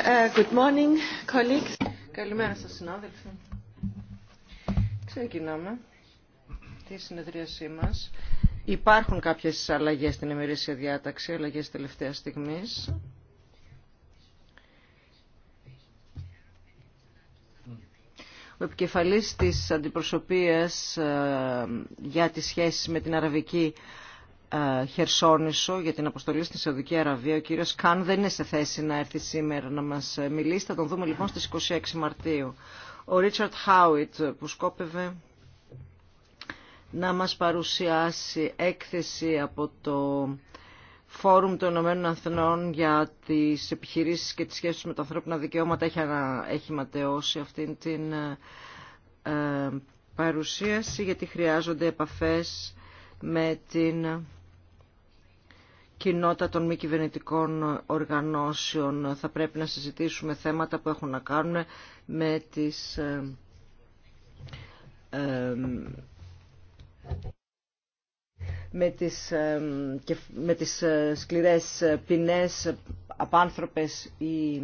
Ε, good morning, colleagues. Καλημέρα σας συνάδελφοι. Ξεκινάμε τη συνεδρίασή μας. Υπάρχουν κάποιες αλλαγές στην ημερήσια διάταξη, αλλαγές τελευταίας στιγμής. Ο επικεφαλής της αντιπροσωπείας ε, για τις σχέσεις με την Αραβική ε, χερσόνησο για την αποστολή στη Σαουδική Αραβία. Ο κύριος Καν δεν είναι σε θέση να έρθει σήμερα να μας μιλήσει. Θα τον δούμε λοιπόν στις 26 Μαρτίου. Ο Ρίτσαρτ Χάουιτ που σκόπευε να μας παρουσιάσει έκθεση από το Φόρουμ των Ηνωμένων Αθηνών για τις επιχειρήσεις και τις σχέσεις με τα ανθρώπινα δικαιώματα έχει, ανα... έχει ματαιώσει αυτήν την ε, ε, παρουσίαση γιατί χρειάζονται επαφές με την κοινότητα των μη κυβερνητικών οργανώσεων. Θα πρέπει να συζητήσουμε θέματα που έχουν να κάνουν με τις ε, ε, με τις, ε, με τις σκληρές ποινές, απάνθρωπες ή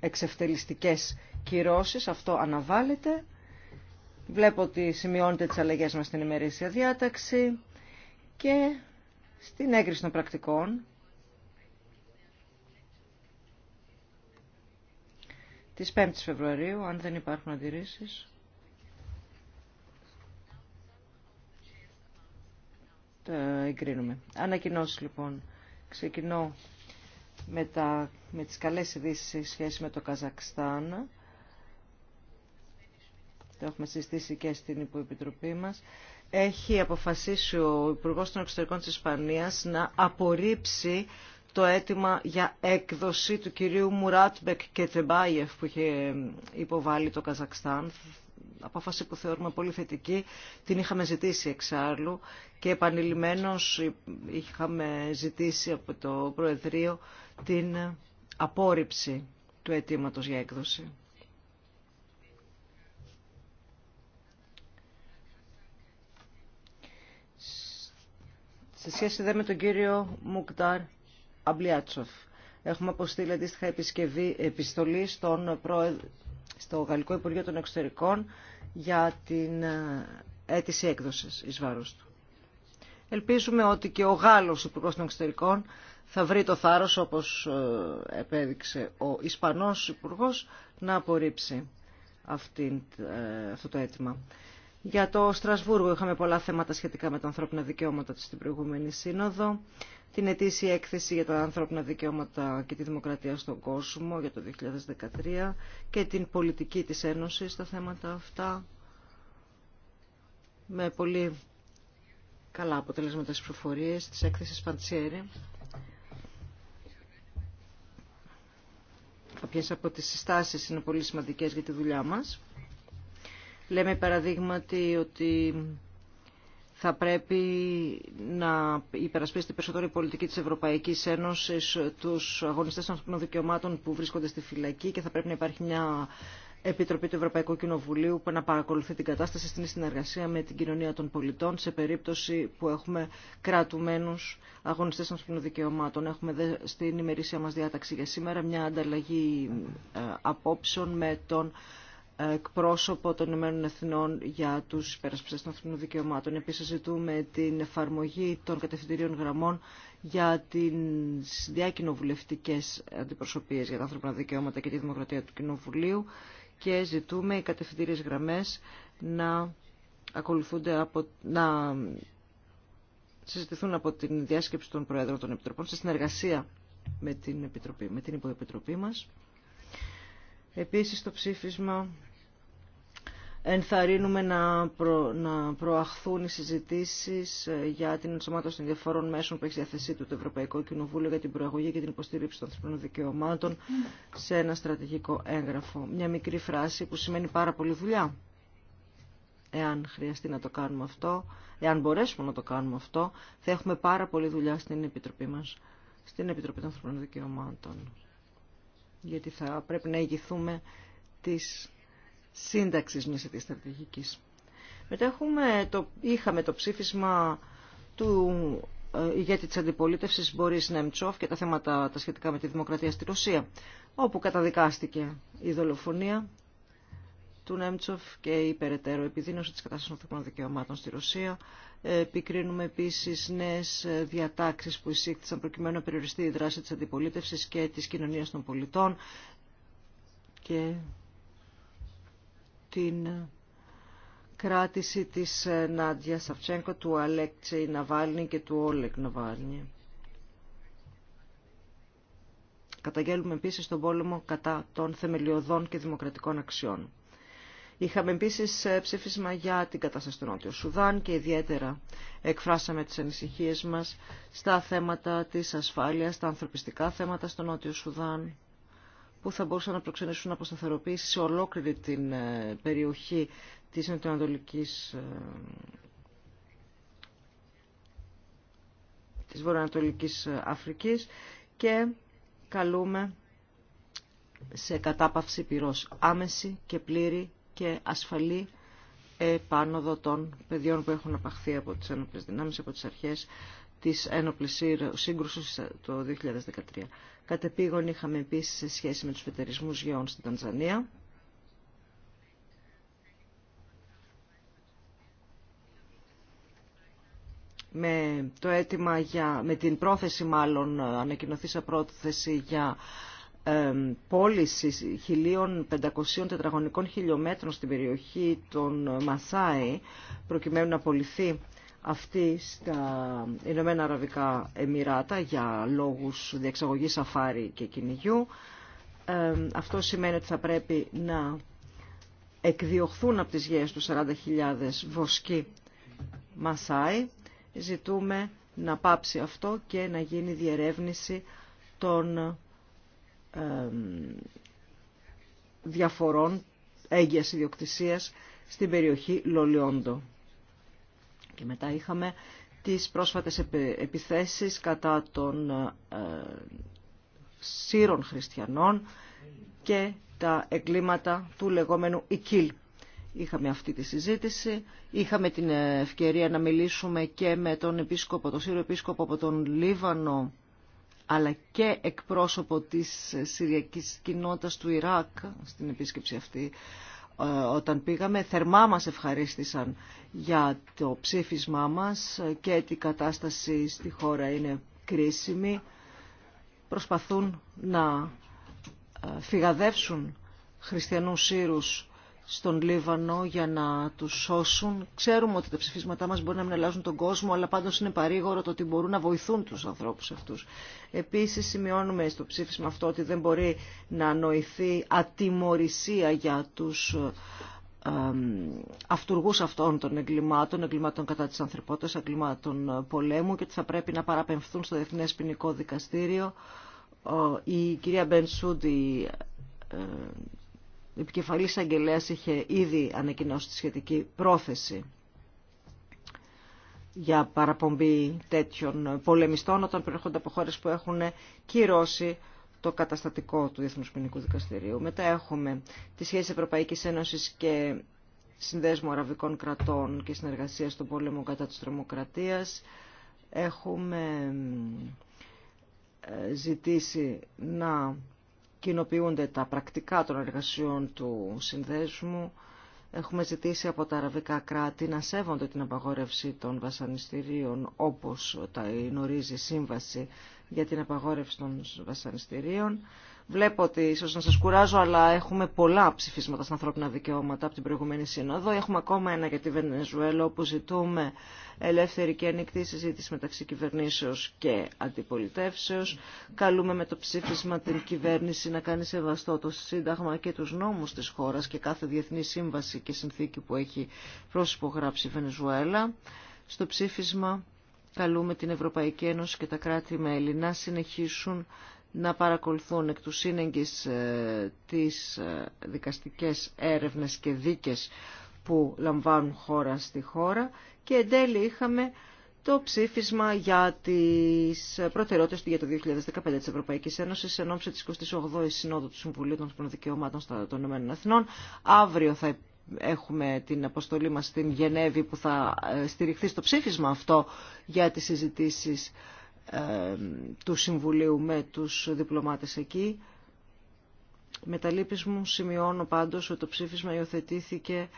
εξευτελιστικές κυρώσεις. Αυτό αναβάλλεται. Βλέπω ότι σημειώνεται τις αλλαγές μας στην ημερήσια διάταξη και στην έγκριση των πρακτικών της 5ης Φεβρουαρίου, αν δεν υπάρχουν αντιρρήσεις. Τα εγκρίνουμε. Ανακοινώσεις λοιπόν. Ξεκινώ με, τα, με τις καλές ειδήσει σε σχέση με το Καζακστάν. Το έχουμε συστήσει και στην υποεπιτροπή μας έχει αποφασίσει ο Υπουργό των Εξωτερικών της Ισπανίας να απορρίψει το αίτημα για έκδοση του κυρίου Μουράτμπεκ και που είχε υποβάλει το Καζακστάν. Απόφαση που θεωρούμε πολύ θετική, την είχαμε ζητήσει εξάλλου και επανειλημμένως είχαμε ζητήσει από το Προεδρείο την απόρριψη του αιτήματος για έκδοση. Σε σχέση δε με τον κύριο Μουκτάρ Αμπλιάτσοφ. Έχουμε αποστείλει αντίστοιχα επισκευή, επιστολή στον στο Γαλλικό Υπουργείο των Εξωτερικών για την ε, αίτηση έκδοσης εις βάρος του. Ελπίζουμε ότι και ο Γάλλος Υπουργός των Εξωτερικών θα βρει το θάρρος, όπως ε, επέδειξε ο Ισπανός Υπουργός, να απορρίψει ε, αυτό το αίτημα. Για το Στρασβούργο είχαμε πολλά θέματα σχετικά με τα ανθρώπινα δικαιώματα στην προηγούμενη σύνοδο. Την ετήσια έκθεση για τα ανθρώπινα δικαιώματα και τη δημοκρατία στον κόσμο για το 2013 και την πολιτική της Ένωσης στα θέματα αυτά με πολύ καλά αποτελέσματα στις προφορίες της έκθεσης Παντσιέρη. Κάποιες από τις συστάσεις είναι πολύ σημαντικές για τη δουλειά μας. Λέμε παραδείγματι ότι θα πρέπει να υπερασπίσει περισσότερο η πολιτική της Ευρωπαϊκής Ένωσης τους αγωνιστές των δικαιωμάτων που βρίσκονται στη φυλακή και θα πρέπει να υπάρχει μια Επιτροπή του Ευρωπαϊκού Κοινοβουλίου που να παρακολουθεί την κατάσταση στην συνεργασία με την κοινωνία των πολιτών σε περίπτωση που έχουμε κρατουμένους αγωνιστές ανθρωπίνων δικαιωμάτων. Έχουμε δε στην ημερήσια μας διάταξη για σήμερα μια ανταλλαγή ε, απόψεων με τον εκπρόσωπο των Ηνωμένων Εθνών για τους υπερασπιστές των ανθρωπίνων δικαιωμάτων. Επίσης ζητούμε την εφαρμογή των κατευθυντηρίων γραμμών για τις διακοινοβουλευτικέ αντιπροσωπείες για τα ανθρώπινα δικαιώματα και τη δημοκρατία του Κοινοβουλίου και ζητούμε οι κατευθυντήριες γραμμές να ακολουθούνται από, να συζητηθούν από την διάσκεψη των Προέδρων των Επιτροπών σε συνεργασία με την, Επιτροπή, με υποεπιτροπή μας. Επίσης το ψήφισμα ενθαρρύνουμε να, να προαχθούν οι συζητήσεις ε, για την ενσωμάτωση των διαφορών μέσων που έχει διαθεσή του το Ευρωπαϊκό Κοινοβούλιο για την προαγωγή και την υποστήριξη των ανθρωπίνων δικαιωμάτων σε ένα στρατηγικό έγγραφο. Μια μικρή φράση που σημαίνει πάρα πολύ δουλειά. Εάν χρειαστεί να το κάνουμε αυτό, εάν μπορέσουμε να το κάνουμε αυτό, θα έχουμε πάρα πολύ δουλειά στην Επιτροπή μας, στην Επιτροπή των Ανθρωπίνων Δικαιωμάτων γιατί θα πρέπει να ηγηθούμε της σύνταξης μιας της στρατηγικής. Μετά έχουμε το, είχαμε το ψήφισμα του ε, ηγέτη της αντιπολίτευσης Μπορίς Νεμτσόφ και τα θέματα τα σχετικά με τη δημοκρατία στη Ρωσία, όπου καταδικάστηκε η δολοφονία του Νέμτσοφ και η περαιτέρω επιδείνωση της κατάστασης των δικαιωμάτων στη Ρωσία. Ε, επικρίνουμε επίσης νέες διατάξεις που εισήχθησαν προκειμένου να περιοριστεί η δράση της αντιπολίτευσης και της κοινωνίας των πολιτών και την κράτηση της ε, Νάντια Σαυτσέγκο, του Αλέκτσεϊ Ναβάλνη και του Όλεκ Ναβάλνη. Καταγγέλουμε επίσης τον πόλεμο κατά των θεμελιωδών και δημοκρατικών αξιών. Είχαμε επίση ε, ψήφισμα για την κατάσταση του Νότιο Σουδάν και ιδιαίτερα εκφράσαμε τις ανησυχίε μας στα θέματα της ασφάλειας, στα ανθρωπιστικά θέματα στο Νότιο Σουδάν που θα μπορούσαν να προξενήσουν αποσταθεροποίηση σε ολόκληρη την ε, περιοχή της νοτιοανατολικής ε, της Βορειοανατολικής Αφρικής και καλούμε σε κατάπαυση πυρός άμεση και πλήρη και ασφαλή επάνωδο των παιδιών που έχουν απαχθεί από τις ένοπλες δυνάμεις, από τις αρχές της ένοπλης σύγκρουσης το 2013. Κατεπήγον είχαμε επίσης σε σχέση με τους φετερισμούς γεών στην Τανζανία. Με, το για, με την πρόθεση μάλλον ε, ανακοινωθήσα πρόθεση για πώληση 1.500 τετραγωνικών χιλιόμετρων στην περιοχή των Μασάι προκειμένου να απολυθεί αυτή στα Ηνωμένα Αραβικά Εμμυράτα για λόγους διεξαγωγής αφάρι και κυνηγιού. αυτό σημαίνει ότι θα πρέπει να εκδιωχθούν από τις γέες του 40.000 βοσκοί Μασάι. Ζητούμε να πάψει αυτό και να γίνει διερεύνηση των διαφορών έγκυας ιδιοκτησίας στην περιοχή Λολιόντο. Και μετά είχαμε τις πρόσφατες επιθέσεις κατά των ε, σύρων χριστιανών και τα εγκλήματα του λεγόμενου Ικίλ. Είχαμε αυτή τη συζήτηση, είχαμε την ευκαιρία να μιλήσουμε και με τον επίσκοπο, τον σύρο επίσκοπο από τον Λίβανο, αλλά και εκπρόσωπο της Συριακής Κοινότητας του Ιράκ στην επίσκεψη αυτή ε, όταν πήγαμε. Θερμά μας ευχαρίστησαν για το ψήφισμά μας και η κατάσταση στη χώρα είναι κρίσιμη. Προσπαθούν να ε, φυγαδεύσουν χριστιανούς Σύρους στον Λίβανο για να τους σώσουν. Ξέρουμε ότι τα ψηφίσματά μας μπορεί να μην αλλάζουν τον κόσμο, αλλά πάντως είναι παρήγορο το ότι μπορούν να βοηθούν τους ανθρώπους αυτούς. Επίσης σημειώνουμε στο ψήφισμα αυτό ότι δεν μπορεί να νοηθεί ατιμορρησία για τους αυτούργους αυτών των εγκλημάτων, εγκλημάτων κατά της ανθρωπότητας, εγκλημάτων πολέμου και ότι θα πρέπει να παραπεμφθούν στο Διεθνές Ποινικό Δικαστήριο. Η κυρία Σούντι ο επικεφαλής αγγελέας είχε ήδη ανακοινώσει τη σχετική πρόθεση για παραπομπή τέτοιων πολεμιστών όταν προέρχονται από χώρες που έχουν κυρώσει το καταστατικό του Διεθνούς Ποινικού Δικαστηρίου. Μετά έχουμε τη σχέση Ευρωπαϊκής Ένωσης και Συνδέσμου Αραβικών Κρατών και συνεργασία στον πόλεμο κατά της τρομοκρατίας. Έχουμε ε, ζητήσει να κοινοποιούνται τα πρακτικά των εργασιών του συνδέσμου. Έχουμε ζητήσει από τα αραβικά κράτη να σέβονται την απαγόρευση των βασανιστήριων όπως τα γνωρίζει η Σύμβαση για την απαγόρευση των βασανιστήριων. Βλέπω ότι ίσως να σας κουράζω, αλλά έχουμε πολλά ψηφίσματα στα ανθρώπινα δικαιώματα από την προηγούμενη σύνοδο. Έχουμε ακόμα ένα για τη Βενεζουέλα, όπου ζητούμε ελεύθερη και ανοιχτή συζήτηση μεταξύ κυβερνήσεως και αντιπολιτεύσεως. Καλούμε με το ψήφισμα την κυβέρνηση να κάνει σεβαστό το Σύνταγμα και τους νόμους της χώρας και κάθε διεθνή σύμβαση και συνθήκη που έχει προσυπογράψει η Βενεζουέλα. Στο ψήφισμα καλούμε την Ευρωπαϊκή Ένωση και τα κράτη-μέλη να συνεχίσουν να παρακολουθούν εκ του σύνεγγυς ε, τις ε, δικαστικές έρευνες και δίκες που λαμβάνουν χώρα στη χώρα και εν τέλει είχαμε το ψήφισμα για τις προτεραιότητες για το 2015 της Ευρωπαϊκής Ένωσης εν ώψη της 28ης Συνόδου του Συμβουλίου των Δικαιωμάτων των Ηνωμένων Εθνών. Αύριο θα έχουμε την αποστολή μας στην Γενέβη που θα ε, στηριχθεί στο ψήφισμα αυτό για τις συζητήσεις του Συμβουλίου με τους διπλωμάτες εκεί. Με τα λύπης μου σημειώνω πάντως ότι το ψήφισμα υιοθετήθηκε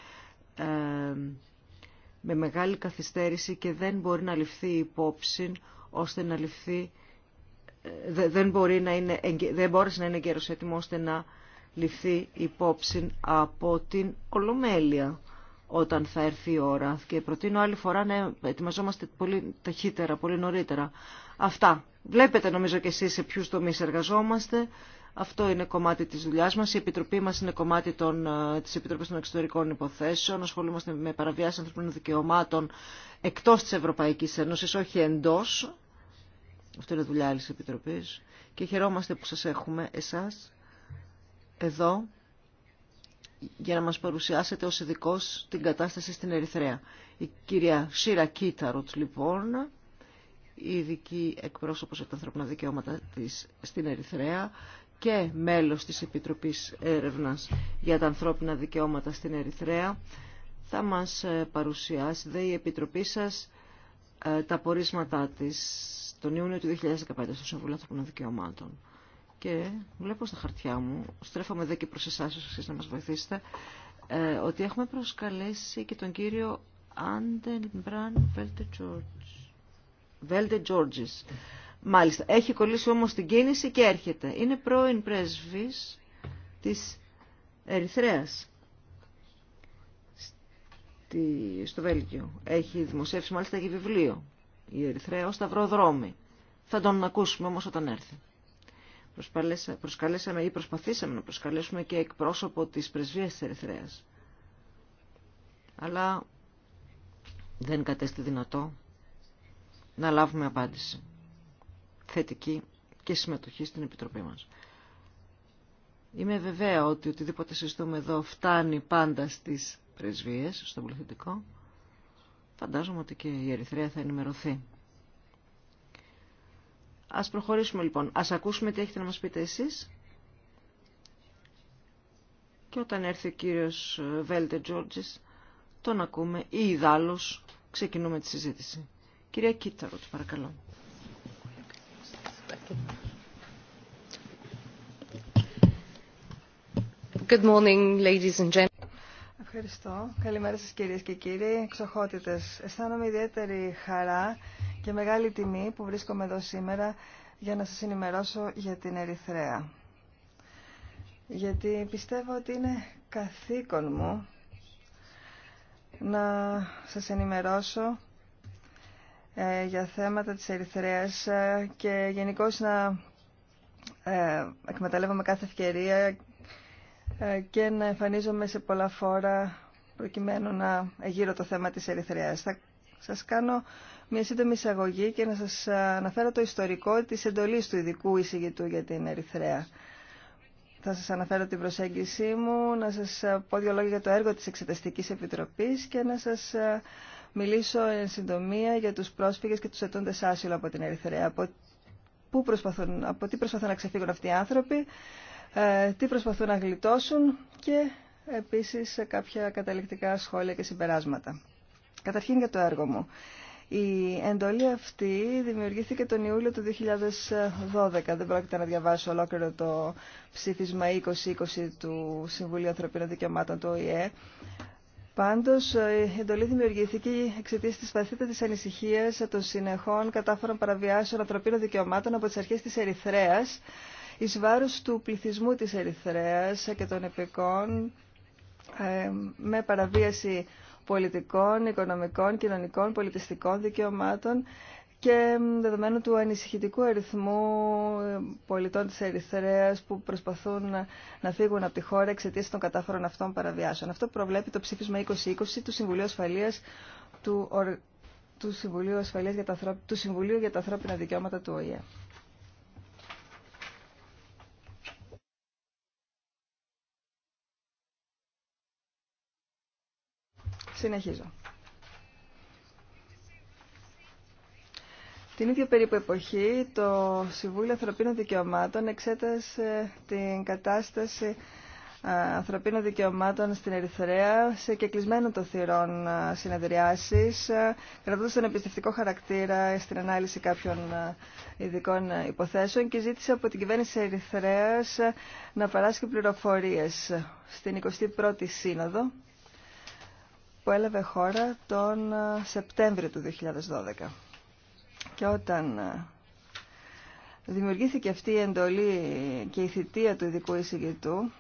με μεγάλη καθυστέρηση και δεν μπορεί να ληφθεί υπόψη ώστε να ληφθεί ε, δεν, μπορεί να είναι, δεν μπόρεσε να είναι καιρός έτοιμο ώστε να ληφθεί υπόψη από την Ολομέλεια όταν θα έρθει η ώρα. Και προτείνω άλλη φορά να ετοιμαζόμαστε πολύ ταχύτερα, πολύ νωρίτερα. Αυτά. Βλέπετε νομίζω και εσείς σε ποιου τομεί εργαζόμαστε. Αυτό είναι κομμάτι της δουλειάς μας. Η Επιτροπή μας είναι κομμάτι τη ε, της Επιτροπής των Εξωτερικών Υποθέσεων. Ασχολούμαστε με παραβιάσεις ανθρωπίνων δικαιωμάτων εκτός της Ευρωπαϊκής Ένωσης, όχι εντός. Αυτό είναι δουλειά άλλη Επιτροπής. Και χαιρόμαστε που σα έχουμε εσάς εδώ για να μας παρουσιάσετε ως ειδικό την κατάσταση στην Ερυθρέα. Η κυρία Σίρα Κίταροτ, λοιπόν, η ειδική εκπρόσωπος από τα ανθρώπινα δικαιώματα της στην Ερυθρέα και μέλος της Επιτροπής Έρευνας για τα ανθρώπινα δικαιώματα στην Ερυθρέα, θα μας ε, παρουσιάσει δε η Επιτροπή σας ε, τα πορίσματά της τον Ιούνιο του 2015 στο Συμβουλίο Ανθρωπίνων Δικαιωμάτων και βλέπω στα χαρτιά μου, στρέφομαι εδώ και προς εσάς, εσείς να μας βοηθήσετε, ε, ότι έχουμε προσκαλέσει και τον κύριο Άντεν Μπραν Βέλτε Τζόρτζης. Μάλιστα, έχει κολλήσει όμως την κίνηση και έρχεται. Είναι πρώην πρέσβης της Ερυθρέας στο Βέλγιο. Έχει δημοσιεύσει μάλιστα και βιβλίο η Ερυθρέα ως σταυροδρόμη. Θα τον ακούσουμε όμως όταν έρθει. Προσκαλέσαμε ή προσπαθήσαμε να προσκαλέσουμε και εκπρόσωπο της πρεσβείας της Ερυθρέας. Αλλά δεν κατέστη δυνατό να λάβουμε απάντηση θετική και συμμετοχή στην Επιτροπή μας. Είμαι βεβαία ότι οτιδήποτε συζητούμε εδώ φτάνει πάντα στις πρεσβείες, στον πολιτικό. Φαντάζομαι ότι και η Ερυθρέα θα ενημερωθεί. Ας προχωρήσουμε λοιπόν. Ας ακούσουμε τι έχετε να μας πείτε εσείς. Και όταν έρθει ο κύριος Βέλτε Τζόρτζης, τον ακούμε ή ιδάλλως ξεκινούμε τη συζήτηση. Κυρία του παρακαλώ. Good morning, ladies and gentlemen. Ευχαριστώ. Καλημέρα σας κυρίες και κύριοι. Εξοχότητες. Αισθάνομαι ιδιαίτερη χαρά και μεγάλη τιμή που βρίσκομαι εδώ σήμερα για να σας ενημερώσω για την Ερυθρέα. Γιατί πιστεύω ότι είναι καθήκον μου να σας ενημερώσω ε, για θέματα της Ερυθρέας ε, και γενικώ να ε, εκμεταλλεύομαι κάθε ευκαιρία και να εμφανίζομαι σε πολλά φόρα προκειμένου να γύρω το θέμα της Ερυθρέας. Θα σας κάνω μια σύντομη εισαγωγή και να σας ε, αναφέρω το ιστορικό της εντολής του ειδικού εισηγητού για την Ερυθρέα. Θα σας αναφέρω την προσέγγιση μου, να σας ε, πω δύο λόγια για το έργο της Εξεταστικής Επιτροπής και να σας ε, μιλήσω εν συντομία για τους πρόσφυγες και τους ετώντες άσυλο από την Ερυθρέα. Από, πού προσπαθούν, από τι προσπαθούν να ξεφύγουν αυτοί οι άνθρωποι, τι προσπαθούν να γλιτώσουν και επίσης κάποια καταληκτικά σχόλια και συμπεράσματα. Καταρχήν για το έργο μου. Η εντολή αυτή δημιουργήθηκε τον Ιούλιο του 2012. Δεν πρόκειται να διαβάσω ολόκληρο το ψήφισμα 2020 του Συμβουλίου Ανθρωπίνων Δικαιωμάτων του ΟΗΕ. Πάντως, η εντολή δημιουργήθηκε εξαιτία τη βαθύτατη ανησυχία των συνεχών κατάφορων παραβιάσεων ανθρωπίνων δικαιωμάτων από τι αρχέ τη Ερυθρέα εις βάρος του πληθυσμού της Ερυθρέας και των επικών ε, με παραβίαση πολιτικών, οικονομικών, κοινωνικών, πολιτιστικών δικαιωμάτων και δεδομένου του ανησυχητικού αριθμού ε, πολιτών της Ερυθρέας που προσπαθούν να φύγουν από τη χώρα εξαιτία των κατάφορων αυτών παραβιάσεων. Αυτό προβλέπει το ψήφισμα 2020 του Συμβουλίου Ασφαλείας του, του Συμβουλίου, Ασφαλείας για τα, του Συμβουλίου για τα Ανθρώπινα Δικαιώματα του ΟΗΕ. Συνεχίζω. Την ίδια περίπου εποχή το Συμβούλιο Ανθρωπίνων Δικαιωμάτων εξέτασε την κατάσταση ε, ανθρωπίνων δικαιωμάτων στην Ερυθρέα σε κεκλεισμένο των θυρών ε, συνεδριάσεις, ε, κρατώντας τον εμπιστευτικό χαρακτήρα στην ανάλυση κάποιων ειδικών υποθέσεων και ζήτησε από την κυβέρνηση Ερυθρέας να παράσχει πληροφορίες στην 21η Σύνοδο που έλαβε χώρα τον ε, Σεπτέμβριο του 2012. Και όταν ε, δημιουργήθηκε αυτή η εντολή και η θητεία του ειδικού εισηγητού,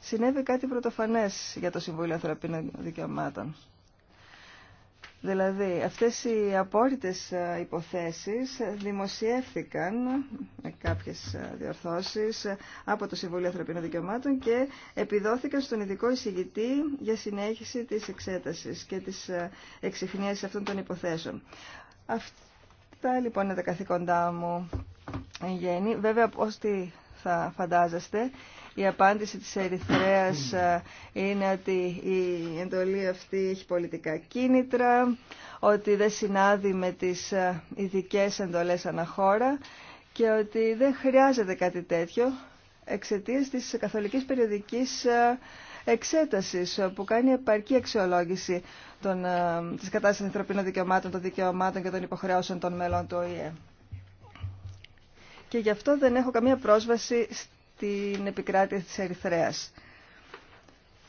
συνέβη κάτι πρωτοφανές για το Συμβούλιο Ανθρωπίνων Δικαιωμάτων. Δηλαδή, αυτές οι απόρριτες ε, υποθέσεις δημοσιεύθηκαν με κάποιες ε, διορθώσεις ε, από το Συμβούλιο Ανθρωπίνων Δικαιωμάτων και επιδόθηκαν στον ειδικό εισηγητή για συνέχιση της εξέτασης και της εξυχνίασης αυτών των υποθέσεων. Αυτά λοιπόν είναι τα καθήκοντά μου γέννη. Βέβαια, ως θα φαντάζεστε. Η απάντηση της Ερυθρέας ε, είναι ότι η εντολή αυτή έχει πολιτικά κίνητρα, ότι δεν συνάδει με τις ε, ειδικέ εντολές αναχώρα και ότι δεν χρειάζεται κάτι τέτοιο εξαιτίας της καθολικής περιοδικής ε, εξέτασης που κάνει επαρκή αξιολόγηση των, της κατάστασης ανθρωπίνων δικαιωμάτων, των δικαιωμάτων και των υποχρεώσεων των μέλων του ΟΗΕ και γι' αυτό δεν έχω καμία πρόσβαση στην επικράτεια της Ερυθρέας.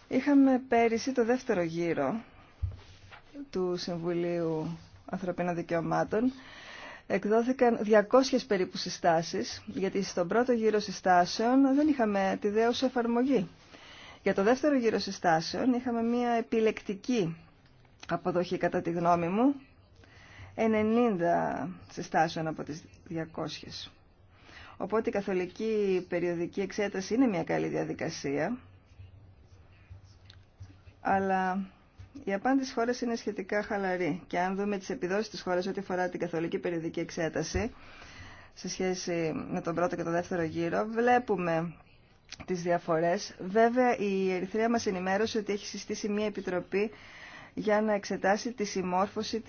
Είχαμε πέρυσι το δεύτερο γύρο του Συμβουλίου Ανθρωπίνων Δικαιωμάτων. Εκδόθηκαν 200 περίπου συστάσεις, γιατί στον πρώτο γύρο συστάσεων δεν είχαμε τη δέουσα εφαρμογή. Για το δεύτερο γύρο συστάσεων είχαμε μια επιλεκτική αποδοχή κατά τη γνώμη μου, 90 συστάσεων από τις 200. Οπότε η καθολική περιοδική εξέταση είναι μια καλή διαδικασία, αλλά η απάντηση χώρα είναι σχετικά χαλαρή. Και αν δούμε τις επιδόσεις της χώρας ό,τι αφορά την καθολική περιοδική εξέταση, σε σχέση με τον πρώτο και τον δεύτερο γύρο, βλέπουμε τις διαφορές. Βέβαια, η Ερυθρέα μας ενημέρωσε ότι έχει συστήσει μια επιτροπή για να εξετάσει τη συμμόρφωση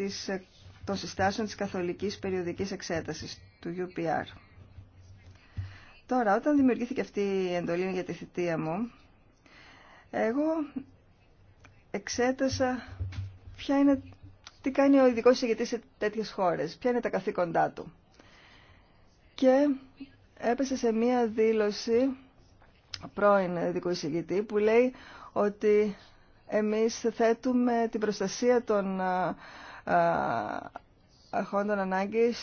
των συστάσεων της καθολικής περιοδικής εξέτασης, του UPR. Τώρα, όταν δημιουργήθηκε αυτή η εντολή για τη θητεία μου, εγώ εξέτασα ποια είναι, τι κάνει ο ειδικό ηγετή σε τέτοιε χώρε, ποια είναι τα καθήκοντά του. Και έπεσε σε μία δήλωση πρώην ειδικού εισηγητή που λέει ότι εμείς θέτουμε την προστασία των Αρχόντων ανάγκη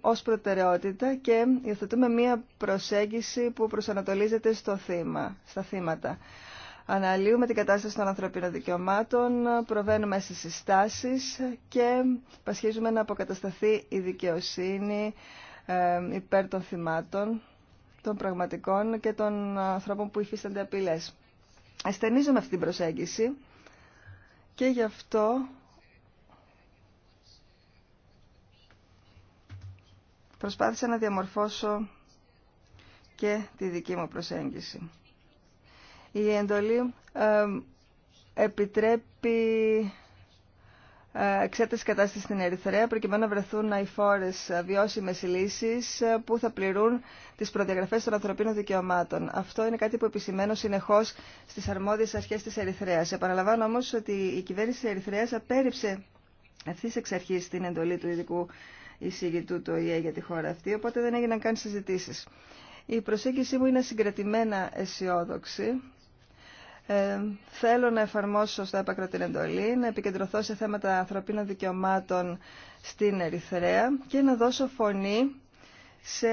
ως προτεραιότητα και υιοθετούμε μία προσέγγιση που προσανατολίζεται στο θύμα, στα θύματα. Αναλύουμε την κατάσταση των ανθρωπίνων δικαιωμάτων, προβαίνουμε σε συστάσεις και πασχίζουμε να αποκατασταθεί η δικαιοσύνη ε, υπέρ των θυμάτων, των πραγματικών και των ανθρώπων που υφίστανται απειλέ. Ασθενίζουμε αυτή την προσέγγιση και γι' αυτό προσπάθησα να διαμορφώσω και τη δική μου προσέγγιση. Η εντολή ε, επιτρέπει εξέταση κατάσταση στην Ερυθρέα προκειμένου να βρεθούν αηφόρες ε, βιώσιμες λύσεις ε, που θα πληρούν τις προδιαγραφές των ανθρωπίνων δικαιωμάτων. Αυτό είναι κάτι που επισημαίνω συνεχώς στις αρμόδιες αρχές της Ερυθρέας. Επαναλαμβάνω όμως ότι η κυβέρνηση της Ερυθρέας απέρριψε ευθύ εξ αρχή την εντολή του ειδικού εισηγητού του ΟΗΕ για τη χώρα αυτή, οπότε δεν έγιναν καν συζητήσεις. Η προσέγγιση μου είναι συγκρατημένα αισιόδοξη. Ε, θέλω να εφαρμόσω στα έπακρα την εντολή, να επικεντρωθώ σε θέματα ανθρωπίνων δικαιωμάτων στην Ερυθρέα και να δώσω φωνή σε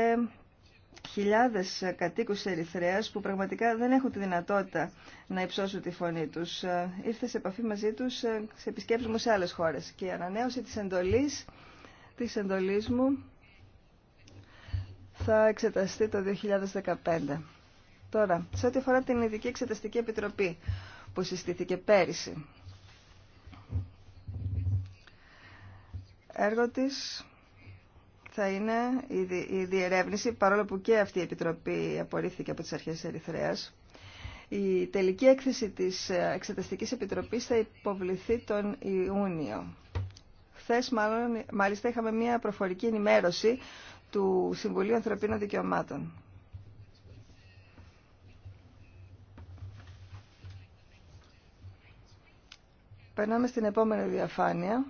χιλιάδες κατοίκους Ερυθρέας που πραγματικά δεν έχουν τη δυνατότητα να υψώσουν τη φωνή τους. Ε, ήρθε σε επαφή μαζί τους ε, σε επισκέψεις μου σε άλλες χώρες και η ανανέωση της εντολής της εντολής μου θα εξεταστεί το 2015. Τώρα, σε ό,τι αφορά την Ειδική Εξεταστική Επιτροπή που συστήθηκε πέρυσι, έργο της θα είναι η διερεύνηση, παρόλο που και αυτή η Επιτροπή απορρίφθηκε από τις αρχές της Ερυθρέας, η τελική έκθεση της Εξεταστικής Επιτροπής θα υποβληθεί τον Ιούνιο χθε μάλιστα είχαμε μια προφορική ενημέρωση του Συμβουλίου Ανθρωπίνων Δικαιωμάτων. Περνάμε στην επόμενη διαφάνεια.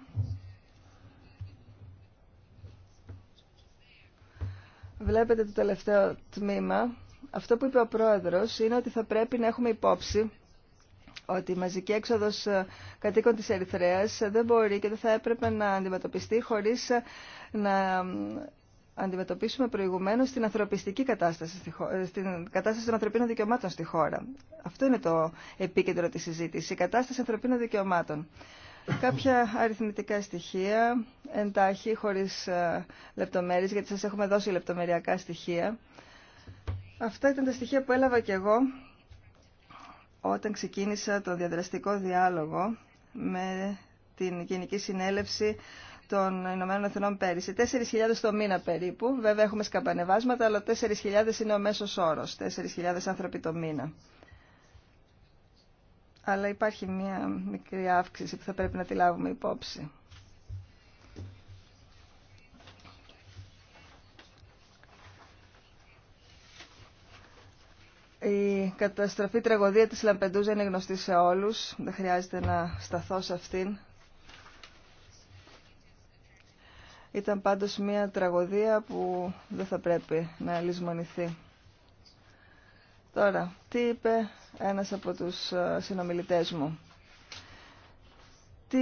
Βλέπετε το τελευταίο τμήμα. Αυτό που είπε ο Πρόεδρος είναι ότι θα πρέπει να έχουμε υπόψη ότι η μαζική έξοδος ε, κατοίκων της Ερυθρέας ε, δεν μπορεί και δεν θα έπρεπε να αντιμετωπιστεί χωρίς ε, να αντιμετωπίσουμε προηγουμένως την ανθρωπιστική κατάσταση, κατάσταση των ανθρωπίνων δικαιωμάτων στη χώρα. Αυτό είναι το επίκεντρο της συζήτησης, η κατάσταση ανθρωπίνων δικαιωμάτων. Κάποια αριθμητικά στοιχεία, εντάχει, χωρίς λεπτομέρειες, γιατί σας έχουμε δώσει λεπτομεριακά στοιχεία. Αυτά ήταν τα στοιχεία που έλαβα και εγώ όταν ξεκίνησα τον διαδραστικό διάλογο με την Γενική Συνέλευση των Ηνωμένων Εθνών πέρυσι. 4.000 το μήνα περίπου. Βέβαια έχουμε σκαμπανεβάσματα, αλλά 4.000 είναι ο μέσος όρος. 4.000 άνθρωποι το μήνα. Αλλά υπάρχει μια μικρή αύξηση που θα πρέπει να τη λάβουμε υπόψη. Η καταστροφή τραγωδία της Λαμπεντούζα είναι γνωστή σε όλους. Δεν χρειάζεται να σταθώ σε αυτήν. Ήταν πάντως μια τραγωδία που δεν θα πρέπει να λησμονηθεί. Τώρα, τι είπε ένας από τους ε, συνομιλητές μου. Τι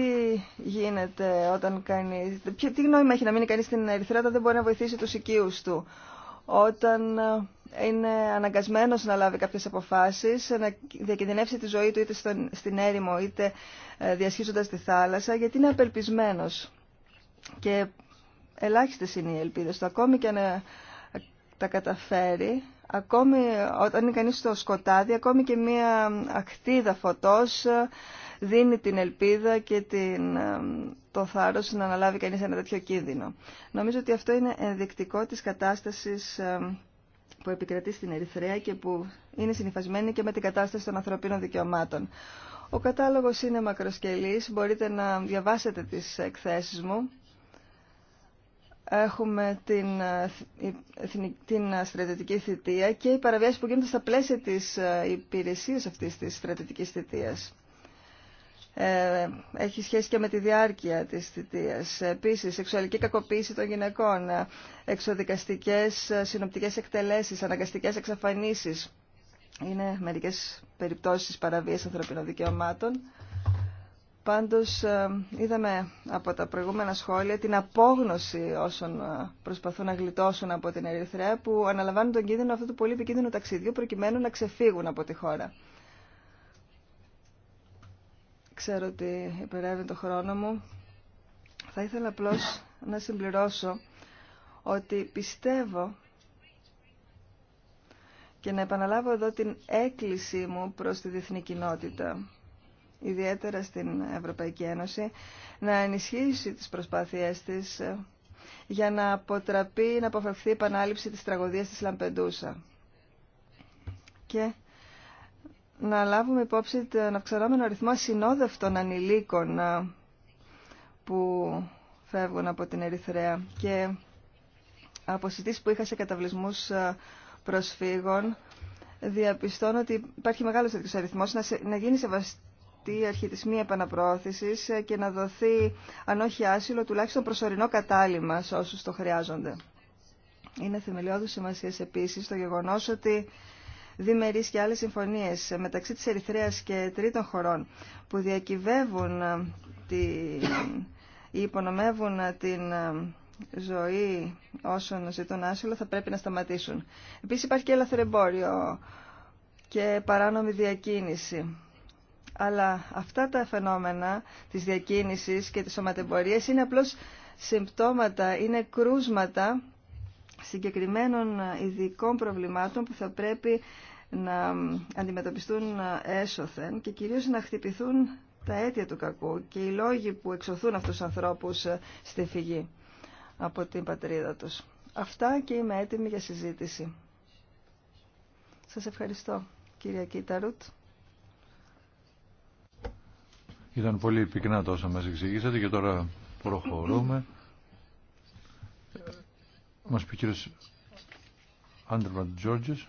γίνεται όταν κάνει... Τι γνώμη έχει να μείνει κανείς στην Ερυθρέα όταν δεν μπορεί να βοηθήσει τους οικείους του όταν ε, είναι αναγκασμένος να λάβει κάποιες αποφάσεις, να διακινδυνεύσει τη ζωή του είτε στην έρημο είτε ε, διασχίζοντας τη θάλασσα, γιατί είναι απελπισμένος. Και ελάχιστες είναι οι ελπίδες του. Ακόμη και να ε, τα καταφέρει, ακόμη όταν είναι κανείς στο σκοτάδι, ακόμη και μία ακτίδα φωτός ε, δίνει την ελπίδα και την, ε, το θάρρος να αναλάβει κανείς ένα τέτοιο κίνδυνο. Νομίζω ότι αυτό είναι ενδεικτικό της κατάστασης ε, που επικρατεί στην Ερυθρέα και που είναι συνειφασμένη και με την κατάσταση των ανθρωπίνων δικαιωμάτων. Ο κατάλογος είναι μακροσκελής, μπορείτε να διαβάσετε τις εκθέσεις μου έχουμε την, ε, την ε, στρατιωτική θητεία και οι παραβιάσεις που γίνονται στα πλαίσια της ε, υπηρεσίας αυτής της στρατιωτικής θητείας. έχει σχέση και με τη διάρκεια της θητείας. Επίσης, σεξουαλική κακοποίηση των γυναικών, εξοδικαστικές συνοπτικές εκτελέσεις, αναγκαστικές εξαφανίσεις. Είναι μερικές περιπτώσεις παραβίας ανθρωπινών δικαιωμάτων. Πάντως ε, είδαμε από τα προηγούμενα σχόλια την απόγνωση όσων ε, προσπαθούν να γλιτώσουν από την Ερυθρέα που αναλαμβάνουν τον κίνδυνο αυτού του πολύ επικίνδυνου ταξιδιού προκειμένου να ξεφύγουν από τη χώρα. Ξέρω ότι υπερεύει το χρόνο μου. Θα ήθελα απλώς να συμπληρώσω ότι πιστεύω και να επαναλάβω εδώ την έκκληση μου προς τη διεθνή κοινότητα ιδιαίτερα στην Ευρωπαϊκή Ένωση, να ενισχύσει τις προσπάθειές της ε, για να αποτραπεί, να αποφευχθεί η επανάληψη της τραγωδίας της Λαμπεντούσα. Και να λάβουμε υπόψη τον αυξανόμενο αριθμό συνόδευτων ανηλίκων ε, που φεύγουν από την Ερυθρέα και από συζητήσεις που είχα σε καταβλισμούς ε, προσφύγων διαπιστώνω ότι υπάρχει μεγάλος αριθμός να, γίνει σεβαστή αυτή η αρχή της και να δοθεί, αν όχι άσυλο, τουλάχιστον προσωρινό κατάλημα σε όσους το χρειάζονται. Είναι θεμελιώδου σημασία επίσης το γεγονός ότι διμερείς και άλλες συμφωνίες μεταξύ της Ερυθρέας και τρίτων χωρών που διακυβεύουν ε, τη ή υπονομεύουν ε, την ε, ζωή όσων ζητούν άσυλο θα πρέπει να σταματήσουν. Επίσης υπάρχει και ελαθρεμπόριο και παράνομη διακίνηση. Αλλά αυτά τα φαινόμενα της διακίνησης και της σωματεμπορίας είναι απλώς συμπτώματα, είναι κρούσματα συγκεκριμένων ειδικών προβλημάτων που θα πρέπει να αντιμετωπιστούν έσωθεν και κυρίως να χτυπηθούν τα αίτια του κακού και οι λόγοι που εξωθούν αυτούς τους ανθρώπους στη φυγή από την πατρίδα τους. Αυτά και είμαι έτοιμη για συζήτηση. Σας ευχαριστώ κυρία Κίταρουτ. Ήταν πολύ πυκνά το όσα μας εξηγήσατε και τώρα προχωρούμε. Μας πει ο κύριος Άντερμαντ Τζόρτζες,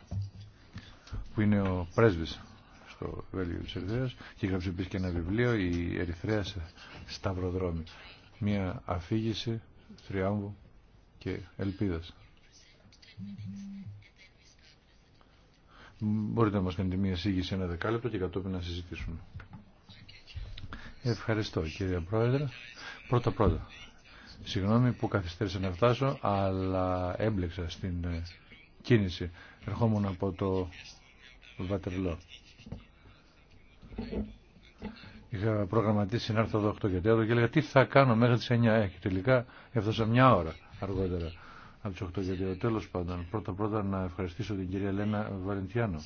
που είναι ο πρέσβης στο Βέλγιο της Ερυθρέας και γράψει επίσης και ένα βιβλίο «Η Ερυθρέα σε Σταυροδρόμι». Μια αφήγηση θριάμβου και ελπίδας. Μπορείτε να μας κάνετε μια εισήγηση ένα δεκάλεπτο και κατόπιν να συζητήσουμε. Ευχαριστώ κύριε Πρόεδρε. Πρώτα πρώτα. Συγγνώμη που καθυστέρησα να φτάσω, αλλά έμπλεξα στην ε, κίνηση. Ερχόμουν από το Βατερλό. Είχα προγραμματίσει να έρθω εδώ 8 και 4 και έλεγα τι θα κάνω μέχρι τις 9 ε, και τελικά έφτασα μια ώρα αργότερα από τις 8 και Τέλος πάντων, πρώτα πρώτα να ευχαριστήσω την κυρία Ελένα Βαλεντιάνο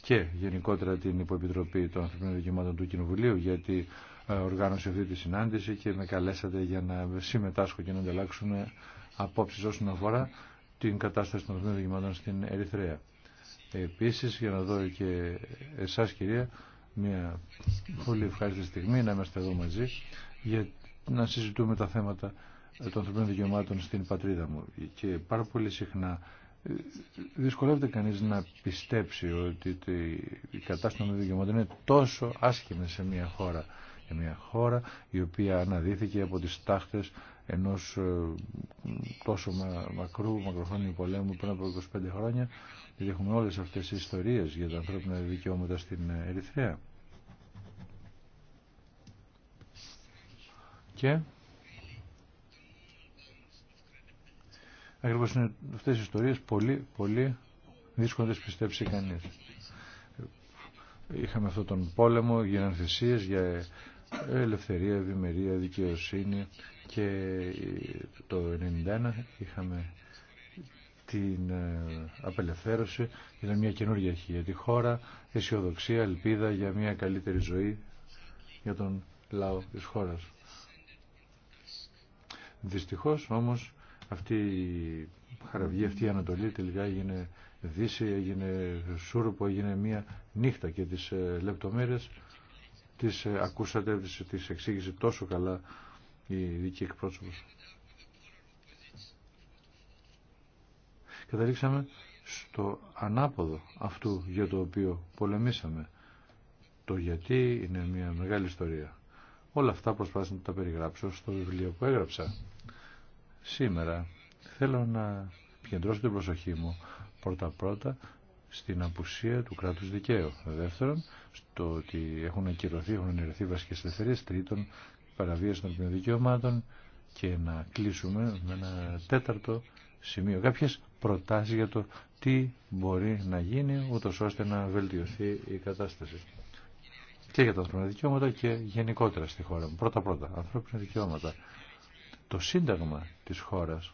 και γενικότερα την Υποεπιτροπή των Ανθρωπίνων Δικαιωμάτων του Κοινοβουλίου γιατί ε, οργάνωσε αυτή τη συνάντηση και με καλέσατε για να συμμετάσχω και να ανταλλάξουμε απόψεις όσον αφορά την κατάσταση των ανθρωπίνων δικαιωμάτων στην Ερυθρέα. Επίσης, για να δω και εσάς κυρία, μια πολύ ευχάριστη στιγμή να είμαστε εδώ μαζί για να συζητούμε τα θέματα των ανθρωπίνων δικαιωμάτων στην πατρίδα μου και πάρα πολύ συχνά δυσκολεύεται κανείς να πιστέψει ότι η κατάσταση των δικαιωμάτων είναι τόσο άσχημη σε μια χώρα. Σε μια χώρα η οποία αναδύθηκε από τις τάχτες ενός ε, τόσο μακρού, μακροχρόνιου πολέμου πριν από 25 χρόνια, γιατί έχουμε όλες αυτές τις ιστορίες για τα ανθρώπινα δικαιώματα στην Ερυθρέα. Και Ακριβώς είναι αυτέ οι ιστορίες πολύ, πολύ δύσκολο να πιστέψει κανείς. Είχαμε αυτόν τον πόλεμο, γίνανε θυσίε για ελευθερία, ευημερία, δικαιοσύνη και το 1991 είχαμε την ε, απελευθέρωση για μια καινούργια αρχή τη χώρα, αισιοδοξία, ελπίδα για μια καλύτερη ζωή για τον λαό της χώρας. Δυστυχώς όμως αυτή η χαραυγή, αυτή η Ανατολή τελικά έγινε Δύση, έγινε σούρουπο, έγινε μία νύχτα και τις ε, λεπτομέρειες τις ε, ακούσατε, τις, τις εξήγησε τόσο καλά η δική εκπρόσωπος. Καταλήξαμε στο ανάποδο αυτού για το οποίο πολεμήσαμε. Το γιατί είναι μια μεγάλη ιστορία. Όλα αυτά προσπάθησα να τα περιγράψω στο βιβλίο που έγραψα. Σήμερα θέλω να κεντρώσω την προσοχή μου πρώτα-πρώτα στην απουσία του κράτους δικαίου. Δεύτερον, στο ότι έχουν ακυρωθεί, έχουν ενεργηθεί βασικές ελευθερίες. Τρίτον, παραβίαση των δικαιωμάτων και να κλείσουμε με ένα τέταρτο σημείο. Κάποιες προτάσεις για το τι μπορεί να γίνει ούτω ώστε να βελτιωθεί η κατάσταση. Και για τα ανθρώπινα δικαιώματα και γενικότερα στη χώρα μου. Πρώτα-πρώτα, ανθρώπινα δικαιώματα. Το Σύνταγμα της χώρας,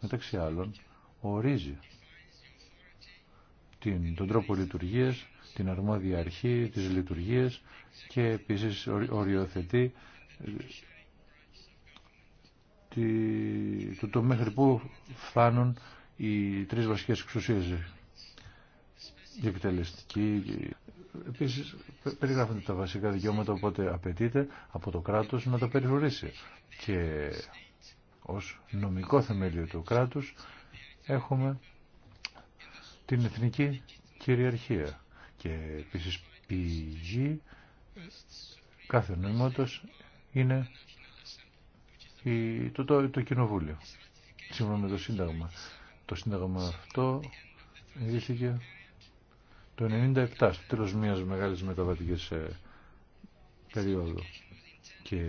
μεταξύ άλλων, ορίζει την, τον τρόπο λειτουργίας, την αρμόδια αρχή της λειτουργίας και επίσης οριοθετεί τη, το, το μέχρι που φτάνουν οι τρεις βασικές εξουσίες. Η επιτελεστική, Επίση περιγράφονται τα βασικά δικαιώματα οπότε απαιτείται από το κράτος να τα περιορίσει και ως νομικό θεμέλιο του κράτους έχουμε την εθνική κυριαρχία και επίσης πηγή κάθε νομιμότητα είναι η, το, το, το κοινοβούλιο σύμφωνα με το σύνταγμα το σύνταγμα αυτό εγκρίθηκε το 97 στο τέλος μιας μεγάλης μεταβατικής ε, περίοδου. Και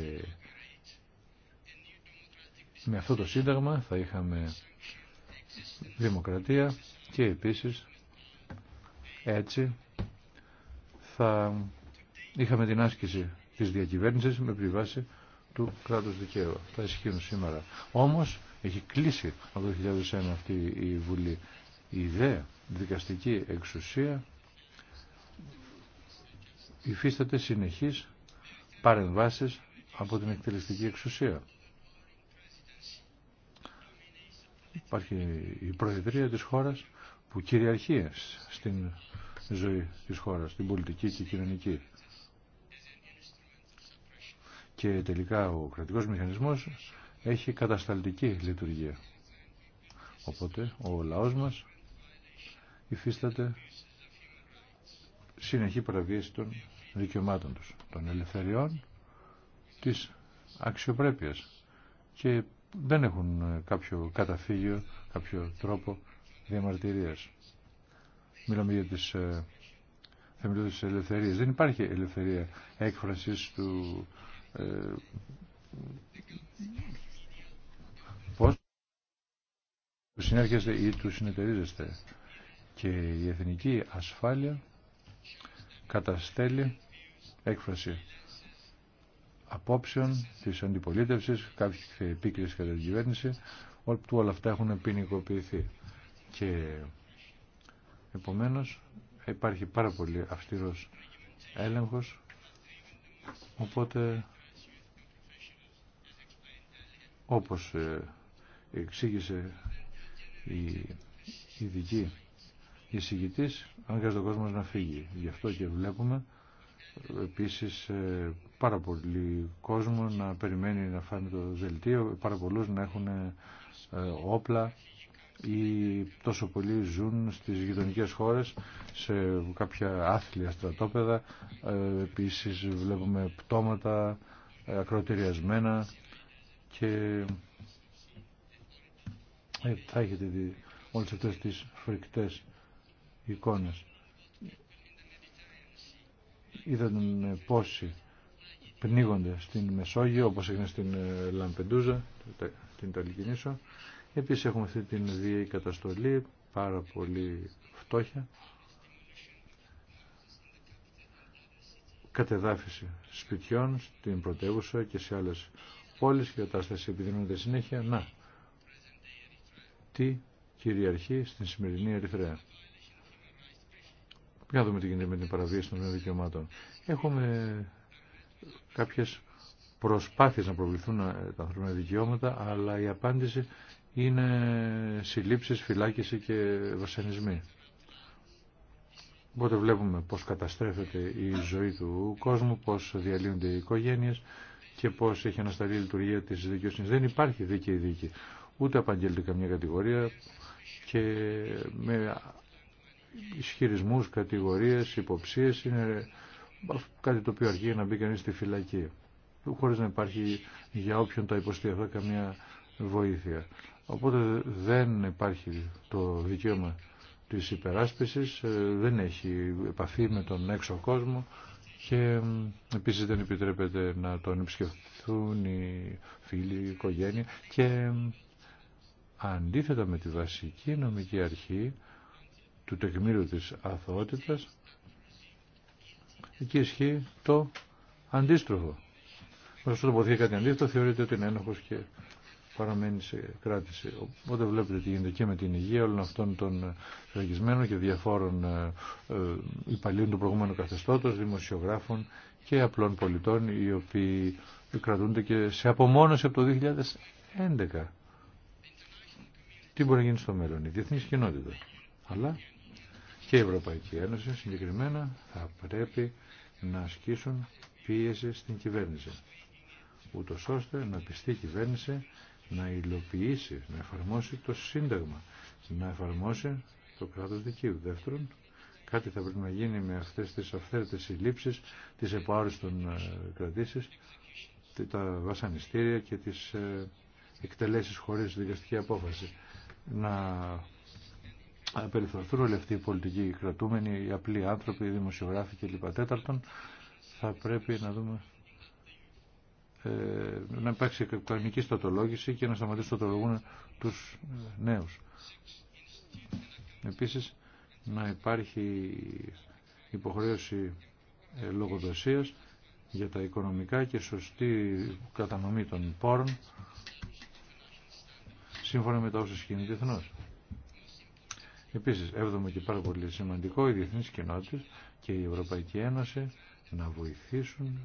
με αυτό το σύνταγμα θα είχαμε δημοκρατία και επίσης έτσι θα είχαμε την άσκηση της διακυβέρνησης με βάση του κράτους δικαίου. Θα ισχύουν σήμερα. Όμως έχει κλείσει από το 2001 αυτή η Βουλή. Η ιδέα δικαστική εξουσία υφίσταται συνεχείς παρεμβάσεις από την εκτελεστική εξουσία. Υπάρχει η Προεδρία της χώρας που κυριαρχεί στην ζωή της χώρας, την πολιτική και κοινωνική. Και τελικά ο κρατικός μηχανισμός έχει κατασταλτική λειτουργία. Οπότε ο λαός μας υφίσταται συνεχή παραβίαση των δικαιωμάτων τους, των ελευθεριών, της αξιοπρέπειας και δεν έχουν ε, κάποιο καταφύγιο, κάποιο τρόπο διαμαρτυρίας. Μιλάμε για τις ε, θεμελιώδεις ελευθερίες. Δεν υπάρχει ελευθερία έκφρασης του... Ε, πώς του συνέρχεστε ή του συνεταιρίζεστε. Και η εθνική ασφάλεια καταστέλει έκφραση απόψεων της αντιπολίτευσης, κάποιοι επίκριση κατά την κυβέρνηση, όλα αυτά έχουν ποινικοποιηθεί. Και επομένως υπάρχει πάρα πολύ αυστηρός έλεγχος, οπότε όπως ε, εξήγησε η ειδική εισηγητής, αν τον κόσμο να φύγει. Γι' αυτό και βλέπουμε επίσης ε, πάρα πολύ κόσμο να περιμένει να φάνε το δελτίο, πάρα πολλούς να έχουν ε, όπλα ή τόσο πολλοί ζουν στις γειτονικές χώρες σε κάποια άθλια στρατόπεδα ε, επίσης βλέπουμε πτώματα ακροτηριασμένα και θα έχετε δει όλες αυτές τις φρικτές εικόνες είδαμε πόσοι πνίγονται στην Μεσόγειο, όπως έγινε στην ε, Λαμπεντούζα, την Ιταλική νήσο. Επίσης έχουμε αυτή την βίαιη καταστολή, πάρα πολύ φτώχεια. Κατεδάφιση σπιτιών στην πρωτεύουσα και σε άλλες πόλεις και κατάσταση επιδεινούνται συνέχεια. Να, τι κυριαρχεί στην σημερινή Ερυθρέα. Για να δούμε τι γίνεται με την παραβίαση των δικαιωμάτων. Έχουμε κάποιες προσπάθειες να προβληθούν ε, τα ανθρώπινα δικαιώματα, αλλά η απάντηση είναι συλλήψεις, φυλάκιση και βασανισμοί. Οπότε βλέπουμε πώς καταστρέφεται η ζωή του κόσμου, πώς διαλύονται οι οικογένειες και πώς έχει ανασταλεί η λειτουργία της δικαιοσύνης. Δεν υπάρχει δίκαιη δίκη. Ούτε απαγγέλλεται καμία κατηγορία και με ισχυρισμού κατηγορίες, υποψίες είναι κάτι το οποίο αρχίζει να μπει κανεί στη φυλακή χωρί να υπάρχει για όποιον τα υποστεί αυτά καμία βοήθεια. Οπότε δεν υπάρχει το δικαίωμα τη υπεράσπισης, ε, δεν έχει επαφή με τον έξω κόσμο και επίση δεν επιτρέπεται να τον επισκεφθούν οι φίλοι, η οικογένεια και αντίθετα με τη βασική νομική αρχή του τεκμήρου της αθωότητας εκεί ισχύει το αντίστροφο. Μέσα στο τοποθετεί κάτι αντίστοιχο θεωρείται ότι είναι ένοχος και παραμένει σε κράτηση. Οπότε βλέπετε τι γίνεται και με την υγεία όλων αυτών των φραγισμένων και διαφόρων ε, ε, υπαλλήλων του προηγούμενου καθεστώτος, δημοσιογράφων και απλών πολιτών οι οποίοι κρατούνται και σε απομόνωση από το 2011. Τι μπορεί να γίνει στο μέλλον, η διεθνή κοινότητα. Αλλά και η Ευρωπαϊκή Ένωση συγκεκριμένα θα πρέπει να ασκήσουν πίεση στην κυβέρνηση. Ούτω ώστε να πιστεί η κυβέρνηση να υλοποιήσει, να εφαρμόσει το Σύνταγμα, να εφαρμόσει το κράτος δικαίου. Δεύτερον, κάτι θα πρέπει να γίνει με αυτές τις αυθαίρετες συλλήψεις, τις επάρους των ε, κρατήσεις, τα βασανιστήρια και τις ε, εκτελέσεις χωρίς δικαστική απόφαση. Να απελευθερωθούν όλοι αυτοί οι πολιτικοί οι κρατούμενοι, οι απλοί άνθρωποι, οι δημοσιογράφοι κλπ. Τέταρτον, θα πρέπει να δούμε ε, να υπάρξει κανονική στατολόγηση και να σταματήσουν στατολογούν τους νέους. Επίσης, να υπάρχει υποχρέωση ε, λογοδοσίας για τα οικονομικά και σωστή κατανομή των πόρων σύμφωνα με τα όσα σχήνει διεθνώς. Επίσης, έβδομο και πάρα πολύ σημαντικό, οι διεθνείς κοινότητες και η Ευρωπαϊκή Ένωση να βοηθήσουν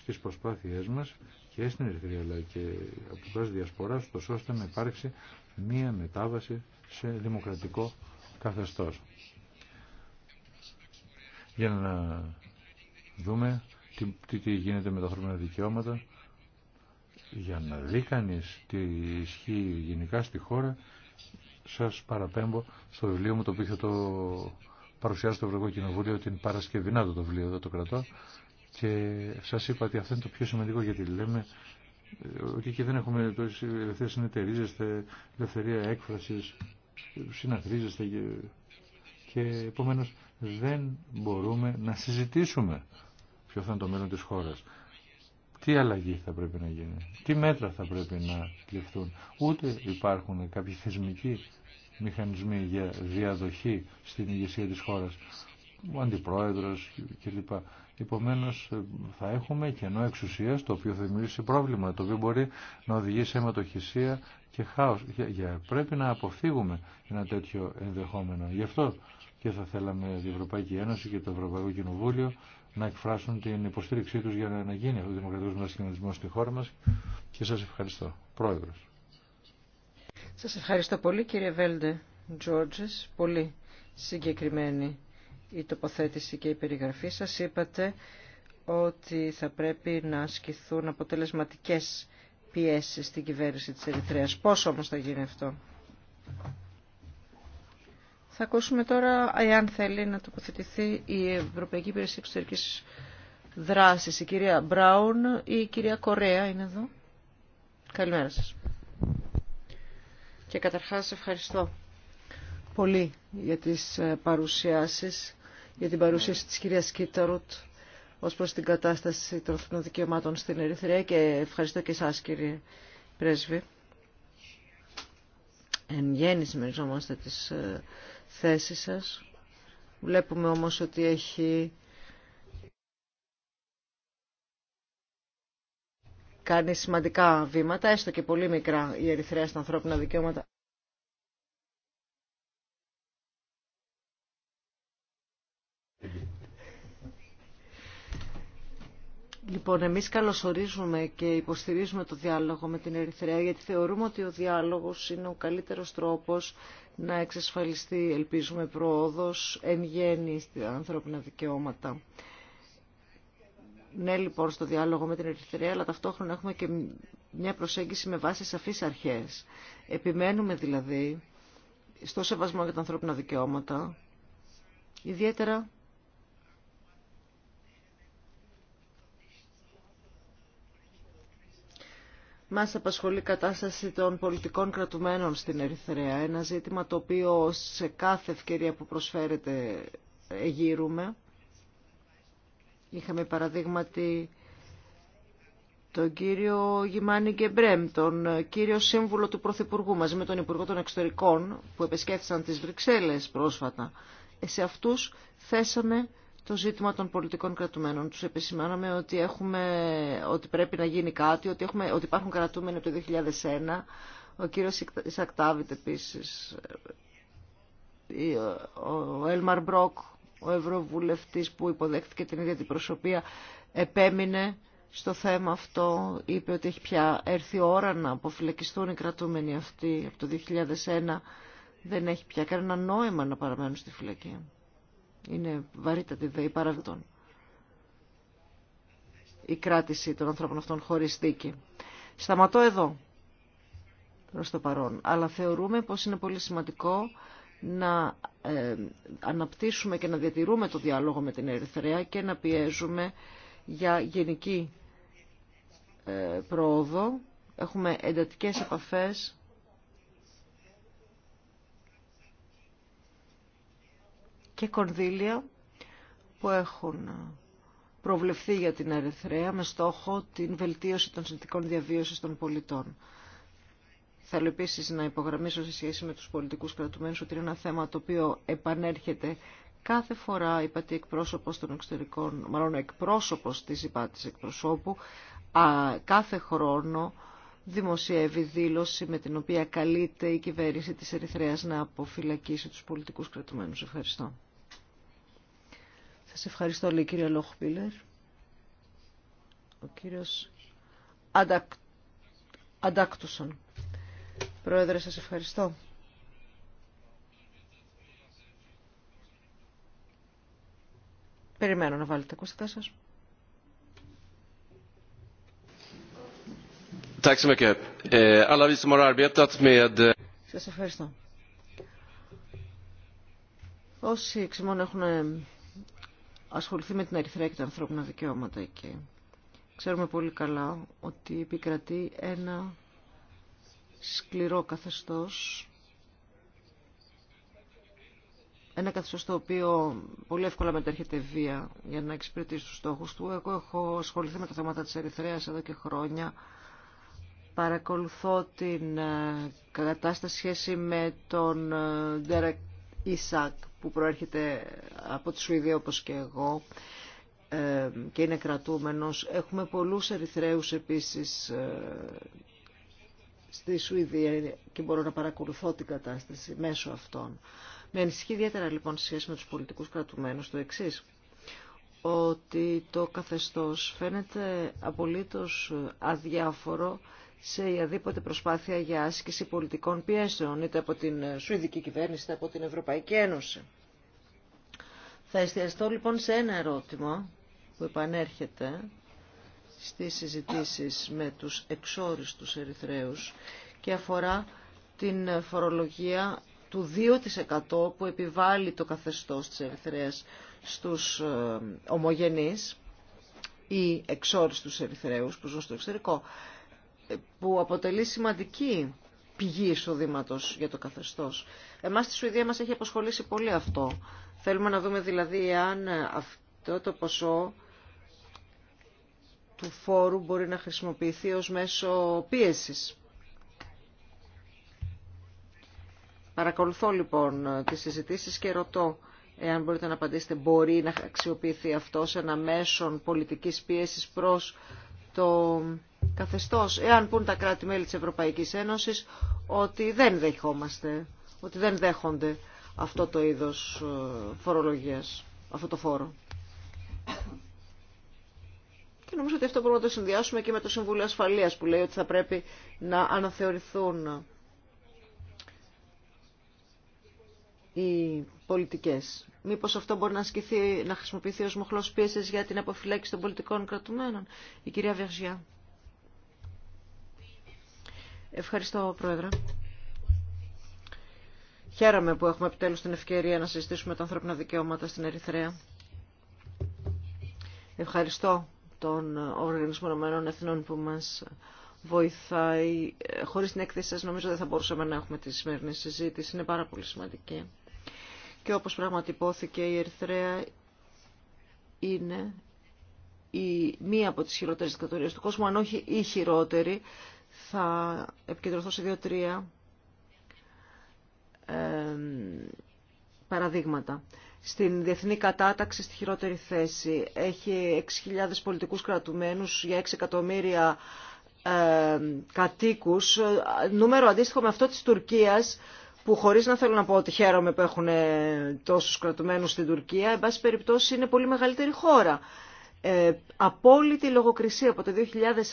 στις προσπάθειές μας και στην Ερυθρία αλλά και από πλευράς διασποράς τόσο ώστε να υπάρξει μία μετάβαση σε δημοκρατικό καθεστώς. Για να δούμε τι, τι, γίνεται με τα χρόνια δικαιώματα για να δει κανείς τι ισχύει γενικά στη χώρα σας παραπέμπω στο βιβλίο μου το οποίο το παρουσιάσω στο Ευρωπαϊκό Κοινοβούλιο την Παρασκευή. Να το, βιβλίο εδώ το κρατώ. Και σας είπα ότι αυτό είναι το πιο σημαντικό γιατί λέμε ε, ότι εκεί δεν έχουμε ελευθερία συνεταιρίζεστε, ελευθερία έκφρασης, συναθρίζεστε και, και επομένως δεν μπορούμε να συζητήσουμε ποιο θα είναι το μέλλον της χώρας τι αλλαγή θα πρέπει να γίνει, τι μέτρα θα πρέπει να ληφθούν. Ούτε υπάρχουν κάποιοι θεσμικοί μηχανισμοί για διαδοχή στην ηγεσία της χώρας, ο αντιπρόεδρος κλπ. Επομένως θα έχουμε κενό εξουσίας το οποίο θα δημιουργήσει πρόβλημα, το οποίο μπορεί να οδηγήσει σε αιματοχυσία και χάος. πρέπει να αποφύγουμε ένα τέτοιο ενδεχόμενο. Γι' αυτό και θα θέλαμε η Ευρωπαϊκή Ένωση και το Ευρωπαϊκό Κοινοβούλιο να εκφράσουν την υποστήριξή τους για να γίνει αυτό ο δημοκρατικός μετασχηματισμός στη χώρα μας και σας ευχαριστώ. Πρόεδρος. Σας ευχαριστώ πολύ κύριε Βέλντε Τζόρτζες. Πολύ συγκεκριμένη η τοποθέτηση και η περιγραφή σας. Είπατε ότι θα πρέπει να ασκηθούν αποτελεσματικές πιέσεις στην κυβέρνηση της Ερυθρέας. Πώς όμως θα γίνει αυτό. Θα ακούσουμε τώρα, εάν θέλει, να τοποθετηθεί η Ευρωπαϊκή Υπηρεσία Εξωτερική δράση, η κυρία Μπράουν ή η κυρία Κορέα είναι εδώ. Καλημέρα σας. Και καταρχάς ευχαριστώ πολύ για τις ε, παρουσιάσεις, για την παρουσίαση της κυρίας Κίταρουτ ως προς την κατάσταση των δικαιωμάτων στην Ερυθρία και ευχαριστώ και εσάς κύριε Πρέσβη. Εν γέννηση μεριζόμαστε τις ε, θέση σας. Βλέπουμε όμως ότι έχει κάνει σημαντικά βήματα, έστω και πολύ μικρά η Ερυθρέα στα ανθρώπινα δικαιώματα. Λοιπόν, εμείς καλωσορίζουμε και υποστηρίζουμε το διάλογο με την Ερυθρέα, γιατί θεωρούμε ότι ο διάλογος είναι ο καλύτερος τρόπος να εξασφαλιστεί, ελπίζουμε, πρόοδος εν γέννη στα ανθρώπινα δικαιώματα. Ναι, λοιπόν, στο διάλογο με την Ερυθρέα, αλλά ταυτόχρονα έχουμε και μια προσέγγιση με βάση σαφείς αρχές. Επιμένουμε δηλαδή στο σεβασμό για τα ανθρώπινα δικαιώματα, ιδιαίτερα Μας απασχολεί η κατάσταση των πολιτικών κρατουμένων στην Ερυθρέα. Ένα ζήτημα το οποίο σε κάθε ευκαιρία που προσφέρεται γύρουμε. Είχαμε παραδείγματι τον κύριο Γιμάνι Γκεμπρέμ, τον κύριο σύμβουλο του Πρωθυπουργού μαζί με τον Υπουργό των Εξωτερικών που επισκέφθησαν τις Βρυξέλλες πρόσφατα. Ε, σε αυτούς θέσαμε το ζήτημα των πολιτικών κρατουμένων. Τους επισημάναμε ότι, έχουμε, ότι πρέπει να γίνει κάτι, ότι, έχουμε, ότι υπάρχουν κρατούμενοι από το 2001. Ο κύριος Ισακτάβιτ επίσης, ο Έλμαρ Μπρόκ, ο ευρωβουλευτής που υποδέχθηκε την ίδια την προσωπία, επέμεινε στο θέμα αυτό, είπε ότι έχει πια έρθει η ώρα να αποφυλακιστούν οι κρατούμενοι αυτοί από το 2001. Δεν έχει πια κανένα νόημα να παραμένουν στη φυλακή. Είναι βαρύτατη η παραδοτών Η κράτηση των ανθρώπων αυτών χωρίς δίκη. Σταματώ εδώ προς το παρόν. Αλλά θεωρούμε πως είναι πολύ σημαντικό να ε, αναπτύσσουμε και να διατηρούμε το διάλογο με την Ερυθρέα και να πιέζουμε για γενική ε, πρόοδο. Έχουμε εντατικές επαφές και κονδύλια που έχουν προβλεφθεί για την Ερυθρέα με στόχο την βελτίωση των συνθηκών διαβίωσης των πολιτών. Θέλω επίση να υπογραμμίσω σε σχέση με τους πολιτικούς κρατουμένους ότι είναι ένα θέμα το οποίο επανέρχεται κάθε φορά, πατή εκπρόσωπος των εξωτερικών, μάλλον εκπρόσωπος της υπάτης εκπροσώπου, κάθε χρόνο δημοσιεύει δήλωση με την οποία καλείται η κυβέρνηση της Ερυθρέας να αποφυλακίσει τους πολιτικούς κρατουμένους. Ευχαριστώ. Σας ευχαριστώ, λέει η κυρία Λόχπιλερ. Ο κύριος Αντακ... Αντάκτουσον. Πρόεδρε, σας ευχαριστώ. Περιμένω να βάλετε ακουστικά σας. Tack så mycket. Eh, alla vi som har arbetat med... Eh, ευχαριστώ. Όσοι εξημών έχουν ε, ασχοληθεί με την Ερυθρέα και τα ανθρώπινα δικαιώματα εκεί, ξέρουμε πολύ καλά ότι επικρατεί ένα σκληρό καθεστώς, ένα καθεστώ το οποίο πολύ εύκολα μετέρχεται βία για να εξυπηρετήσει τους στόχους του. Εγώ έχω ασχοληθεί με τα θέματα της Ερυθρέας εδώ και χρόνια. Παρακολουθώ την ε, κατάσταση σχέση με τον ε, Derek Ισακ που προέρχεται από τη Σουηδία όπως και εγώ ε, και είναι κρατούμενος. Έχουμε πολλούς Ερυθρέους επίσης στη Σουηδία και μπορώ να παρακολουθώ την κατάσταση μέσω αυτών. Με ενισχύει ιδιαίτερα λοιπόν σχέση με τους πολιτικούς κρατουμένους το εξή. ότι το καθεστώς φαίνεται απολύτως αδιάφορο σε οποιαδήποτε προσπάθεια για άσκηση πολιτικών πιέσεων, είτε από την Σουηδική κυβέρνηση, είτε από την Ευρωπαϊκή Ένωση. Θα εστιαστώ λοιπόν σε ένα ερώτημα που επανέρχεται στις συζητήσεις με τους εξόριστους Ερυθρέους και αφορά την φορολογία του 2% που επιβάλλει το καθεστώς της Ερυθρέας στους ε, ομογενείς ή εξόριστους Ερυθρέους που ζουν στο εξωτερικό που αποτελεί σημαντική πηγή εισοδήματο για το καθεστώ. Εμά στη Σουηδία μα έχει αποσχολήσει πολύ αυτό. Θέλουμε να δούμε δηλαδή αν αυτό το ποσό του φόρου μπορεί να χρησιμοποιηθεί ως μέσο πίεσης. Παρακολουθώ λοιπόν τις συζητήσεις και ρωτώ εάν μπορείτε να απαντήσετε μπορεί να αξιοποιηθεί αυτό σε ένα μέσο πολιτικής πίεσης προς το καθεστώς, εάν πούν τα κράτη-μέλη της Ευρωπαϊκής Ένωσης, ότι δεν δεχόμαστε, ότι δεν δέχονται αυτό το είδος ε, φορολογίας, αυτό το φόρο. Και νομίζω ότι αυτό μπορούμε να το συνδυάσουμε και με το Συμβούλιο Ασφαλείας που λέει ότι θα πρέπει να αναθεωρηθούν οι πολιτικές. Μήπως αυτό μπορεί να, ασκηθεί, να χρησιμοποιηθεί ως μοχλός πίεσης για την αποφυλάκηση των πολιτικών κρατουμένων. Η κυρία Βεργιά. Ευχαριστώ, Πρόεδρε. Χαίρομαι που έχουμε επιτέλους την ευκαιρία να συζητήσουμε τα ανθρώπινα δικαιώματα στην Ερυθρέα. Ευχαριστώ τον Οργανισμό Ενωμένων Εθνών που μας βοηθάει. Χωρίς την έκθεση σας νομίζω δεν θα μπορούσαμε να έχουμε τη σημερινή συζήτηση. Είναι πάρα πολύ σημαντική. Και όπως πραγματυπώθηκε η Ερυθρέα είναι η μία από τις χειρότερες δικτατορίες του κόσμου, αν όχι η χειρότερη θα επικεντρωθώ σε δύο-τρία παραδείγματα. Στην διεθνή κατάταξη στη χειρότερη θέση έχει 6.000 πολιτικούς κρατουμένους για 6 εκατομμύρια ε, κατοίκους, νούμερο αντίστοιχο με αυτό της Τουρκίας, που χωρίς να θέλω να πω ότι χαίρομαι που έχουν τόσους κρατουμένους στην Τουρκία, εν πάση περιπτώσει είναι πολύ μεγαλύτερη χώρα ε, απόλυτη λογοκρισία από το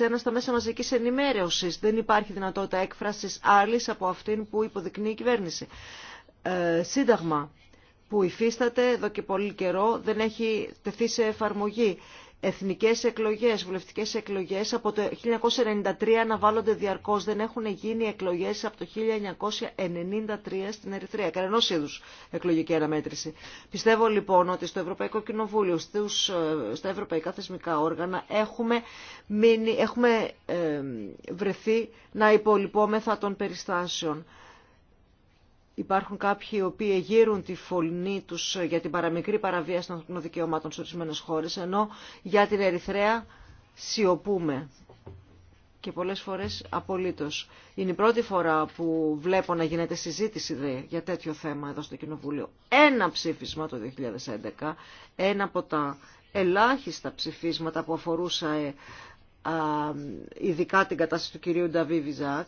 2001 στα μέσα μαζικής ενημέρωσης. Δεν υπάρχει δυνατότητα έκφρασης άλλης από αυτήν που υποδεικνύει η κυβέρνηση. Ε, σύνταγμα που υφίσταται εδώ και πολύ καιρό δεν έχει τεθεί σε εφαρμογή εθνικές εκλογές, βουλευτικές εκλογές από το 1993 αναβάλλονται διαρκώς, δεν έχουν γίνει εκλογές από το 1993 στην Ερυθρία, κανενός είδους εκλογική αναμέτρηση. Πιστεύω λοιπόν ότι στο Ευρωπαϊκό Κοινοβούλιο, στους, στα ευρωπαϊκά θεσμικά όργανα έχουμε, μείνει, έχουμε ε, βρεθεί να υπολοιπόμεθα των περιστάσεων. Υπάρχουν κάποιοι οι οποίοι εγείρουν τη φωνή του για την παραμικρή παραβίαση των ανθρωπίνων δικαιωμάτων σε ορισμένε χώρε, ενώ για την Ερυθρέα σιωπούμε. Και πολλές φορές απολύτω. Είναι η πρώτη φορά που βλέπω να γίνεται συζήτηση δε, για τέτοιο θέμα εδώ στο Κοινοβούλιο. Ένα ψήφισμα το 2011, ένα από τα ελάχιστα ψηφίσματα που αφορούσα ε, ειδικά την κατάσταση του κυρίου Νταβί Βιζάκ,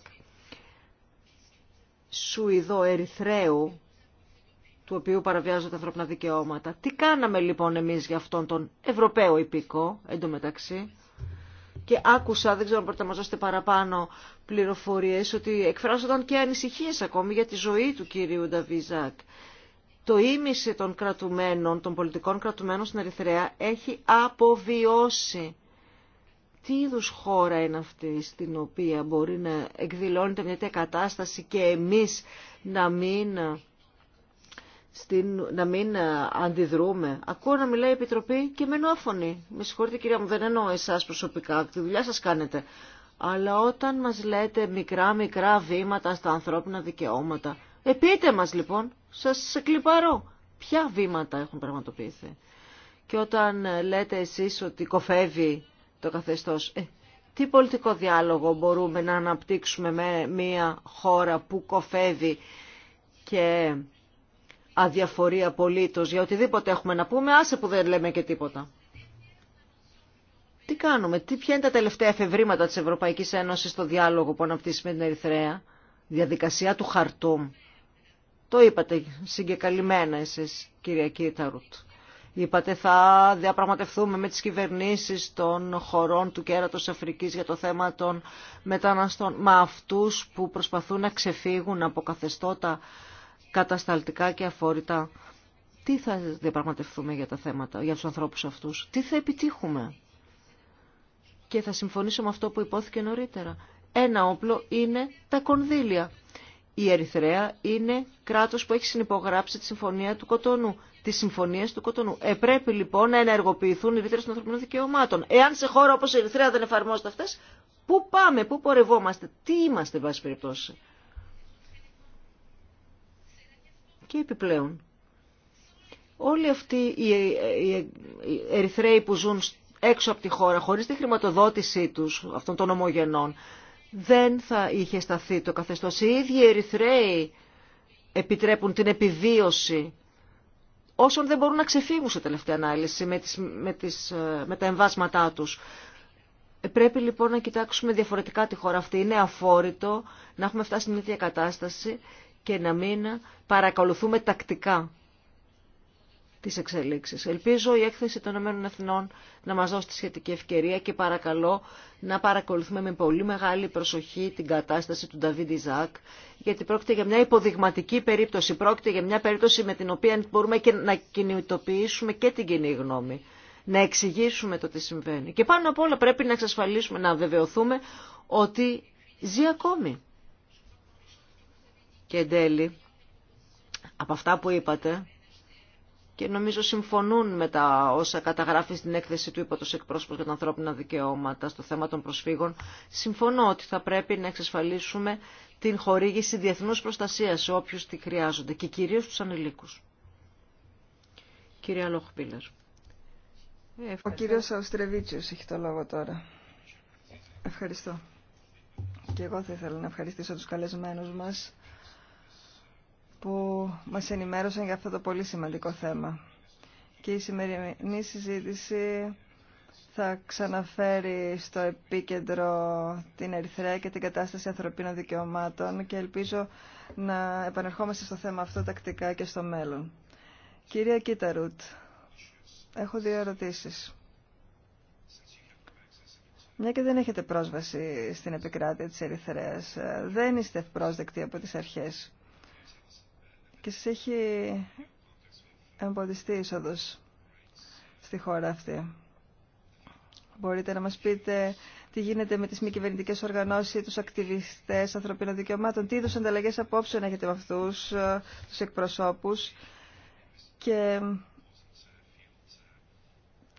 Σουηδο-Ερυθρέου, του οποίου παραβιάζονται ανθρώπινα δικαιώματα. Τι κάναμε λοιπόν εμείς για αυτόν τον Ευρωπαίο υπήκο, εντωμεταξύ, και άκουσα, δεν ξέρω αν μπορείτε να μας δώσετε παραπάνω πληροφορίες, ότι εκφράζονταν και ανησυχίες ακόμη για τη ζωή του κύριου Νταβίζακ. Το ίμιση των κρατουμένων, των πολιτικών κρατουμένων στην Ερυθρέα έχει αποβιώσει τι είδους χώρα είναι αυτή στην οποία μπορεί να εκδηλώνεται μια τέτοια κατάσταση και εμείς να μην, στην, να μην αντιδρούμε. Ακούω να μιλάει η Επιτροπή και με άφωνη. Με συγχωρείτε κυρία μου, δεν εννοώ εσάς προσωπικά, τη δουλειά σας κάνετε. Αλλά όταν μας λέτε μικρά μικρά βήματα στα ανθρώπινα δικαιώματα, επίτε μας λοιπόν, σας κλιπαρώ, ποια βήματα έχουν πραγματοποιηθεί. Και όταν λέτε εσείς ότι κοφεύει το καθεστώς. Ε, τι πολιτικό διάλογο μπορούμε να αναπτύξουμε με μια χώρα που κοφεύει και αδιαφορεί απολύτως για οτιδήποτε έχουμε να πούμε, άσε που δεν λέμε και τίποτα. Τι κάνουμε, τι, ποια είναι τα τελευταία εφευρήματα της Ευρωπαϊκής Ένωσης στο διάλογο που αναπτύσσει με την Ερυθρέα, διαδικασία του χαρτούμ. Το είπατε συγκεκαλυμμένα εσείς, κυρία Κίταρουτ. Είπατε θα διαπραγματευτούμε με τις κυβερνήσεις των χωρών του κέρατος Αφρικής για το θέμα των μεταναστών. Μα αυτούς που προσπαθούν να ξεφύγουν από καθεστώτα κατασταλτικά και αφόρητα, τι θα διαπραγματευτούμε για τα θέματα, για τους ανθρώπους αυτούς, τι θα επιτύχουμε. Και θα συμφωνήσω με αυτό που υπόθηκε νωρίτερα. Ένα όπλο είναι τα κονδύλια η Ερυθρέα είναι κράτος που έχει συνυπογράψει τη συμφωνία του Κοτονού. Τη συμφωνία του Κοτονού. Ε, πρέπει λοιπόν να ενεργοποιηθούν οι ρήτρε των ανθρωπίνων δικαιωμάτων. Εάν σε χώρα όπω η Ερυθρέα δεν εφαρμόζεται αυτέ, πού πάμε, πού πορευόμαστε, τι είμαστε, βάση περιπτώσει. Και επιπλέον, όλοι αυτοί οι Ερυθρέοι που ζουν έξω από τη χώρα, χωρί τη χρηματοδότησή του αυτών των ομογενών, δεν θα είχε σταθεί το καθεστώς. Οι ίδιοι οι επιτρέπουν την επιβίωση όσων δεν μπορούν να ξεφύγουν σε τελευταία ανάλυση με, τις, με, ε, με τα εμβάσματά τους. Ε, πρέπει λοιπόν να κοιτάξουμε διαφορετικά τη χώρα αυτή. Είναι αφόρητο να έχουμε φτάσει στην ίδια κατάσταση και να μην παρακολουθούμε τακτικά τις εξελίξεις. Ελπίζω η έκθεση των Ηνωμένων Εθνών να μας δώσει τη σχετική ευκαιρία και παρακαλώ να παρακολουθούμε με πολύ μεγάλη προσοχή την κατάσταση του Νταβίν Ιζακ, γιατί πρόκειται για μια υποδειγματική περίπτωση, πρόκειται για μια περίπτωση με την οποία μπορούμε και να κινητοποιήσουμε και την κοινή γνώμη να εξηγήσουμε το τι συμβαίνει. Και πάνω απ' όλα πρέπει να εξασφαλίσουμε, να βεβαιωθούμε ότι ζει ακόμη. Και εν τέλει, από αυτά που είπατε, και νομίζω συμφωνούν με τα όσα καταγράφει στην έκθεση του τους εκπρόσωπους για τα ανθρώπινα δικαιώματα στο θέμα των προσφύγων. Συμφωνώ ότι θα πρέπει να εξασφαλίσουμε την χορήγηση διεθνούς προστασίας σε όποιους τη χρειάζονται και κυρίως τους ανηλίκους. Κυρία Λόχπίλερ. Ο κύριος Αυστρεβίτσιος έχει το λόγο τώρα. Ευχαριστώ. Και εγώ θα ήθελα να ευχαριστήσω τους καλεσμένους μας που μας ενημέρωσαν για αυτό το πολύ σημαντικό θέμα. Και η σημερινή συζήτηση θα ξαναφέρει στο επίκεντρο την Ερυθρέα και την κατάσταση ανθρωπίνων δικαιωμάτων και ελπίζω να επανερχόμαστε στο θέμα αυτό τακτικά και στο μέλλον. Κυρία Κίταρουτ, έχω δύο ερωτήσεις. Μια και δεν έχετε πρόσβαση στην επικράτεια της Ερυθρέας, ε, δεν είστε ευπρόσδεκτοι από τις αρχές και σας έχει εμποδιστεί η στη χώρα αυτή. Μπορείτε να μας πείτε τι γίνεται με τις μη κυβερνητικέ οργανώσεις τους ακτιβιστές ανθρωπίνων δικαιωμάτων, τι είδους ανταλλαγές απόψεων έχετε με αυτούς ε, τους εκπροσώπους και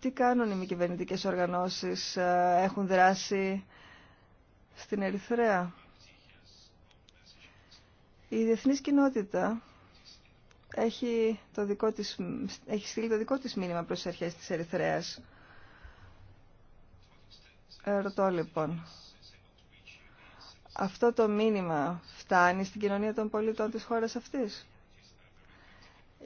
τι κάνουν οι μη κυβερνητικέ οργανώσεις, ε, έχουν δράσει στην Ερυθρέα. Η διεθνή κοινότητα έχει, το δικό της, έχει στείλει το δικό της μήνυμα προς τις αρχές της Ερυθρέας. Ρωτώ λοιπόν, αυτό το μήνυμα φτάνει στην κοινωνία των πολιτών της χώρας αυτής.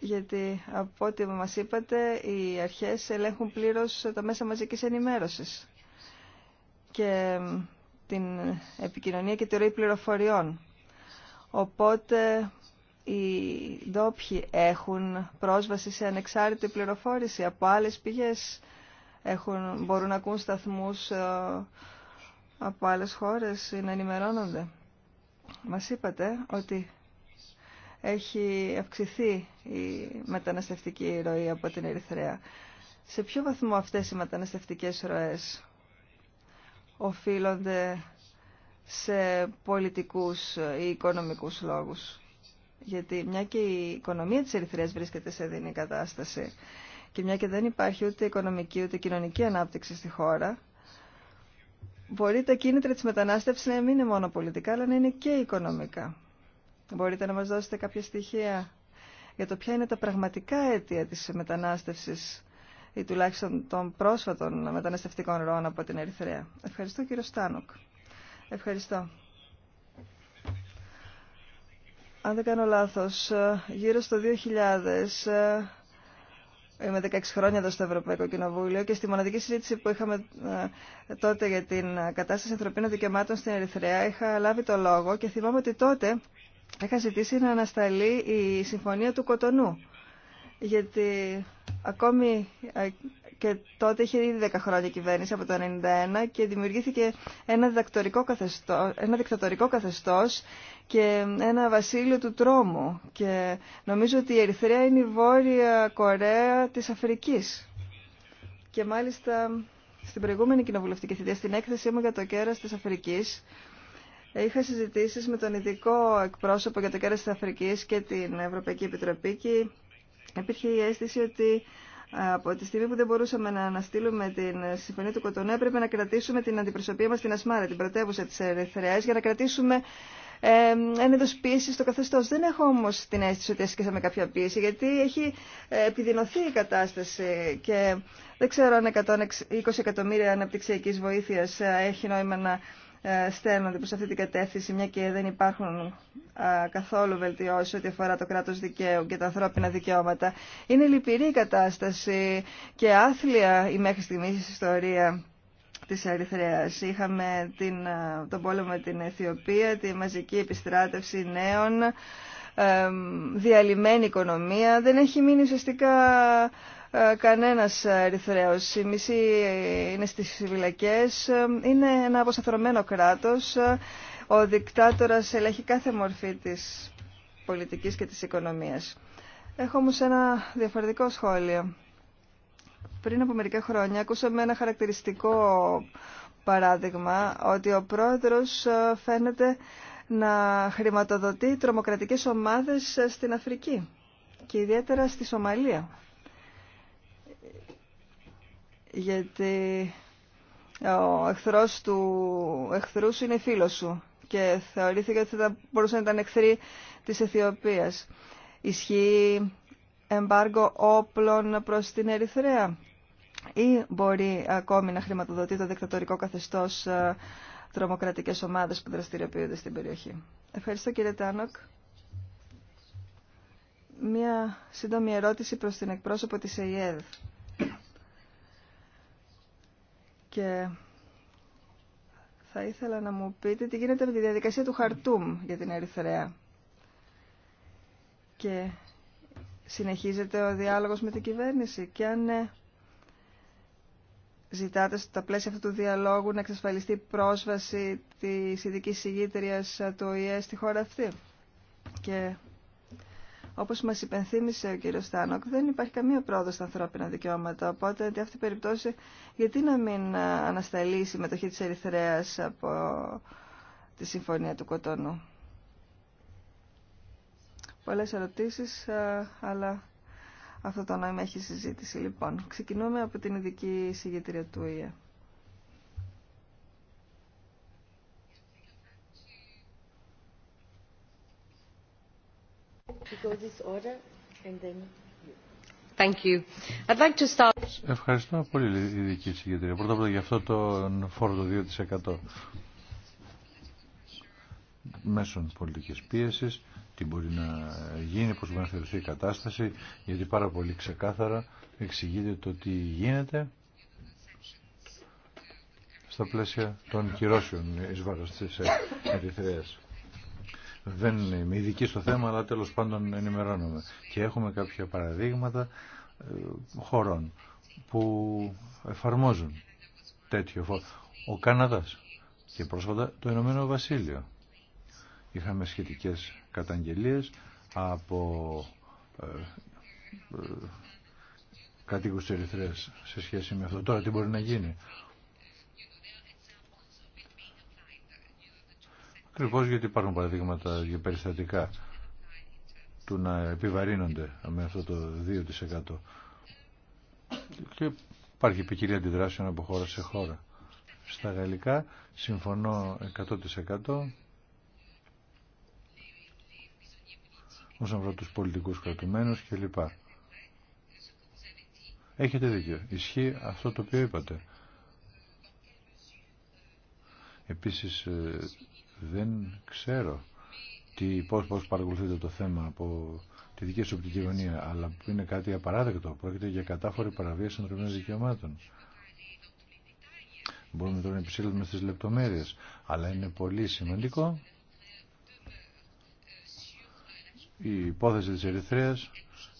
Γιατί από ό,τι μας είπατε, οι αρχές ελέγχουν πλήρως τα μέσα μαζικής ενημέρωσης και την επικοινωνία και τη ροή πληροφοριών. Οπότε οι ντόπιοι έχουν πρόσβαση σε ανεξάρτητη πληροφόρηση από άλλες πηγές, έχουν, μπορούν να ακούν σταθμούς ε, από άλλες χώρες ή να ενημερώνονται. Μας είπατε ότι έχει αυξηθεί η μεταναστευτική ροή από την Ερυθρέα. Σε ποιο βαθμό αυτές οι μεταναστευτικές ροές οφείλονται σε πολιτικούς ή οικονομικούς λόγους γιατί μια και η οικονομία της Ερυθρέας βρίσκεται σε δίνη κατάσταση και μια και δεν υπάρχει ούτε οικονομική ούτε κοινωνική ανάπτυξη στη χώρα, μπορεί τα κίνητρα της μετανάστευσης να μην είναι μόνο πολιτικά, αλλά να είναι και οικονομικά. Μπορείτε να μας δώσετε κάποια στοιχεία για το ποια είναι τα πραγματικά αίτια της μετανάστευσης ή τουλάχιστον των πρόσφατων μεταναστευτικών ροών από την Ερυθρέα. Ευχαριστώ κύριο Στάνοκ. Ευχαριστώ αν δεν κάνω λάθος, ε, γύρω στο 2000... Ε, είμαι 16 χρόνια εδώ στο Ευρωπαϊκό Κοινοβούλιο και στη μοναδική συζήτηση που είχαμε ε, τότε για την κατάσταση ανθρωπίνων δικαιωμάτων στην Ερυθρέα είχα λάβει το λόγο και θυμάμαι ότι τότε είχα ζητήσει να ανασταλεί η Συμφωνία του Κοτονού. Γιατί ακόμη και τότε είχε ήδη 10 χρόνια κυβέρνηση από το 1991 και δημιουργήθηκε ένα, διδακτορικό καθεστώς, ένα δικτατορικό καθεστώς και ένα βασίλειο του τρόμου. Και νομίζω ότι η Ερυθρέα είναι η Βόρεια Κορέα της Αφρικής. Και μάλιστα στην προηγούμενη κοινοβουλευτική θητεία, στην έκθεσή μου για το κέρας της Αφρικής, Είχα συζητήσει με τον ειδικό εκπρόσωπο για το κέρα τη Αφρική και την Ευρωπαϊκή Επιτροπή και υπήρχε η αίσθηση ότι από τη στιγμή που δεν μπορούσαμε να αναστείλουμε την συμφωνία του Κοτονού, έπρεπε να κρατήσουμε την αντιπροσωπεία μα στην Ασμάρα, την πρωτεύουσα τη Ερυθρέα, για να κρατήσουμε ε, ένα είδο πίεση στο καθεστώ. Δεν έχω όμω την αίσθηση ότι ασκήσαμε κάποια πίεση, γιατί έχει ε, επιδεινωθεί η κατάσταση και δεν ξέρω αν 120 εκατομμύρια αναπτυξιακή βοήθεια ε, έχει νόημα να ε, στέλνονται προς αυτή την κατεύθυνση, μια και δεν υπάρχουν καθόλου βελτιώσει ό,τι αφορά το κράτος δικαίου και τα ανθρώπινα δικαιώματα. Είναι λυπηρή η κατάσταση και άθλια η μέχρι στιγμής ιστορία της Ερυθρέας. Είχαμε την, τον πόλεμο με την Αιθιοπία, τη μαζική επιστράτευση νέων, διαλυμένη οικονομία. Δεν έχει μείνει ουσιαστικά ε, κανένας Ερυθρέος. Οι μισοί είναι στις φυλακές. Ε, είναι ένα αποσταθρωμένο κράτος. Ε, ο δικτάτορας ελέγχει κάθε μορφή της πολιτικής και της οικονομίας. Έχω όμως ένα διαφορετικό σχόλιο. Πριν από μερικά χρόνια ακούσαμε ένα χαρακτηριστικό παράδειγμα ότι ο πρόεδρος φαίνεται να χρηματοδοτεί τρομοκρατικές ομάδες στην Αφρική και ιδιαίτερα στη Σομαλία γιατί ο εχθρός του εχθρού σου είναι φίλος σου και θεωρήθηκε ότι θα μπορούσαν να ήταν εχθροί της Αιθιοπίας. Ισχύει εμπάργο όπλων προς την Ερυθρέα ή μπορεί ακόμη να χρηματοδοτεί το δικτατορικό καθεστώς ε, τρομοκρατικές ομάδες που δραστηριοποιούνται στην περιοχή. Ευχαριστώ κύριε Τάνοκ. Μία σύντομη ερώτηση προς την εκπρόσωπο της ΕΙΕΔ. Και θα ήθελα να μου πείτε τι γίνεται με τη διαδικασία του Χαρτούμ για την Ερυθρέα. Και συνεχίζεται ο διάλογος με την κυβέρνηση. Και αν ε, ζητάτε στα πλαίσια αυτού του διαλόγου να εξασφαλιστεί πρόσβαση της ειδική ηγήτριας του ΟΗΕ στη χώρα αυτή. Όπως μας υπενθύμησε ο κύριος Στάνοκ, δεν υπάρχει καμία πρόοδο στα ανθρώπινα δικαιώματα. Οπότε, αντί αυτή την περιπτώση, γιατί να μην ε, ανασταλεί η συμμετοχή τη Ερυθρέας από τη Συμφωνία του Κοτονού. Πολλές ερωτήσει, ε, αλλά αυτό το νόημα έχει συζήτηση. Λοιπόν, ξεκινούμε από την ειδική συγγετρία του ΙΕ. Ευχαριστώ πολύ, ειδική συγκεντρία. Πρώτα απ' όλα για αυτό το φόρο του 2% μέσω πολιτική πίεσης, τι μπορεί να γίνει, πώς μπορεί να θεωρηθεί η κατάσταση, γιατί πάρα πολύ ξεκάθαρα εξηγείται το τι γίνεται στα πλαίσια των κυρώσεων εις βάρος τη Ερυθρέας. Δεν είμαι ειδική στο θέμα, αλλά τέλος πάντων ενημερώνομαι. Και έχουμε κάποια παραδείγματα ε, χωρών που εφαρμόζουν τέτοιο φόρο. Ο Καναδάς και πρόσφατα το Ηνωμένο Βασίλειο. Είχαμε σχετικές καταγγελίες από ε, ε, κατοίκους σε σχέση με αυτό. Τώρα τι μπορεί να γίνει. Ακριβώ γιατί υπάρχουν παραδείγματα για περιστατικά του να επιβαρύνονται με αυτό το 2%. Και υπάρχει ποικιλία αντιδράσεων από χώρα σε χώρα. Στα γαλλικά συμφωνώ 100% όσον αφορά τους πολιτικούς κρατουμένους κλπ. Έχετε δίκιο. Ισχύει αυτό το οποίο είπατε. Επίσης ε, δεν ξέρω τι, πώς, πώς παρακολουθείτε το θέμα από τη δική σου οπτική γωνία, αλλά που είναι κάτι απαράδεκτο. Πρόκειται για κατάφορη παραβίαση ανθρωπίνων δικαιωμάτων. Μπορούμε τώρα να επισύλλουμε στις λεπτομέρειες, αλλά είναι πολύ σημαντικό η υπόθεση της Ερυθρέας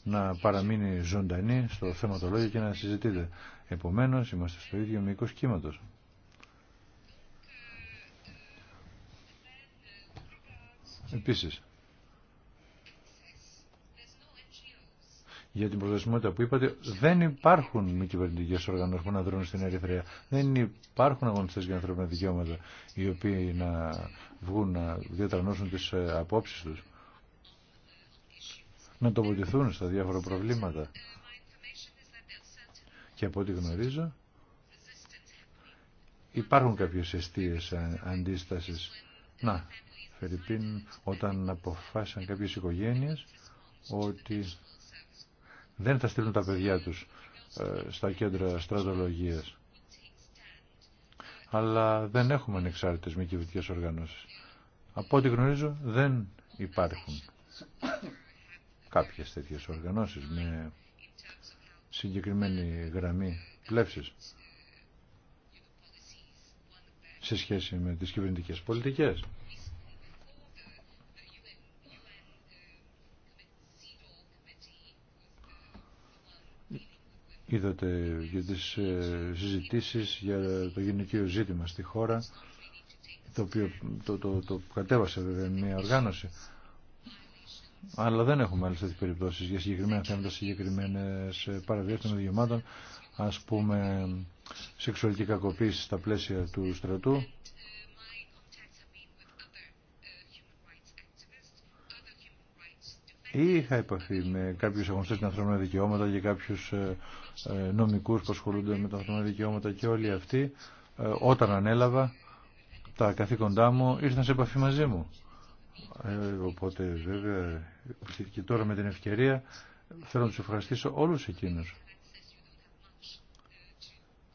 να παραμείνει ζωντανή στο θεματολόγιο και να συζητείτε. Επομένως, είμαστε στο ίδιο μήκος κύματος. Επίσης, για την προσβασιμότητα που είπατε, δεν υπάρχουν μη κυβερνητικέ οργανώσει που να δρούν στην Ερυθρέα. Δεν υπάρχουν αγωνιστέ για ανθρώπινα δικαιώματα οι οποίοι να βγουν να διατρανώσουν τι ε, απόψει του, να τοποθετηθούν στα διάφορα προβλήματα. Και από ό,τι γνωρίζω, υπάρχουν κάποιε αιστείε αντίσταση. Να, Φερρυπίν όταν αποφάσισαν κάποιες οικογένειες ότι δεν θα στείλουν τα παιδιά τους ε, στα κέντρα στρατολογίας. Αλλά δεν έχουμε ανεξάρτητες μη κυβερνητικέ οργανώσεις. Από ό,τι γνωρίζω δεν υπάρχουν κάποιες τέτοιες οργανώσεις με συγκεκριμένη γραμμή πλεύσης σε σχέση με τις κυβερνητικές πολιτικές. Είδατε για τις ε, συζητήσεις για το γυναικείο ζήτημα στη χώρα, το οποίο το, το, το κατέβασε βέβαια μια οργάνωση. Αλλά δεν έχουμε άλλες τέτοιες περιπτώσεις για συγκεκριμένα θέματα, συγκεκριμένες ε, παραβιάσεις των δικαιωμάτων, ας πούμε σεξουαλική κακοποίηση στα πλαίσια του στρατού. Είχα επαφή με κάποιους αγωνιστές στην ανθρώπινα δικαιώματα και κάποιους ε, ε, νομικούς που ασχολούνται με τα ανθρώπινα δικαιώματα και όλοι αυτοί ε, όταν ανέλαβα τα καθήκοντά μου ήρθαν σε επαφή μαζί μου. Ε, οπότε βέβαια και τώρα με την ευκαιρία θέλω να τους ευχαριστήσω όλους εκείνους.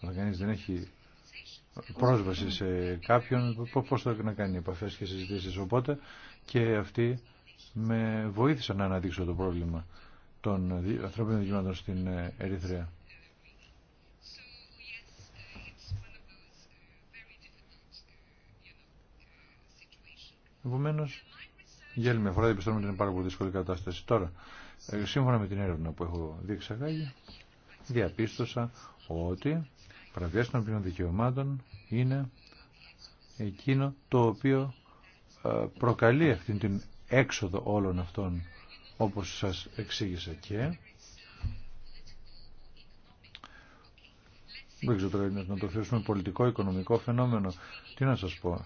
Αλλά κανείς δεν έχει πρόσβαση σε κάποιον, πώς θα να κάνει επαφές και συζητήσεις. Οπότε και αυτοί με βοήθησαν να αναδείξω το πρόβλημα των ανθρώπινων δικαιωμάτων στην ε, Ερυθρέα. Επομένω, για άλλη μια φορά διαπιστώνουμε ότι είναι πάρα πολύ δύσκολη κατάσταση. Τώρα, ε, σύμφωνα με την έρευνα που έχω διεξαγάγει, διαπίστωσα ότι παραβιάση των ανθρώπινων δικαιωμάτων είναι εκείνο το οποίο ε, προκαλεί αυτήν την έξοδο όλων αυτών όπως σας εξήγησα και δεν ξέρω τώρα να το θεωρήσουμε πολιτικό οικονομικό φαινόμενο τι να σας πω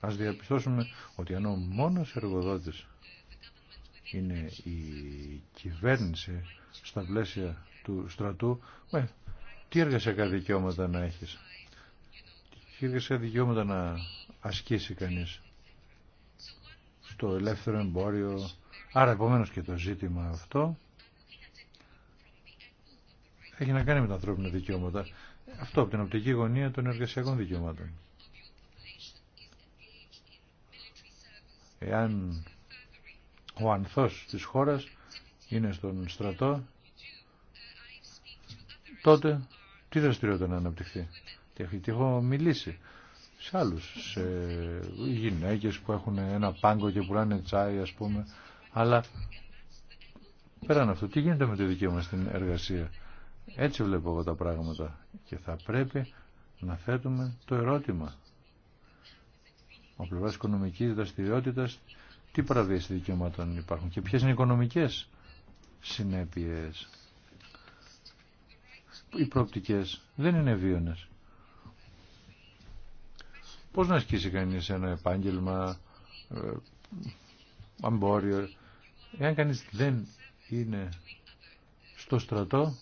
ας διαπιστώσουμε ότι αν ο μόνος εργοδότης είναι η κυβέρνηση στα πλαίσια του στρατού με, τι εργασιακά δικαιώματα να έχεις τι εργασιακά δικαιώματα να ασκήσει κανείς στο ελεύθερο εμπόριο Άρα επομένω και το ζήτημα αυτό έχει να κάνει με τα ανθρώπινα δικαιώματα. Αυτό από την οπτική γωνία των εργασιακών δικαιωμάτων. Εάν ο ανθός της χώρας είναι στον στρατό, τότε τι δραστηριότητα να αναπτυχθεί. Τι έχω μιλήσει σε άλλους, σε γυναίκες που έχουν ένα πάγκο και πουλάνε τσάι ας πούμε, αλλά πέραν αυτό, τι γίνεται με το δικαίωμα στην εργασία. Έτσι βλέπω εγώ τα πράγματα και θα πρέπει να θέτουμε το ερώτημα. Ο πλευρά οικονομική δραστηριότητα, τι παραβίαση δικαιωμάτων υπάρχουν και ποιες είναι οι οικονομικές συνέπειες. Οι προοπτικές δεν είναι βίωνες. Πώς να ασκήσει κανείς ένα επάγγελμα, ε, αμπόριο, Εάν κανείς δεν είναι στο στρατό,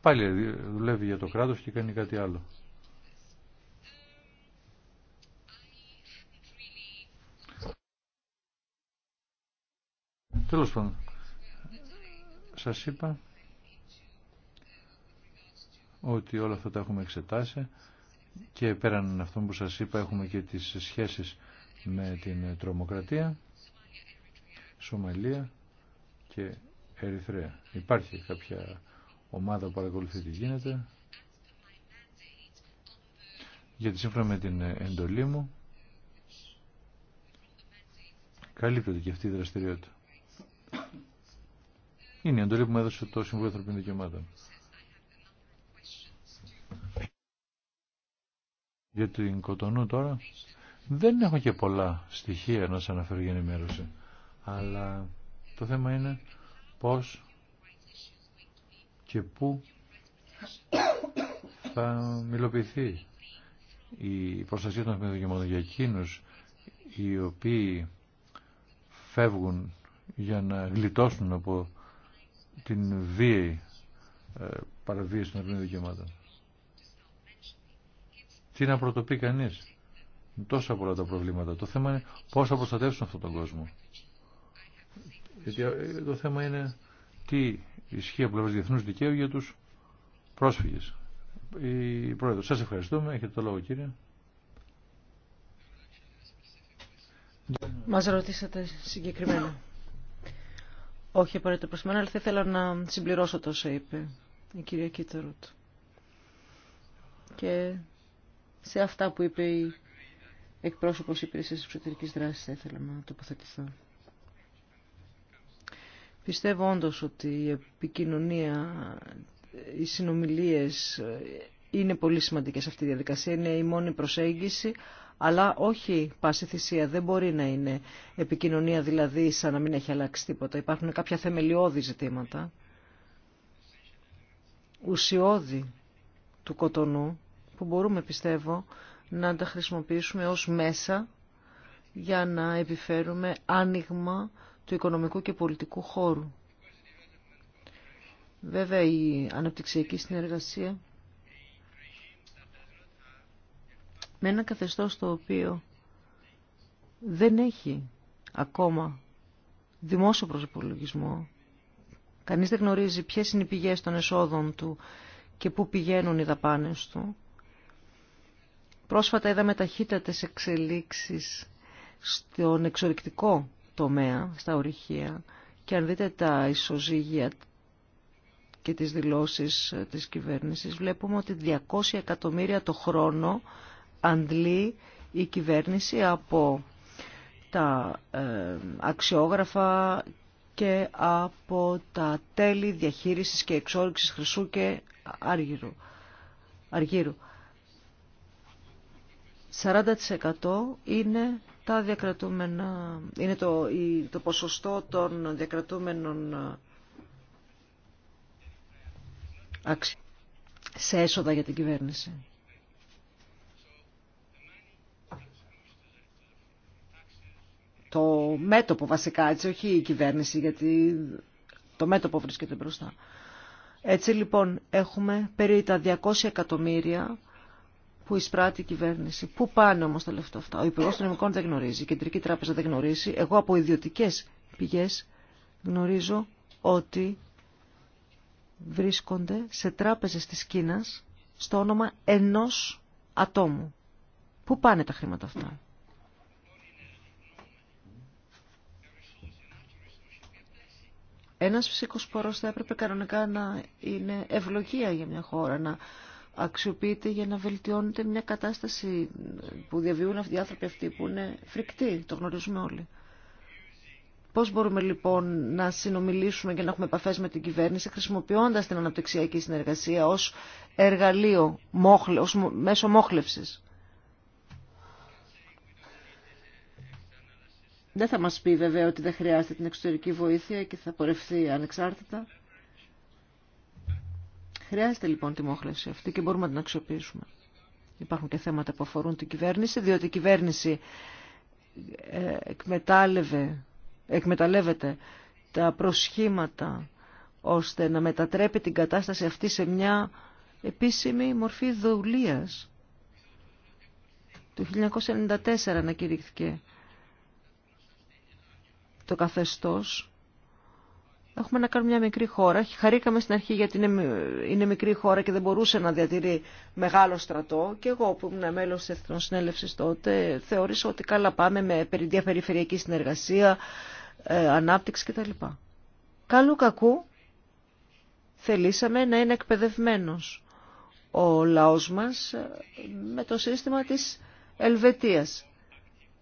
πάλι δουλεύει για το κράτος και κάνει κάτι άλλο. Τέλος πάντων, σας είπα ότι όλα αυτά τα έχουμε εξετάσει και πέραν αυτών που σας είπα έχουμε και τις σχέσεις με την τρομοκρατία. Σομαλία και Ερυθρέα. Υπάρχει κάποια ομάδα που παρακολουθεί τι γίνεται. Γιατί σύμφωνα με την εντολή μου καλύπτεται και αυτή η δραστηριότητα. Είναι η εντολή που μου έδωσε το Συμβούλιο Ανθρωπίνων Δικαιωμάτων. Για την Κοτονού τώρα δεν έχω και πολλά στοιχεία να σας αναφέρω για ενημέρωση αλλά το θέμα είναι πώς και πού θα μιλοποιηθεί η προστασία των δικαιωμάτων για εκείνους οι οποίοι φεύγουν για να γλιτώσουν από την βίαιη ε, παραβίαση των εθνικών δικαιωμάτων. Τι να πρωτοπεί κανείς. Τόσα πολλά τα προβλήματα. Το θέμα είναι πώς θα προστατεύσουν αυτόν τον κόσμο. Γιατί ε, το θέμα είναι τι ισχύει από πλευρά διεθνού δικαίου για του πρόσφυγε. Η σα ευχαριστούμε. Έχετε το λόγο, κύριε. Μα ρωτήσατε συγκεκριμένα. Όχι απαραίτητα αλλά θα ήθελα να συμπληρώσω το είπε η κυρία Κίτερουτ. Και σε αυτά που είπε η εκπρόσωπος υπηρεσίας εξωτερικής δράσης θα ήθελα να τοποθετηθώ. Πιστεύω όντως ότι η επικοινωνία, οι συνομιλίες είναι πολύ σημαντικές αυτή η διαδικασία, είναι η μόνη προσέγγιση, αλλά όχι πάση θυσία, δεν μπορεί να είναι επικοινωνία δηλαδή σαν να μην έχει αλλάξει τίποτα. Υπάρχουν κάποια θεμελιώδη ζητήματα, ουσιώδη του κοτονού, που μπορούμε πιστεύω να τα χρησιμοποιήσουμε ως μέσα για να επιφέρουμε άνοιγμα του οικονομικού και πολιτικού χώρου. Βέβαια η αναπτυξιακή συνεργασία με ένα καθεστώς το οποίο δεν έχει ακόμα δημόσιο προσωπολογισμό. Κανείς δεν γνωρίζει ποιες είναι οι πηγές των εσόδων του και πού πηγαίνουν οι δαπάνες του. Πρόσφατα είδαμε ταχύτατες εξελίξεις στον εξορρυκτικό τομέα, στα ορυχεία και αν δείτε τα ισοζύγια και τις δηλώσεις της κυβέρνησης βλέπουμε ότι 200 εκατομμύρια το χρόνο αντλεί η κυβέρνηση από τα ε, αξιόγραφα και από τα τέλη διαχείρισης και εξόρυξης χρυσού και αργύρου. αργύρου. 40% είναι τα διακρατούμενα, είναι το, το ποσοστό των διακρατούμενων ε, αξιών σε έσοδα για την κυβέρνηση. Το μέτωπο βασικά, έτσι, όχι η κυβέρνηση, γιατί το μέτωπο βρίσκεται μπροστά. Έτσι λοιπόν έχουμε περί τα 200 εκατομμύρια που εισπράττει η κυβέρνηση. Πού πάνε όμω τα λεφτά αυτά. Ο Υπουργό των δεν γνωρίζει, η Κεντρική Τράπεζα δεν γνωρίζει. Εγώ από ιδιωτικέ πηγέ γνωρίζω ότι βρίσκονται σε τράπεζες τη Κίνας στο όνομα ενός ατόμου. Πού πάνε τα χρήματα αυτά. Ένας φυσικός πόρος θα έπρεπε κανονικά να είναι ευλογία για μια χώρα, να αξιοποιείται για να βελτιώνεται μια κατάσταση που διαβιούν αυτοί οι άνθρωποι αυτοί που είναι φρικτοί, το γνωρίζουμε όλοι. Πώς μπορούμε λοιπόν να συνομιλήσουμε και να έχουμε επαφές με την κυβέρνηση χρησιμοποιώντας την αναπτυξιακή συνεργασία ως εργαλείο, ως μέσο μόχλευσης. Δεν θα μας πει βέβαια ότι δεν χρειάζεται την εξωτερική βοήθεια και θα πορευθεί ανεξάρτητα. Χρειάζεται λοιπόν τη μόχλευση αυτή και μπορούμε να την αξιοποιήσουμε. Υπάρχουν και θέματα που αφορούν την κυβέρνηση, διότι η κυβέρνηση ε, εκμεταλλεύεται τα προσχήματα ώστε να μετατρέπει την κατάσταση αυτή σε μια επίσημη μορφή δουλείας. Το 1994 ανακηρύχθηκε το καθεστώς Έχουμε να κάνουμε μια μικρή χώρα. Χαρήκαμε στην αρχή γιατί είναι, μικρή χώρα και δεν μπορούσε να διατηρεί μεγάλο στρατό. Και εγώ που ήμουν μέλος της Εθνοσυνέλευσης τότε θεώρησα ότι καλά πάμε με διαπεριφερειακή συνεργασία, ε, ανάπτυξη κτλ. Καλού κακού θελήσαμε να είναι εκπαιδευμένο ο λαός μας ε, με το σύστημα τη Ελβετία.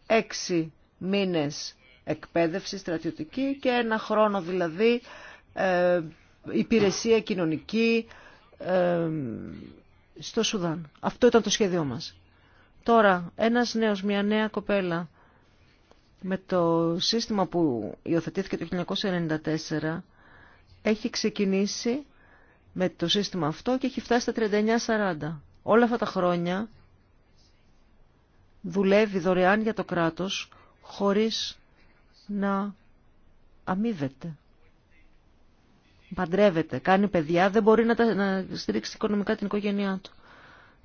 Έξι μήνες εκπαίδευση στρατιωτική και ένα χρόνο δηλαδή ε, υπηρεσία κοινωνική ε, στο Σουδάν. Αυτό ήταν το σχέδιό μας. Τώρα, ένας νέος, μια νέα κοπέλα με το σύστημα που υιοθετήθηκε το 1994 έχει ξεκινήσει με το σύστημα αυτό και έχει φτάσει στα 39-40. Όλα αυτά τα χρόνια δουλεύει δωρεάν για το κράτος χωρίς να αμείβεται. Παντρεύεται, κάνει παιδιά, δεν μπορεί να, τα, να στηρίξει οικονομικά την οικογένειά του.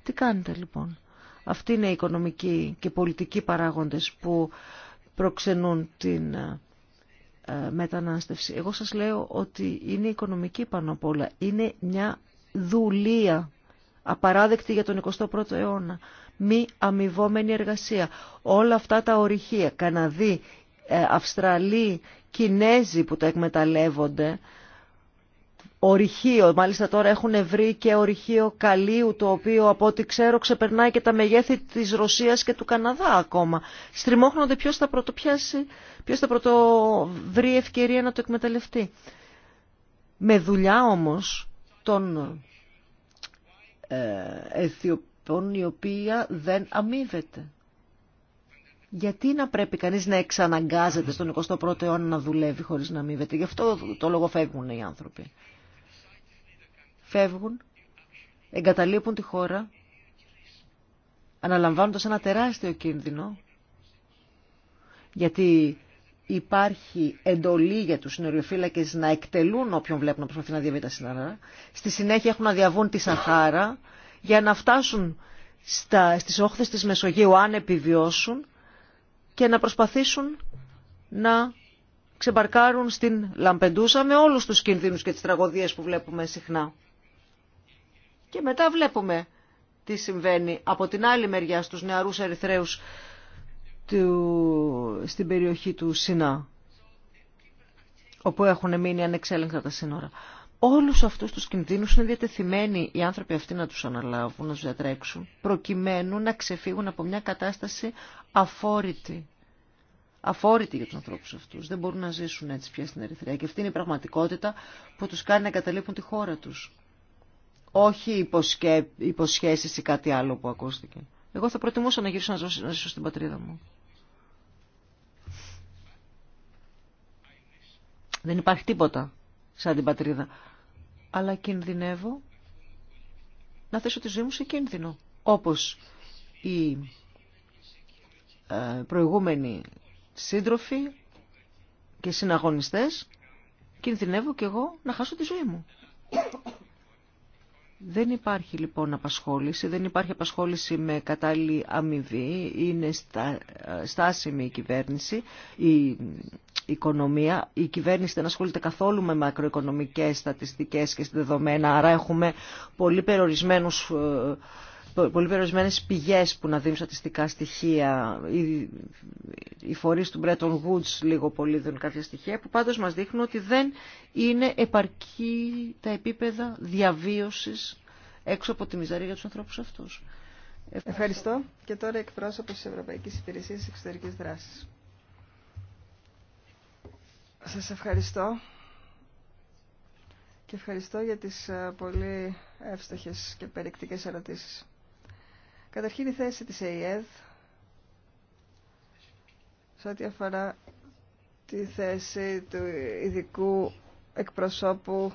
Τι κάνετε λοιπόν. Αυτοί είναι οι οικονομικοί και πολιτικοί παράγοντες που προξενούν την ε, ε, μετανάστευση. Εγώ σας λέω ότι είναι οικονομική πάνω απ' όλα. Είναι μια δουλεία απαράδεκτη για τον 21ο αιώνα. Μη αμοιβόμενη εργασία. Όλα αυτά τα ορυχεία, Καναδί... Αυστραλοί, Κινέζοι που τα εκμεταλλεύονται. Ορυχείο, μάλιστα τώρα έχουν βρει και ορυχείο καλίου το οποίο από ό,τι ξέρω ξεπερνάει και τα μεγέθη της Ρωσίας και του Καναδά ακόμα. Στριμώχνονται ποιος θα πρωτοπιάσει, ποιος θα πρωτοβρει ευκαιρία να το εκμεταλλευτεί. Με δουλειά όμως των ε, Αιθιοπών η οποία δεν αμείβεται γιατί να πρέπει κανείς να εξαναγκάζεται στον 21ο αιώνα να δουλεύει χωρίς να αμείβεται. Γι' αυτό το λόγο φεύγουν οι άνθρωποι. Φεύγουν, εγκαταλείπουν τη χώρα, αναλαμβάνοντας ένα τεράστιο κίνδυνο, γιατί υπάρχει εντολή για τους συνοριοφύλακες να εκτελούν όποιον βλέπουν να προσπαθεί να διαβεί τα σύνορα. Στη συνέχεια έχουν να διαβούν τη Σαχάρα για να φτάσουν στα, στις όχθες της Μεσογείου αν επιβιώσουν και να προσπαθήσουν να ξεμπαρκάρουν στην Λαμπεντούσα με όλους τους κινδύνους και τις τραγωδίες που βλέπουμε συχνά. Και μετά βλέπουμε τι συμβαίνει από την άλλη μεριά στους νεαρούς Ερυθρέους του... στην περιοχή του Σινά, όπου έχουν μείνει ανεξέλεγκτα τα σύνορα όλους αυτούς τους κινδύνους είναι διατεθειμένοι οι άνθρωποι αυτοί να τους αναλάβουν, να τους διατρέξουν, προκειμένου να ξεφύγουν από μια κατάσταση αφόρητη. Αφόρητη για τους ανθρώπους αυτούς. Δεν μπορούν να ζήσουν έτσι πια στην Ερυθρία. Και αυτή είναι η πραγματικότητα που τους κάνει να εγκαταλείπουν τη χώρα τους. Όχι υποσχέσεις ή κάτι άλλο που ακούστηκε. Εγώ θα προτιμούσα να γυρίσω να ζήσω, να ζήσω στην πατρίδα μου. Δεν υπάρχει τίποτα σαν την πατρίδα αλλά κινδυνεύω να θέσω τη ζωή μου σε κίνδυνο. Όπως οι ε, προηγούμενοι σύντροφοι και συναγωνιστές, κινδυνεύω κι εγώ να χάσω τη ζωή μου. Δεν υπάρχει λοιπόν απασχόληση, δεν υπάρχει απασχόληση με κατάλληλη αμοιβή, είναι ε, στάσιμη η κυβέρνηση, η οικονομία. Η κυβέρνηση δεν ασχολείται καθόλου με μακροοικονομικές στατιστικές και δεδομένα, άρα έχουμε πολύ περιορισμένους ε, πολύ περιορισμένες πηγές που να δίνουν στατιστικά στοιχεία. Οι, οι φορείς του Bretton Woods λίγο πολύ δίνουν κάποια στοιχεία που πάντως μας δείχνουν ότι δεν είναι επαρκή τα επίπεδα διαβίωσης έξω από τη μιζαρία για του ανθρώπους αυτού. Ευχαριστώ. Και τώρα εκπρόσωπο τη Ευρωπαϊκή Υπηρεσία Εξωτερικής δράση. Σας ευχαριστώ και ευχαριστώ για τις ε, πολύ εύστοχες και περιεκτικές ερωτήσεις. Καταρχήν η θέση της ΑΕΔ σε ό,τι αφορά τη θέση του ειδικού εκπροσώπου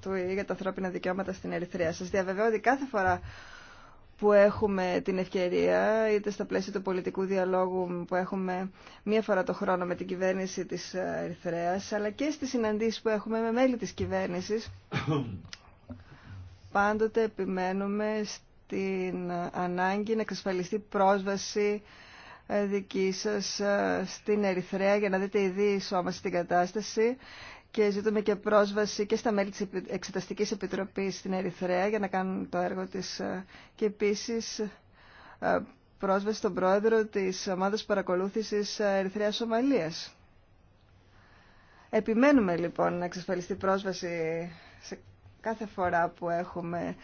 του ΙΕ για τα ανθρώπινα δικαιώματα στην Ερυθρία. Σας διαβεβαιώ ότι κάθε φορά που έχουμε την ευκαιρία, είτε στα πλαίσια του πολιτικού διαλόγου που έχουμε μία φορά το χρόνο με την κυβέρνηση της ε, Ερυθρέας, αλλά και στις συναντήσεις που έχουμε με μέλη της κυβέρνησης, πάντοτε επιμένουμε στην ανάγκη να εξασφαλιστεί πρόσβαση ε, δική σας ε, στην Ερυθρέα για να δείτε ειδή σώμα στην κατάσταση και ζητούμε και πρόσβαση και στα μέλη της Εξεταστικής Επιτροπής στην Ερυθρέα για να κάνουν το έργο της ε, και επίσης ε, πρόσβαση στον πρόεδρο της ομάδας παρακολούθησης ε, Ερυθρέας Σομαλίας. Επιμένουμε λοιπόν να εξασφαλιστεί πρόσβαση σε κάθε φορά που έχουμε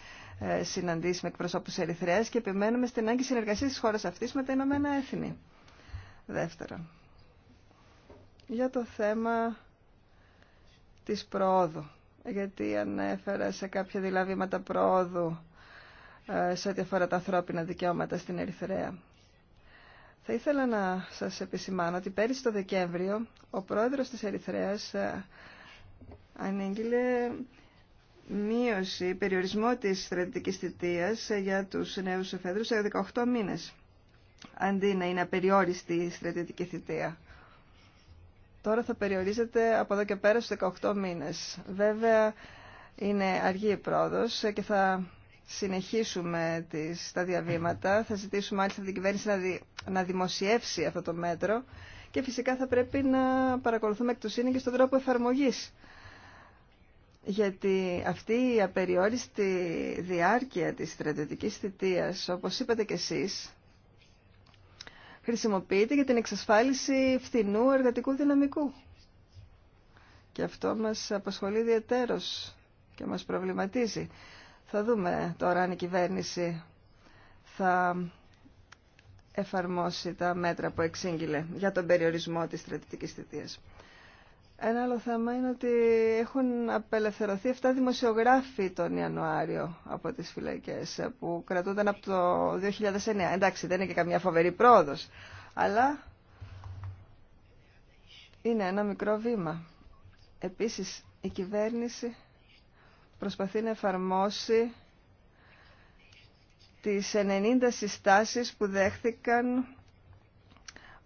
συναντήσει με εκπροσώπους Ερυθρέας και επιμένουμε στην ανάγκη συνεργασία της χώρας αυτής με τα Ηνωμένα Έθνη. Δεύτερον, για το θέμα της προόδου. Γιατί ανέφερα σε κάποια δηλαβήματα προόδου ε, σε ό,τι αφορά τα ανθρώπινα δικαιώματα στην Ερυθρέα. Θα ήθελα να σας επισημάνω ότι πέρυσι το Δεκέμβριο ο πρόεδρος της Ερυθρέας ε, ανήγγειλε μείωση, περιορισμό της στρατητικής θητείας ε, για τους νέους εφέδρους σε 18 μήνες, αντί να είναι απεριόριστη η στρατητική θητεία. Τώρα θα περιορίζεται από εδώ και πέρα στους 18 μήνες. Βέβαια είναι αργή η πρόοδος και θα συνεχίσουμε τις, τα διαβήματα. Θα ζητήσουμε μάλιστα την κυβέρνηση να, να δημοσιεύσει αυτό το μέτρο και φυσικά θα πρέπει να παρακολουθούμε εκ του και στον τρόπο εφαρμογής. Γιατί αυτή η απεριόριστη διάρκεια της στρατιωτικής θητείας, όπως είπατε κι εσείς, χρησιμοποιείται για την εξασφάλιση φθηνού εργατικού δυναμικού. Και αυτό μας απασχολεί ιδιαίτερος και μας προβληματίζει. Θα δούμε τώρα αν η κυβέρνηση θα εφαρμόσει τα μέτρα που εξήγηλε για τον περιορισμό της στρατητικής θητείας. Ένα άλλο θέμα είναι ότι έχουν απελευθερωθεί 7 δημοσιογράφοι τον Ιανουάριο από τις φυλακές ε, που κρατούνταν από το 2009. Εντάξει, δεν είναι και καμιά φοβερή πρόοδος, αλλά είναι ένα μικρό βήμα. Επίσης, η κυβέρνηση προσπαθεί να εφαρμόσει τις 90 συστάσεις που δέχθηκαν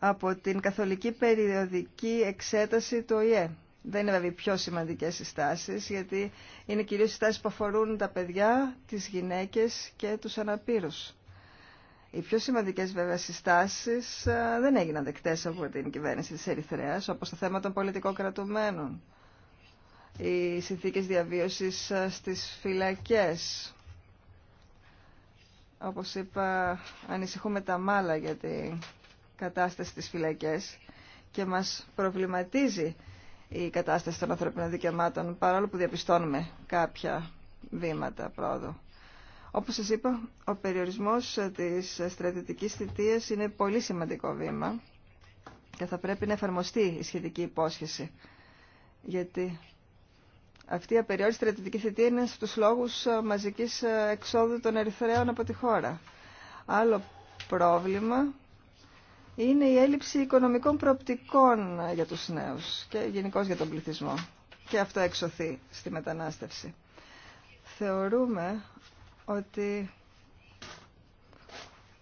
από την καθολική περιοδική εξέταση του ΟΗΕ. Δεν είναι βέβαια δηλαδή οι πιο σημαντικές συστάσεις, γιατί είναι κυρίως συστάσεις που αφορούν τα παιδιά, τις γυναίκες και τους αναπήρους. Οι πιο σημαντικές βέβαια συστάσεις δεν έγιναν δεκτές από την κυβέρνηση της Ερυθρέας, όπως το θέμα των πολιτικών κρατουμένων, οι συνθήκες διαβίωσης στις φυλακές. Όπως είπα, ανησυχούμε τα μάλα γιατί κατάσταση της φυλακές και μας προβληματίζει η κατάσταση των ανθρωπίνων δικαιωμάτων παρόλο που διαπιστώνουμε κάποια βήματα πρόοδου. Όπως σας είπα, ο περιορισμός της στρατιωτικής θητείας είναι πολύ σημαντικό βήμα και θα πρέπει να εφαρμοστεί η σχετική υπόσχεση. Γιατί αυτή η απεριόριστη στρατιωτική θητεία είναι στους λόγους μαζικής εξόδου των Ερυθρέων από τη χώρα. Άλλο πρόβλημα είναι η έλλειψη οικονομικών προοπτικών για τους νέους και γενικώ για τον πληθυσμό. Και αυτό εξωθεί στη μετανάστευση. Θεωρούμε ότι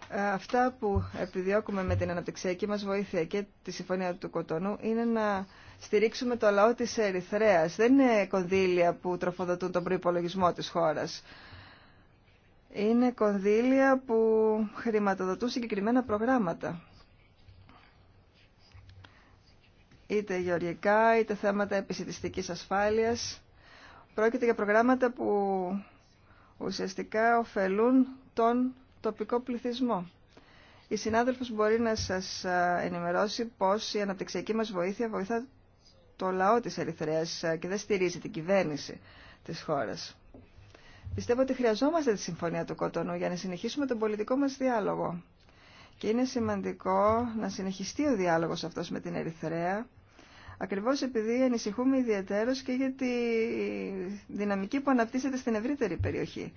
ε, αυτά που επιδιώκουμε με την αναπτυξιακή μας βοήθεια και τη Συμφωνία του Κοτονού είναι να στηρίξουμε το λαό της Ερυθρέας. Δεν είναι κονδύλια που τροφοδοτούν τον προϋπολογισμό της χώρας. Είναι κονδύλια που χρηματοδοτούν συγκεκριμένα προγράμματα. είτε γεωργικά, είτε θέματα επισητιστικής ασφάλειας. Πρόκειται για προγράμματα που ουσιαστικά ωφελούν τον τοπικό πληθυσμό. Η συνάδελφος μπορεί να σας ενημερώσει πώς η αναπτυξιακή μας βοήθεια βοηθά το λαό της Ερυθρέας και δεν στηρίζει την κυβέρνηση της χώρας. Πιστεύω ότι χρειαζόμαστε τη Συμφωνία του Κοτονού για να συνεχίσουμε τον πολιτικό μας διάλογο. Και είναι σημαντικό να συνεχιστεί ο διάλογος αυτός με την Ερυθρέα Ακριβώς επειδή ανησυχούμε ιδιαίτερως και για τη δυναμική που αναπτύσσεται στην ευρύτερη περιοχή.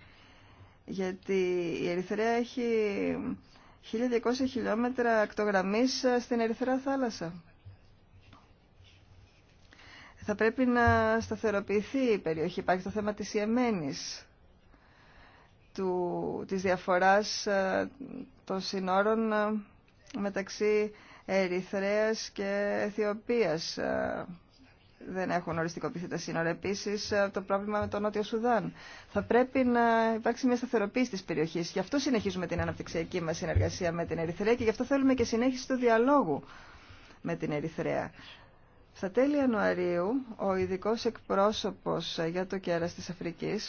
Γιατί η Ερυθρέα έχει 1200 χιλιόμετρα ακτογραμμής στην Ερυθρά θάλασσα. Θα πρέπει να σταθεροποιηθεί η περιοχή. Υπάρχει το θέμα της Ιεμένης, του, της διαφοράς ε, των συνόρων ε, μεταξύ Ερυθρέας και Αιθιοπίας ε, δεν έχουν οριστικοποιηθεί τα σύνορα. Επίση, ε, το πρόβλημα με το Νότιο Σουδάν. Θα πρέπει να υπάρξει μια σταθεροποίηση τη περιοχή. Γι' αυτό συνεχίζουμε την αναπτυξιακή μα συνεργασία με την Ερυθρέα και γι' αυτό θέλουμε και συνέχιση του διαλόγου με την Ερυθρέα. Στα τέλη Ιανουαρίου, ο ειδικό εκπρόσωπο ε, για το κέρα τη Αφρική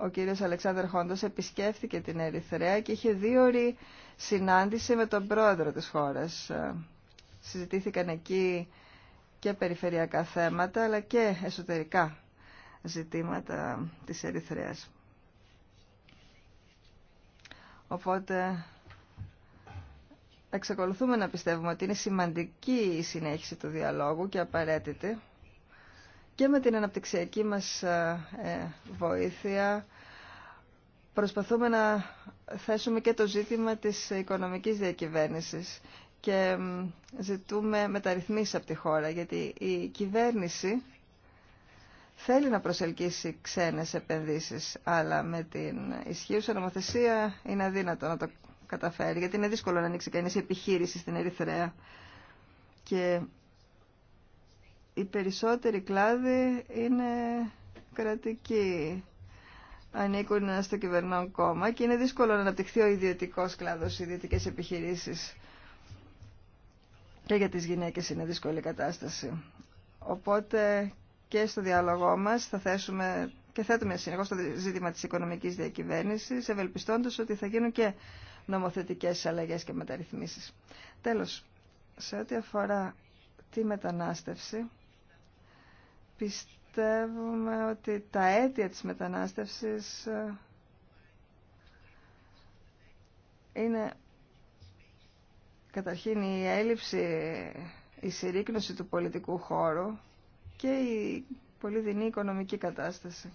ο κύριος Αλεξάνδρ Χόντος επισκέφθηκε την Ερυθρέα και είχε δύο ώρες συνάντηση με τον πρόεδρο της χώρας. Ε, συζητήθηκαν εκεί και περιφερειακά θέματα αλλά και εσωτερικά ζητήματα της Ερυθρέας. Οπότε εξακολουθούμε να πιστεύουμε ότι είναι σημαντική η συνέχιση του διαλόγου και απαραίτητη και με την αναπτυξιακή μας ε, ε, βοήθεια προσπαθούμε να θέσουμε και το ζήτημα της οικονομικής διακυβέρνησης και ζητούμε μεταρρυθμίσεις από τη χώρα, γιατί η κυβέρνηση θέλει να προσελκύσει ξένες επενδύσεις, αλλά με την ισχύουσα νομοθεσία είναι αδύνατο να το καταφέρει, γιατί είναι δύσκολο να ανοίξει κανείς επιχείρηση στην Ερυθρέα. Και οι περισσότεροι κλάδοι είναι κρατικοί. Ανήκουν στο κυβερνόν κόμμα και είναι δύσκολο να αναπτυχθεί ο ιδιωτικό κλάδο, οι ιδιωτικέ επιχειρήσει. Και για τι γυναίκε είναι δύσκολη κατάσταση. Οπότε και στο διάλογό μα θα θέσουμε και θέτουμε συνεχώ το ζήτημα τη οικονομική διακυβέρνηση, ευελπιστώντα ότι θα γίνουν και νομοθετικέ αλλαγέ και μεταρρυθμίσει. Τέλο, σε ό,τι αφορά τη μετανάστευση, Πιστεύουμε ότι τα αίτια της μετανάστευσης ε, είναι καταρχήν η έλλειψη, η συρρήκνωση του πολιτικού χώρου και η πολύ δινή οικονομική κατάσταση.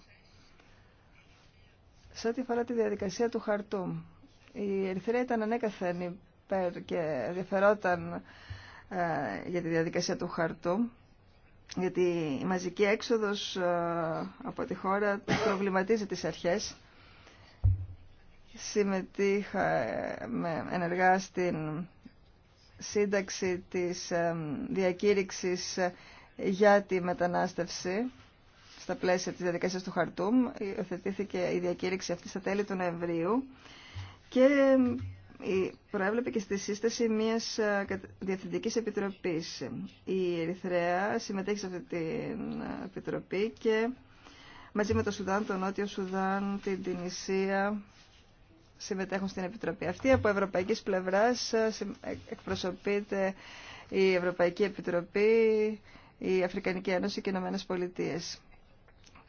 Σε ό,τι αφορά τη διαδικασία του χαρτού, η Ερυθρέα ήταν ανέκαθεν υπέρ και ενδιαφερόταν ε, για τη διαδικασία του χαρτού γιατί η μαζική έξοδος ε, από τη χώρα προβληματίζει τις αρχές. Συμμετείχα ε, με ενεργά στην σύνταξη της ε, διακήρυξης για τη μετανάστευση στα πλαίσια της διαδικασίας του Χαρτούμ. Υιοθετήθηκε η διακήρυξη αυτή στα τέλη του Νοεμβρίου και προέβλεπε και στη σύσταση μιας ε, διευθυντικής επιτροπής. Η Ερυθρέα συμμετέχει σε αυτή την ε, επιτροπή και μαζί με το Σουδάν, τον Νότιο Σουδάν, την Τινησία συμμετέχουν στην επιτροπή. Αυτή από ευρωπαϊκής πλευράς ε, εκπροσωπείται η Ευρωπαϊκή Επιτροπή, η Αφρικανική Ένωση και οι Ηνωμένες Πολιτείες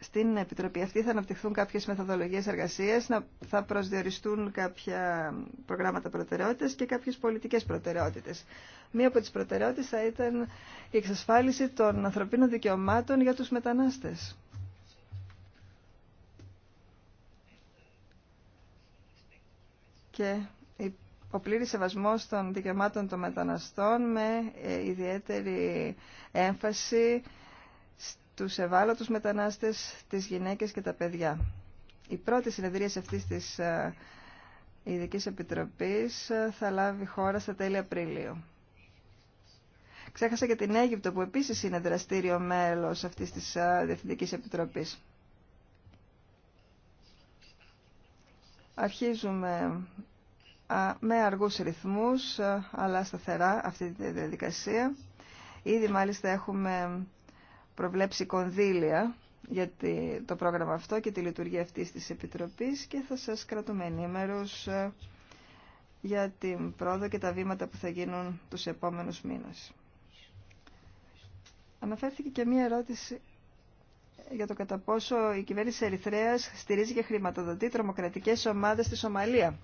στην Επιτροπή αυτή θα αναπτυχθούν κάποιες μεθοδολογίες εργασίας, θα προσδιοριστούν κάποια προγράμματα προτεραιότητες και κάποιες πολιτικές προτεραιότητες. Μία από τις προτεραιότητες θα ήταν η εξασφάλιση των ανθρωπίνων δικαιωμάτων για τους μετανάστες. Και ο πλήρης σεβασμός των δικαιωμάτων των μεταναστών με ε, ιδιαίτερη έμφαση τους ευάλωτους μετανάστες, τις γυναίκες και τα παιδιά. Η πρώτη συνεδρία αυτής της ε, Ειδική Επιτροπής ε, θα λάβει χώρα στα τέλη Απριλίου. Ξέχασα και την Αίγυπτο που επίσης είναι δραστήριο μέλος αυτής της ε, Διευθυντικής Επιτροπής. Αρχίζουμε με αργούς ρυθμούς, αλλά σταθερά αυτή τη διαδικασία. Ήδη μάλιστα έχουμε προβλέψει κονδύλια για το πρόγραμμα αυτό και τη λειτουργία αυτής της Επιτροπής και θα σας κρατούμε ενήμερους ε, για την πρόοδο και τα βήματα που θα γίνουν τους επόμενους μήνες. Αναφέρθηκε και μία ερώτηση για το κατά πόσο η κυβέρνηση Ερυθρέας στηρίζει και χρηματοδοτεί τρομοκρατικές ομάδες στη Σομαλία.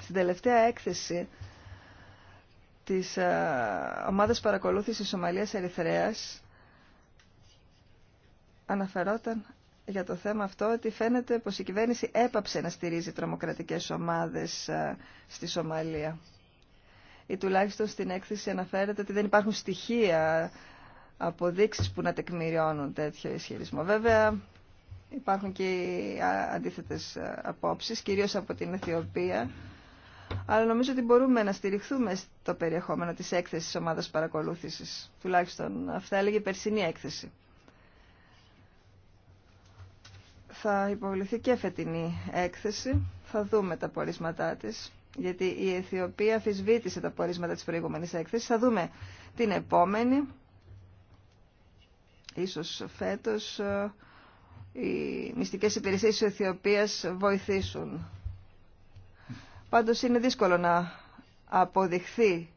Στην τελευταία έκθεση της ε, ομάδας παρακολούθησης Σομαλίας Ερυθρέας αναφερόταν για το θέμα αυτό ότι φαίνεται πως η κυβέρνηση έπαψε να στηρίζει τρομοκρατικές ομάδες ε, στη Σομαλία. Ή τουλάχιστον στην έκθεση αναφέρεται ότι δεν υπάρχουν στοιχεία, αποδείξεις που να τεκμηριώνουν τέτοιο ισχυρισμό. Βέβαια υπάρχουν και αντίθετες ε, απόψεις, κυρίως από την Αιθιοπία, αλλά νομίζω ότι μπορούμε να στηριχθούμε στο περιεχόμενο της έκθεσης της ομάδας παρακολούθησης. Τουλάχιστον αυτά έλεγε η περσινή έκθεση. θα υποβληθεί και φετινή έκθεση. Θα δούμε τα πορίσματά της, γιατί η Αιθιοπία αφισβήτησε τα πορίσματα της προηγούμενης έκθεσης. Θα δούμε την επόμενη, ίσως φέτος, ε, οι μυστικές υπηρεσίες της Αιθιοπίας βοηθήσουν. Πάντως είναι δύσκολο να αποδειχθεί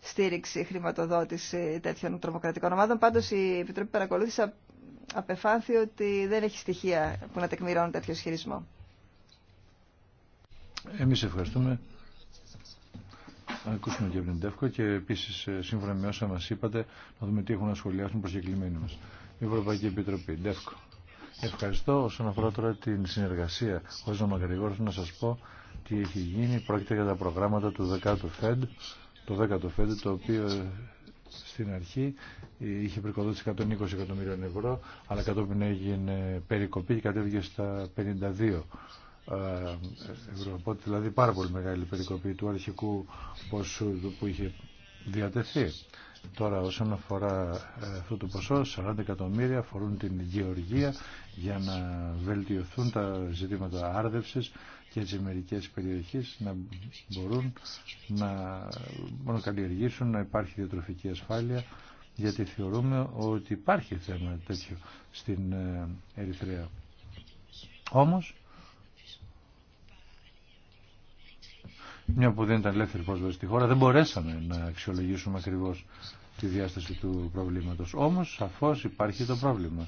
στήριξη, χρηματοδότηση τέτοιων τρομοκρατικών ομάδων. Πάντως η Επιτροπή Παρακολούθηση απεφάνθη ότι δεν έχει στοιχεία που να τεκμηρώνει τέτοιο ισχυρισμό. Εμείς ευχαριστούμε. Ακούσουμε και από την ΤΕΦΚΟ και επίση ε, σύμφωνα με όσα μα είπατε να δούμε τι έχουν να σχολιάσουν προσκεκλημένοι μα. Η Ευρωπαϊκή Επιτροπή, ΤΕΦΚΟ. Ευχαριστώ όσον αφορά τώρα την συνεργασία. Χωρί να μακρηγόρω να σα πω τι έχει γίνει. Πρόκειται για τα προγράμματα του 10ου ΦΕΔ, το 10ο ΦΕΔ, το οποίο ε, στην αρχή είχε προκοδότηση 120 εκατομμύριων ευρώ, αλλά κατόπιν έγινε περικοπή και κατέβηκε στα 52 ε, ευρώ. Οπότε δηλαδή πάρα πολύ μεγάλη περικοπή του αρχικού ποσού που είχε διατεθεί. Τώρα όσον αφορά ε, αυτό το ποσό, 40 εκατομμύρια αφορούν την γεωργία για να βελτιωθούν τα ζητήματα άρδευσης και τις μερικές περιοχές να μπορούν να μονοκαλλιεργήσουν, να υπάρχει διατροφική ασφάλεια γιατί θεωρούμε ότι υπάρχει θέμα τέτοιο στην ε, Ερυθρέα. Όμως, μια που δεν ήταν ελεύθερη πρόσβαση στη χώρα, δεν μπορέσαμε να αξιολογήσουμε ακριβώς τη διάσταση του προβλήματος. Όμως, σαφώς υπάρχει το πρόβλημα.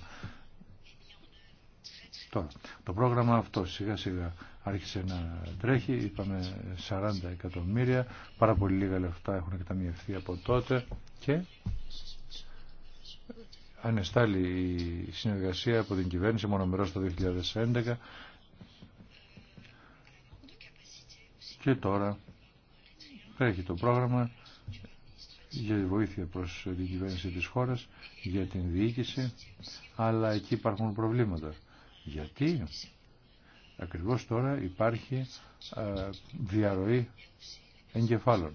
το πρόγραμμα αυτό σιγά σιγά άρχισε να τρέχει, είπαμε 40 εκατομμύρια, πάρα πολύ λίγα λεφτά έχουν εκταμιευθεί από τότε και ανεστάλλει η συνεργασία από την κυβέρνηση μονομερός το 2011 και τώρα τρέχει το πρόγραμμα για βοήθεια προς την κυβέρνηση της χώρας, για την διοίκηση, αλλά εκεί υπάρχουν προβλήματα. Γιατί Ακριβώς τώρα υπάρχει ε, διαρροή εγκεφάλων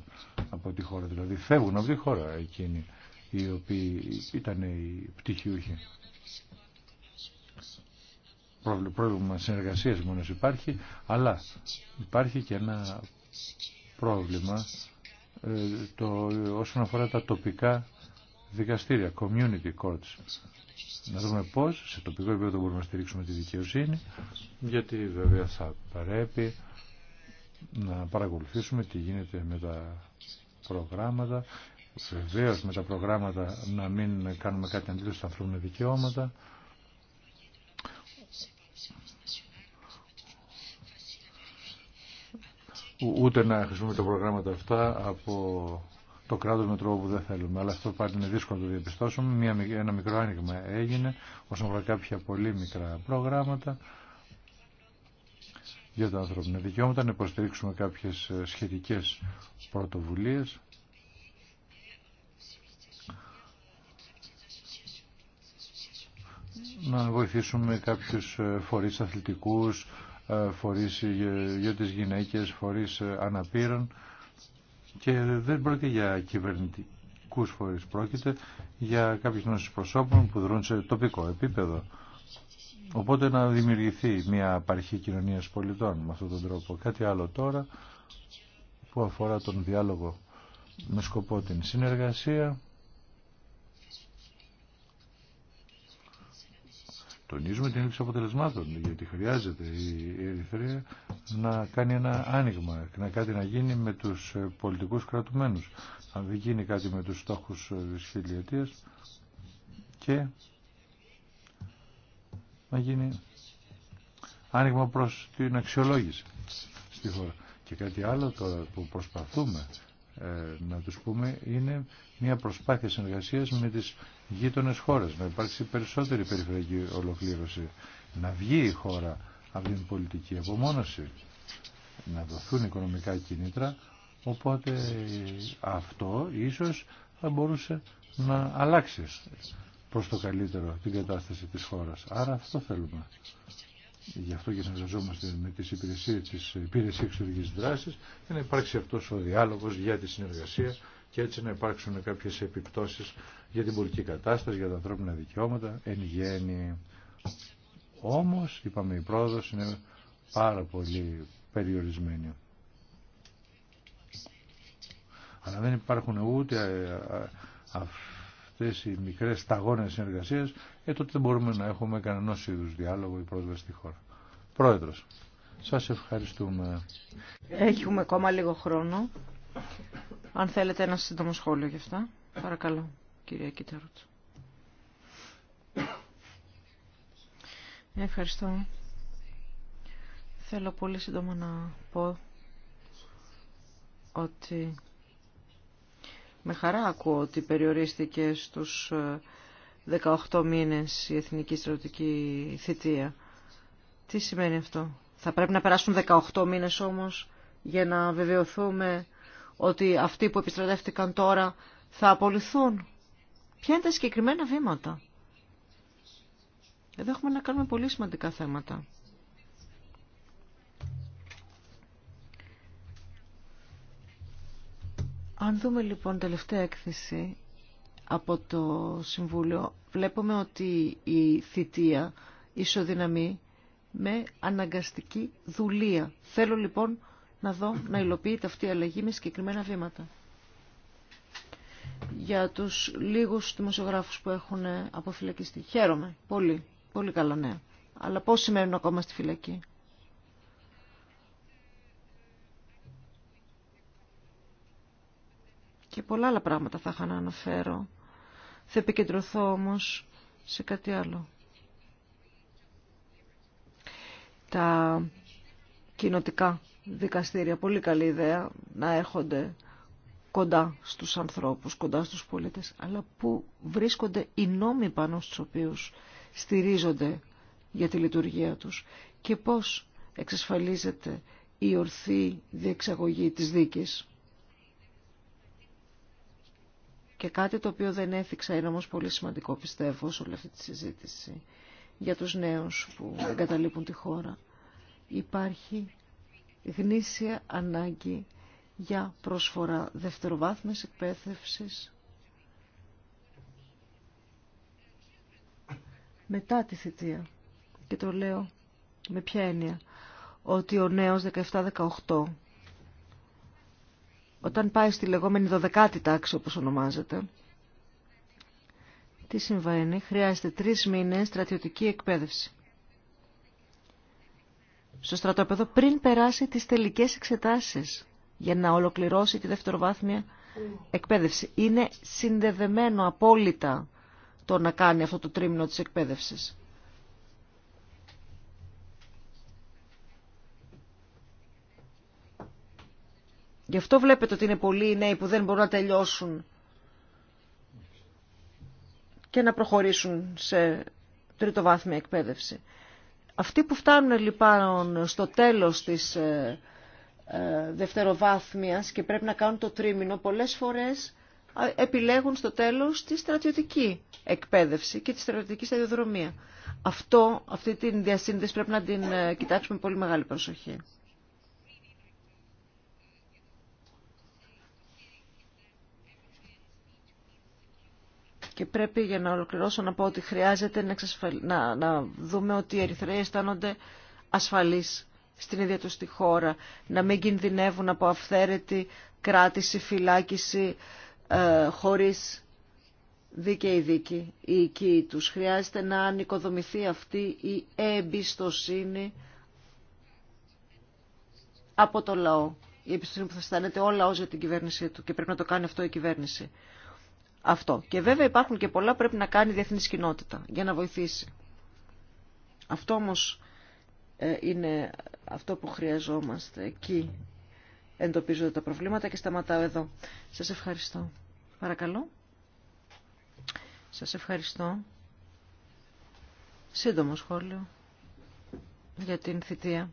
από τη χώρα. Δηλαδή φεύγουν από τη χώρα εκείνοι οι οποίοι ήταν οι πτυχιούχοι. Πρόβλημα συνεργασίας μόνος υπάρχει, αλλά υπάρχει και ένα πρόβλημα ε, το, όσον αφορά τα τοπικά δικαστήρια, community courts. Να δούμε πώς σε τοπικό επίπεδο μπορούμε να στηρίξουμε τη δικαιοσύνη, γιατί βέβαια θα πρέπει να παρακολουθήσουμε τι γίνεται με τα προγράμματα, βεβαίω με τα προγράμματα να μην κάνουμε κάτι αντίθετο στα ανθρώπινα δικαιώματα. Ούτε να χρησιμοποιούμε τα προγράμματα αυτά από το κράτο με τρόπο που δεν θέλουμε. Αλλά αυτό πάλι είναι δύσκολο να το διαπιστώσουμε. Μια, ένα μικρό άνοιγμα έγινε όσον αφορά κάποια πολύ μικρά προγράμματα για τα ανθρώπινα δικαιώματα, να υποστηρίξουμε κάποιε σχετικέ πρωτοβουλίε. να βοηθήσουμε κάποιους ε, φορείς αθλητικούς, ε, φορείς για τις γυναίκες, φορείς ε, αναπήρων και δεν πρόκειται για κυβερνητικούς φορείς, πρόκειται για κάποιους νόσους προσώπων που δρούν σε τοπικό επίπεδο. Οπότε να δημιουργηθεί μια απαρχή κοινωνίας πολιτών με αυτόν τον τρόπο. Κάτι άλλο τώρα που αφορά τον διάλογο με σκοπό την συνεργασία τονίζουμε την έλλειψη αποτελεσμάτων, γιατί χρειάζεται η Ερυθρία να κάνει ένα άνοιγμα, να κάτι να γίνει με τους πολιτικούς κρατουμένους. Αν δεν γίνει κάτι με τους στόχους της χιλιετίας και να γίνει άνοιγμα προς την αξιολόγηση στη χώρα. Και κάτι άλλο τώρα που προσπαθούμε ε, να τους πούμε είναι μια προσπάθεια συνεργασίας με τις γείτονες χώρες, να υπάρξει περισσότερη περιφερειακή ολοκλήρωση, να βγει η χώρα από την πολιτική απομόνωση, να δοθούν οικονομικά κίνητρα, οπότε αυτό ίσως θα μπορούσε να αλλάξει προς το καλύτερο την κατάσταση της χώρας. Άρα αυτό θέλουμε. Γι' αυτό και συνεργαζόμαστε με τις υπηρεσίες της υπηρεσίας εξωτερικής δράσης για να υπάρξει αυτός ο διάλογος για τη συνεργασία και έτσι να υπάρξουν κάποιες επιπτώσεις για την πολιτική κατάσταση, για τα ανθρώπινα δικαιώματα, εν γέννη. Όμως, είπαμε, η πρόοδος είναι πάρα πολύ περιορισμένη. Αλλά δεν υπάρχουν ούτε αυτές οι μικρές σταγόνες συνεργασίας, ε, τότε δεν μπορούμε να έχουμε κανένα είδους διάλογο ή πρόσβαση στη χώρα. Πρόεδρος, σας ευχαριστούμε. Έχουμε ακόμα λίγο χρόνο. Αν θέλετε ένα σύντομο σχόλιο γι' αυτά, παρακαλώ, κυρία Κίτερουτ. Ευχαριστώ. Θέλω πολύ σύντομα να πω ότι με χαρά ακούω ότι περιορίστηκε στους 18 ε, μήνες η εθνική στρατιωτική θητεία. Τι σημαίνει αυτό. Θα πρέπει να περάσουν 18 μήνες όμως για να βεβαιωθούμε ότι αυτοί που επιστρατεύτηκαν τώρα θα απολυθούν. Ποια είναι τα συγκεκριμένα βήματα. Εδώ έχουμε να κάνουμε πολύ σημαντικά θέματα. Αν δούμε λοιπόν τελευταία έκθεση από το Συμβούλιο, βλέπουμε ότι η θητεία ισοδυναμεί με αναγκαστική δουλεία. Θέλω λοιπόν να δω να υλοποιείται αυτή η αλλαγή με συγκεκριμένα βήματα. Για τους λίγους δημοσιογράφου που έχουν ε, αποφυλακιστεί. Χαίρομαι. Πολύ. Πολύ καλά νέα. Αλλά πώς σημαίνουν ακόμα στη φυλακή. και πολλά άλλα πράγματα θα είχα να αναφέρω. Θα επικεντρωθώ όμως σε κάτι άλλο. Τα κοινοτικά δικαστήρια, πολύ καλή ιδέα να έρχονται κοντά στους ανθρώπους, κοντά στους πολίτες, αλλά που βρίσκονται οι νόμοι πάνω στους οποίους στηρίζονται για τη λειτουργία τους και πώς εξασφαλίζεται η ορθή διεξαγωγή της δίκης. Και κάτι το οποίο δεν έθιξα είναι όμως πολύ σημαντικό πιστεύω σε όλη αυτή τη συζήτηση για τους νέους που εγκαταλείπουν τη χώρα. Υπάρχει γνήσια ανάγκη για προσφορά δευτεροβάθμιας εκπαίδευσης μετά τη θητεία. Και το λέω με ποια έννοια. Ότι ο νέος 17-18 όταν πάει στη λεγομενη δωδεκάτη τάξη όπως ονομάζεται, τι συμβαίνει, χρειάζεται τρεις μήνες στρατιωτική εκπαίδευση στο στρατόπεδο πριν περάσει τις τελικές εξετάσεις για να ολοκληρώσει τη δευτεροβάθμια εκπαίδευση. Είναι συνδεδεμένο απόλυτα το να κάνει αυτό το τρίμηνο της εκπαίδευσης. Γι' αυτό βλέπετε ότι είναι πολλοί οι νέοι που δεν μπορούν να τελειώσουν και να προχωρήσουν σε τρίτο βάθμια εκπαίδευση. Αυτοί που φτάνουν λοιπόν στο τέλος της ε, ε, δευτεροβάθμιας και πρέπει να κάνουν το τρίμηνο, πολλές φορές επιλέγουν στο τέλος τη στρατιωτική εκπαίδευση και τη στρατιωτική σταδιοδρομία. Αυτό, αυτή την διασύνδεση πρέπει να την ε, κοιτάξουμε πολύ μεγάλη προσοχή. Και πρέπει για να ολοκληρώσω να πω ότι χρειάζεται να, δούμε ότι οι Ερυθρέοι αισθάνονται ασφαλείς στην ίδια τους τη χώρα, να μην κινδυνεύουν από αυθαίρετη κράτηση, φυλάκιση, ε, χωρίς δίκαιη δίκη η οικία τους. Χρειάζεται να ανοικοδομηθεί αυτή η εμπιστοσύνη από το λαό. Η εμπιστοσύνη που θα αισθάνεται ο λαός για την κυβέρνησή του και πρέπει να το κάνει αυτό η κυβέρνηση αυτό. Και βέβαια υπάρχουν και πολλά πρέπει να κάνει η διεθνής κοινότητα για να βοηθήσει. Αυτό όμως ε, είναι αυτό που χρειαζόμαστε. Εκεί εντοπίζονται τα προβλήματα και σταματάω εδώ. Σας ευχαριστώ. Παρακαλώ. Σας ευχαριστώ. Σύντομο σχόλιο για την θητεία.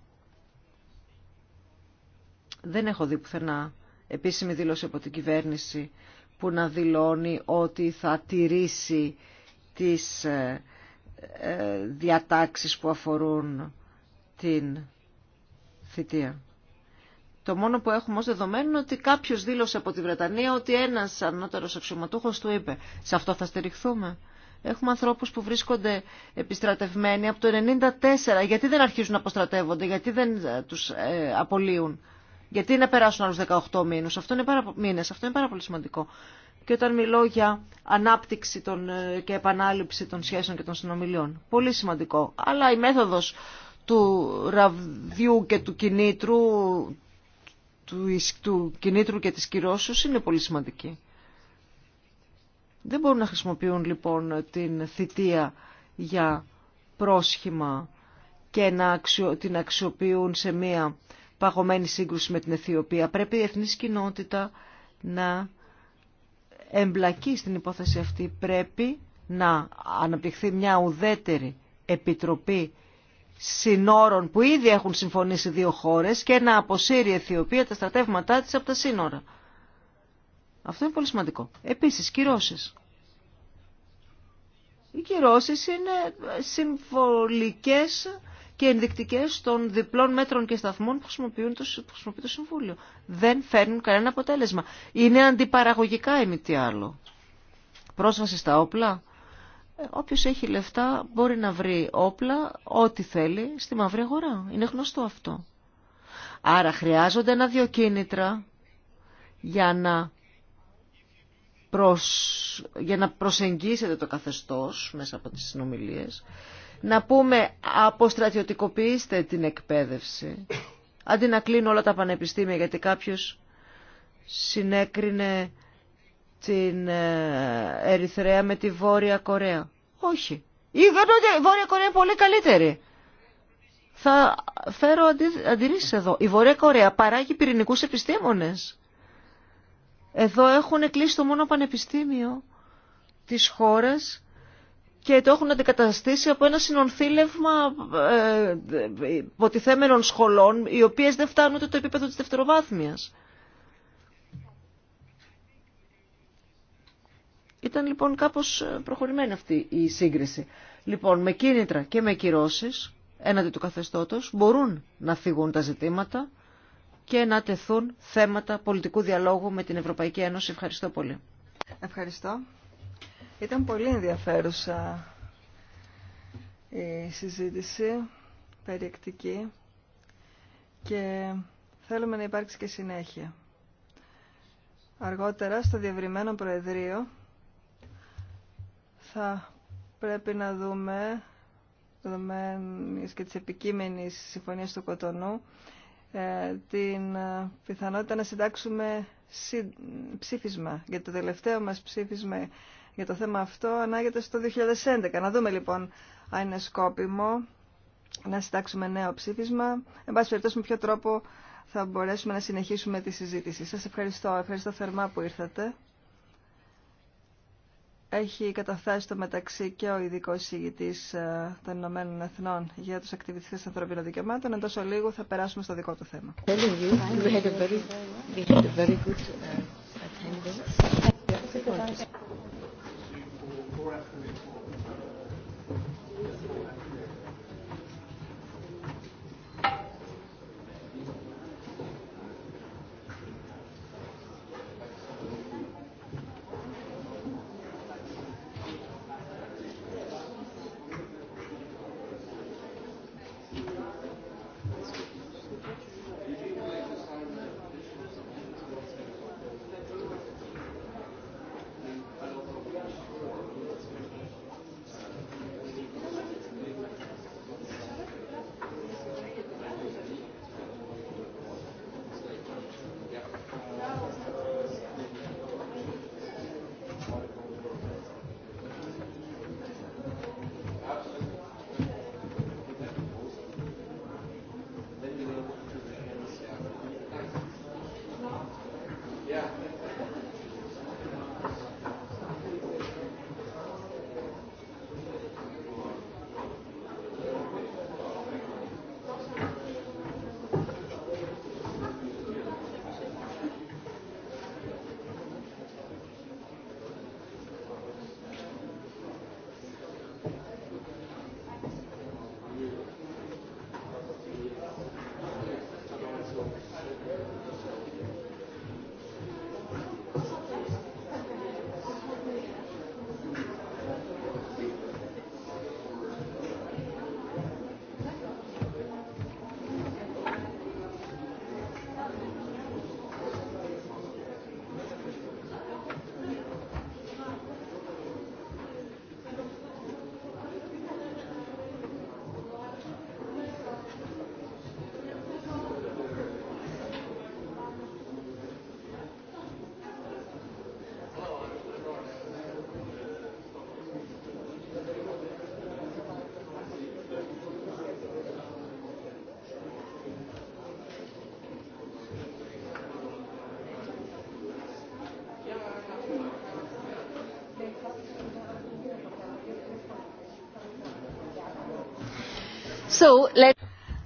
Δεν έχω δει πουθενά επίσημη δήλωση από την κυβέρνηση που να δηλώνει ότι θα τηρήσει τις ε, ε, διατάξεις που αφορούν την θητεία. Το μόνο που έχουμε ως δεδομένο είναι ότι κάποιος δήλωσε από τη Βρετανία ότι ένας ανώτερος αξιωματούχος του είπε «Σε αυτό θα στηριχθούμε». Έχουμε ανθρώπους που βρίσκονται επιστρατευμένοι από το 1994. Γιατί δεν αρχίζουν να αποστρατεύονται, γιατί δεν ε, τους απολύουν. Γιατί να περάσουν άλλου 18 μήνε. Αυτό, είναι πάρα, Αυτό είναι πάρα πολύ σημαντικό. Και όταν μιλώ για ανάπτυξη των, ε, και επανάληψη των σχέσεων και των συνομιλιών. Πολύ σημαντικό. Αλλά η μέθοδος του ραβδιού και του κινήτρου, του, του κινήτρου και της κυρώσεως είναι πολύ σημαντική. Δεν μπορούν να χρησιμοποιούν λοιπόν την θητεία για πρόσχημα και να την αξιοποιούν σε μία παγωμένη σύγκρουση με την Αιθιοπία. Πρέπει η εθνική κοινότητα να εμπλακεί στην υπόθεση αυτή. Πρέπει να αναπτυχθεί μια ουδέτερη επιτροπή συνόρων που ήδη έχουν συμφωνήσει δύο χώρες και να αποσύρει η Αιθιοπία τα στρατεύματά της από τα σύνορα. Αυτό είναι πολύ σημαντικό. Επίσης, κυρώσεις. Οι κυρώσεις είναι ε, συμβολικές και ενδεικτικές των διπλών μέτρων και σταθμών που, χρησιμοποιούν που χρησιμοποιεί το Συμβούλιο. Δεν φέρνουν κανένα αποτέλεσμα. Είναι αντιπαραγωγικά ή τι άλλο. Πρόσβαση στα όπλα. Ε, όποιος έχει λεφτά μπορεί να βρει όπλα, ό,τι θέλει, στη μαύρη αγορά. Είναι γνωστό αυτό. Άρα χρειάζονται ένα-δυο κίνητρα για να, προσ... για να προσεγγίσετε το καθεστώς μέσα από τις συνομιλίες να πούμε αποστρατιωτικοποιήστε την εκπαίδευση. Αντί να κλείνουν όλα τα πανεπιστήμια γιατί κάποιος συνέκρινε την ε, Ερυθρέα με τη Βόρεια Κορέα. Όχι. Η Βόρεια Κορέα είναι πολύ καλύτερη. Θα φέρω αντι... αντιρρήσεις εδώ. Η Βόρεια Κορέα παράγει πυρηνικούς επιστήμονες. Εδώ έχουν κλείσει το μόνο πανεπιστήμιο της χώρας και το έχουν αντικαταστήσει από ένα συνονθήλευμα ε, σχολών, οι οποίες δεν φτάνουν το επίπεδο της δευτεροβάθμιας. Ήταν λοιπόν κάπως ε, προχωρημένη αυτή η σύγκριση. Λοιπόν, με κίνητρα και με κυρώσεις, έναντι του καθεστώτος, μπορούν να φύγουν τα ζητήματα και να τεθούν θέματα πολιτικού διαλόγου με την Ευρωπαϊκή Ένωση. Ευχαριστώ πολύ. Ευχαριστώ. Ήταν πολύ ενδιαφέρουσα η συζήτηση, περιεκτική και θέλουμε να υπάρξει και συνέχεια. Αργότερα στο διευρυμένο Προεδρείο θα πρέπει να δούμε δεδομένης και τις επικείμενης συμφωνίας του Κοτονού ε, την ε, πιθανότητα να συντάξουμε ψήφισμα. Για το τελευταίο μας ψήφισμα για το θέμα αυτό ανάγεται στο 2011. Να δούμε λοιπόν αν είναι σκόπιμο να συντάξουμε νέο ψήφισμα. Εν πάση περιπτώσει με ποιο τρόπο θα μπορέσουμε να συνεχίσουμε τη συζήτηση. Σας ευχαριστώ. Ευχαριστώ θερμά που ήρθατε. Έχει καταθέσει το μεταξύ και ο ειδικό ηγητή ε, των Ηνωμένων Εθνών για του ακτιβιστέ ανθρωπίνων δικαιωμάτων. τόσο λίγο θα περάσουμε στο δικό του θέμα. Good afternoon.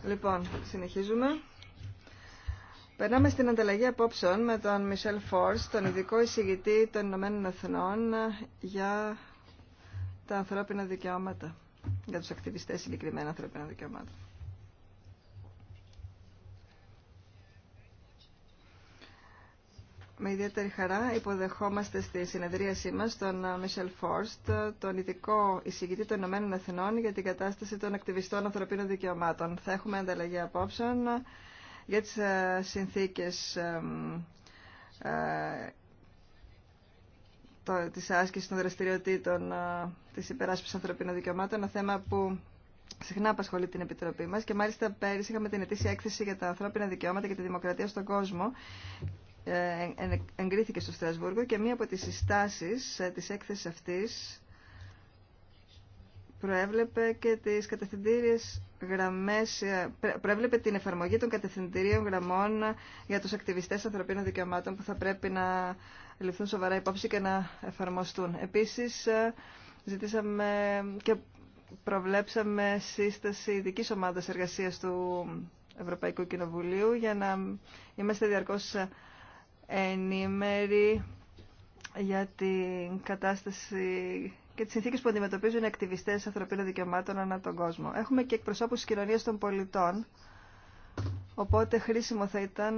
Λοιπόν, συνεχίζουμε. Περνάμε στην ανταλλαγή απόψεων με τον Μισελ Φόρς, τον ειδικό εισηγητή των Ηνωμένων Εθνών για τα ανθρώπινα δικαιώματα, για τους ακτιβιστές συγκεκριμένα ανθρώπινα δικαιώματα. με ιδιαίτερη χαρά υποδεχόμαστε στη συνεδρίασή μας τον Μισελ Φόρστ, ε, τον ειδικό εισηγητή των Ηνωμένων Εθνών για την κατάσταση των ακτιβιστών ανθρωπίνων δικαιωμάτων. Θα έχουμε ανταλλαγή απόψεων ε, για τις ε, συνθήκες το, της άσκησης των δραστηριοτήτων της υπεράσπισης ανθρωπίνων δικαιωμάτων, ένα θέμα που συχνά απασχολεί την Επιτροπή μας και μάλιστα πέρυσι είχαμε την ετήσια έκθεση για τα ανθρώπινα δικαιώματα και τη δημοκρατία στον κόσμο ε, εγκρίθηκε στο Στρασβούργο και μία από τις συστάσεις ε, της έκθεσης αυτής προέβλεπε και τις κατευθυντήριες γραμμές, ε, προέβλεπε την εφαρμογή των κατευθυντηρίων γραμμών για τους ακτιβιστές ανθρωπίνων δικαιωμάτων που θα πρέπει να ληφθούν σοβαρά υπόψη και να εφαρμοστούν. Επίσης, ζητήσαμε και προβλέψαμε σύσταση ειδική ομάδας εργασίας του Ευρωπαϊκού Κοινοβουλίου για να είμαστε διαρκώς ενήμεροι για την κατάσταση και τις συνθήκες που αντιμετωπίζουν οι ακτιβιστές ανθρωπίνων δικαιωμάτων ανά τον κόσμο. Έχουμε και εκπροσώπους της κοινωνίας των πολιτών, οπότε χρήσιμο θα ήταν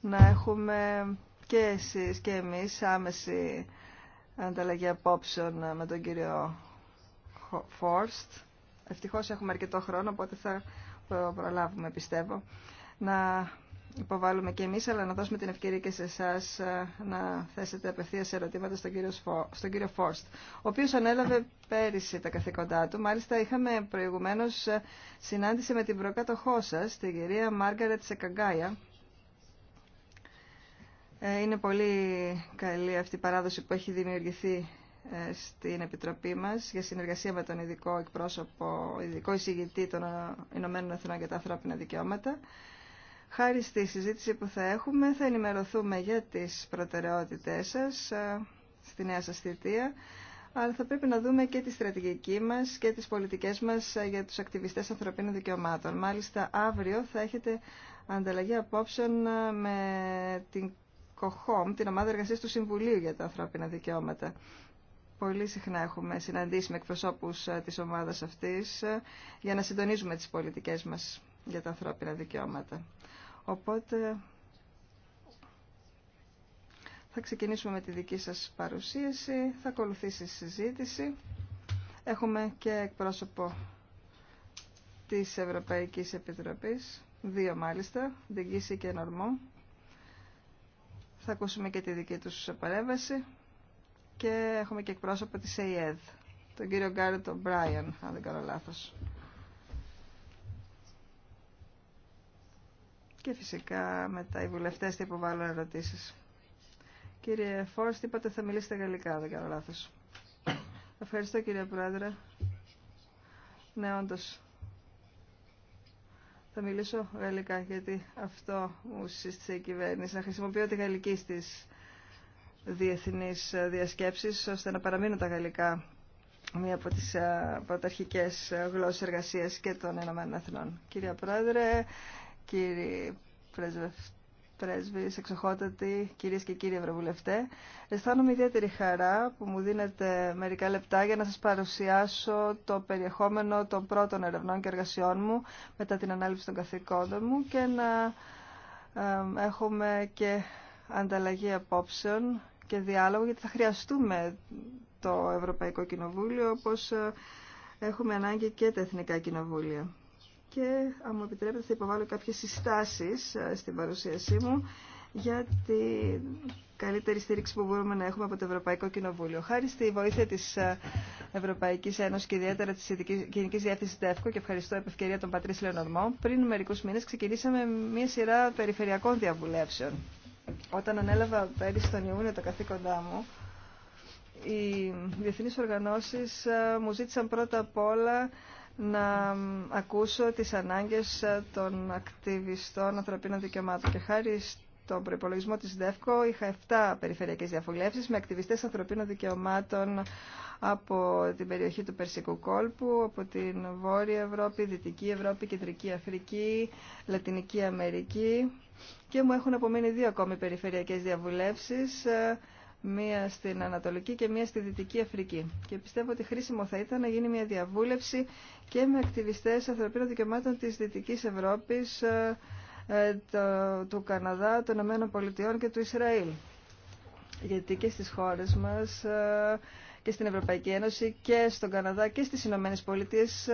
να έχουμε και εσείς και εμείς άμεση ανταλλαγή απόψεων με τον κύριο Φόρστ. Ευτυχώς έχουμε αρκετό χρόνο, οπότε θα προλάβουμε, πιστεύω, να Υποβάλλουμε και εμείς, αλλά να δώσουμε την ευκαιρία και σε εσά ε, να θέσετε απευθείας ερωτήματα στον κύριο, στον κύριο Φόρστ, ο οποίος ανέλαβε πέρυσι τα καθήκοντά του. Μάλιστα είχαμε προηγουμένως ε, συνάντηση με την προκάτοχό σας, την κυρία Μάργαρετ Σεκαγκάια. Ε, είναι πολύ καλή αυτή η παράδοση που έχει δημιουργηθεί στην Επιτροπή μας για συνεργασία με τον ειδικό εκπρόσωπο, ειδικό εισηγητή των Ηνωμένων Εθνών για τα ανθρώπινα δικαιώματα. Χάρη στη συζήτηση που θα έχουμε θα ενημερωθούμε για τις προτεραιότητές σας ε, στη νέα σας θητεία, αλλά θα πρέπει να δούμε και τη στρατηγική μας και τις πολιτικές μας ε, για τους ακτιβιστές ανθρωπίνων δικαιωμάτων. Μάλιστα αύριο θα έχετε ανταλλαγή απόψεων ε, με την ΚΟΧΟΜ, την ομάδα εργασίας του Συμβουλίου για τα ανθρώπινα δικαιώματα. Πολύ συχνά έχουμε συναντήσει με εκπροσώπους της ομάδας αυτής για να συντονίζουμε τις πολιτικές μας για τα ανθρώπινα δικαιώματα. Οπότε θα ξεκινήσουμε με τη δική σας παρουσίαση, θα ακολουθήσει συζήτηση. Έχουμε και εκπρόσωπο της Ευρωπαϊκής Επιτροπής, δύο μάλιστα, Διγκίση και Νορμό. Θα ακούσουμε και τη δική τους παρέμβαση και έχουμε και εκπρόσωπο της ΑΕΔ, τον κύριο Γκάρντ Μπράιαν, αν δεν κάνω λάθος. Και φυσικά μετά οι βουλευτέ θα υποβάλλουν ερωτήσει. Κύριε Φόρστ, είπατε θα μιλήσετε γαλλικά, δεν κάνω λάθο. Ευχαριστώ κύριε Πρόεδρε. Ναι, όντω. Θα μιλήσω γαλλικά, γιατί αυτό μου σύστησε η κυβέρνηση. Να χρησιμοποιώ τη γαλλική στι διεθνεί διασκέψει, ώστε να παραμείνω τα γαλλικά μία από τι ε, πρωταρχικές γλώσσε εργασίας και των Ηνωμένων Εθνών. Πρόεδρε, κύριοι πρέσβοι, εξοχότατοι, κυρίες και κύριοι ευρωβουλευτέ. Αισθάνομαι ιδιαίτερη χαρά που μου δίνετε μερικά λεπτά για να σας παρουσιάσω το περιεχόμενο των πρώτων ερευνών και εργασιών μου μετά την ανάληψη των καθηκόντων μου και να έχουμε και ανταλλαγή απόψεων και διάλογο γιατί θα χρειαστούμε το Ευρωπαϊκό Κοινοβούλιο όπως ε, έχουμε ανάγκη και τα Εθνικά Κοινοβούλια και αν μου επιτρέπετε θα υποβάλω κάποιες συστάσεις ε, στην παρουσίασή μου για την καλύτερη στήριξη που μπορούμε να έχουμε από το Ευρωπαϊκό Κοινοβούλιο. Χάρη στη βοήθεια της ε, Ευρωπαϊκής Ένωσης και ιδιαίτερα της Γενικής Διεύθυνσης ΤΕΦΚΟ και ευχαριστώ επ' ευκαιρία τον Πατρίς Λεωνορμό, πριν μερικούς μήνες ξεκινήσαμε μια σειρά περιφερειακών διαβουλεύσεων. Όταν ανέλαβα πέρυσι τον Ιούνιο το καθήκοντά μου, οι διεθνείς οργανώσεις ε, μου ζήτησαν πρώτα απ' όλα να ακούσω τις ανάγκες των ακτιβιστών ανθρωπίνων δικαιωμάτων. Και χάρη στον προπολογισμό της ΔΕΦΚΟ είχα 7 περιφερειακές διαφουλεύσεις με ακτιβιστές ανθρωπίνων δικαιωμάτων από την περιοχή του Περσικού Κόλπου, από την Βόρεια Ευρώπη, Δυτική Ευρώπη, Κεντρική Αφρική, Λατινική Αμερική και μου έχουν απομείνει δύο ακόμη περιφερειακές διαβουλεύσεις μία στην Ανατολική και μία στη Δυτική Αφρική. Και πιστεύω ότι χρήσιμο θα ήταν να γίνει μια διαβούλευση και με ακτιβιστές ανθρωπίνων δικαιωμάτων της Δυτικής Ευρώπης, ε, ε, του Καναδά, των Ηνωμένων Πολιτειών και του Ισραήλ. Γιατί και στις χώρες μας ε, και στην Ευρωπαϊκή Ένωση και στον Καναδά και στις Ηνωμένες Πολιτείες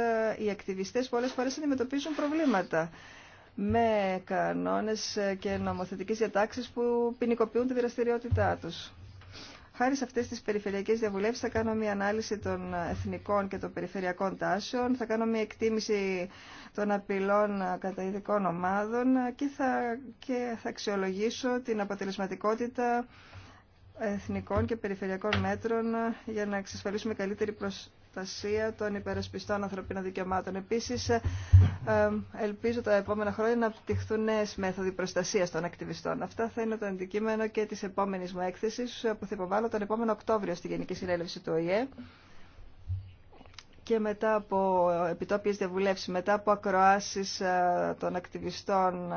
οι ακτιβιστές πολλές φορές αντιμετωπίζουν προβλήματα με κανόνες και νομοθετικές διατάξεις που ποινικοποιούν τη δραστηριότητά τους. Χάρη σε αυτές τις περιφερειακές διαβουλεύσεις θα κάνω μια ανάλυση των εθνικών και των περιφερειακών τάσεων, θα κάνω μια εκτίμηση των απειλών κατά ειδικών ομάδων και θα, και θα αξιολογήσω την αποτελεσματικότητα εθνικών και περιφερειακών μέτρων για να εξασφαλίσουμε καλύτερη προστασία των υπερασπιστών ανθρωπίνων δικαιωμάτων. Επίση, ε, ε, ελπίζω τα επόμενα χρόνια να απτυχθούν νέε μέθοδοι προστασία των ακτιβιστών. Αυτά θα είναι το αντικείμενο και τη επόμενη μου έκθεση ε, που θα υποβάλω τον επόμενο Οκτώβριο στη Γενική Συνέλευση του ΟΗΕ και μετά από επιτόπιες διαβουλεύσεις, μετά από ακροάσεις των ακτιβιστών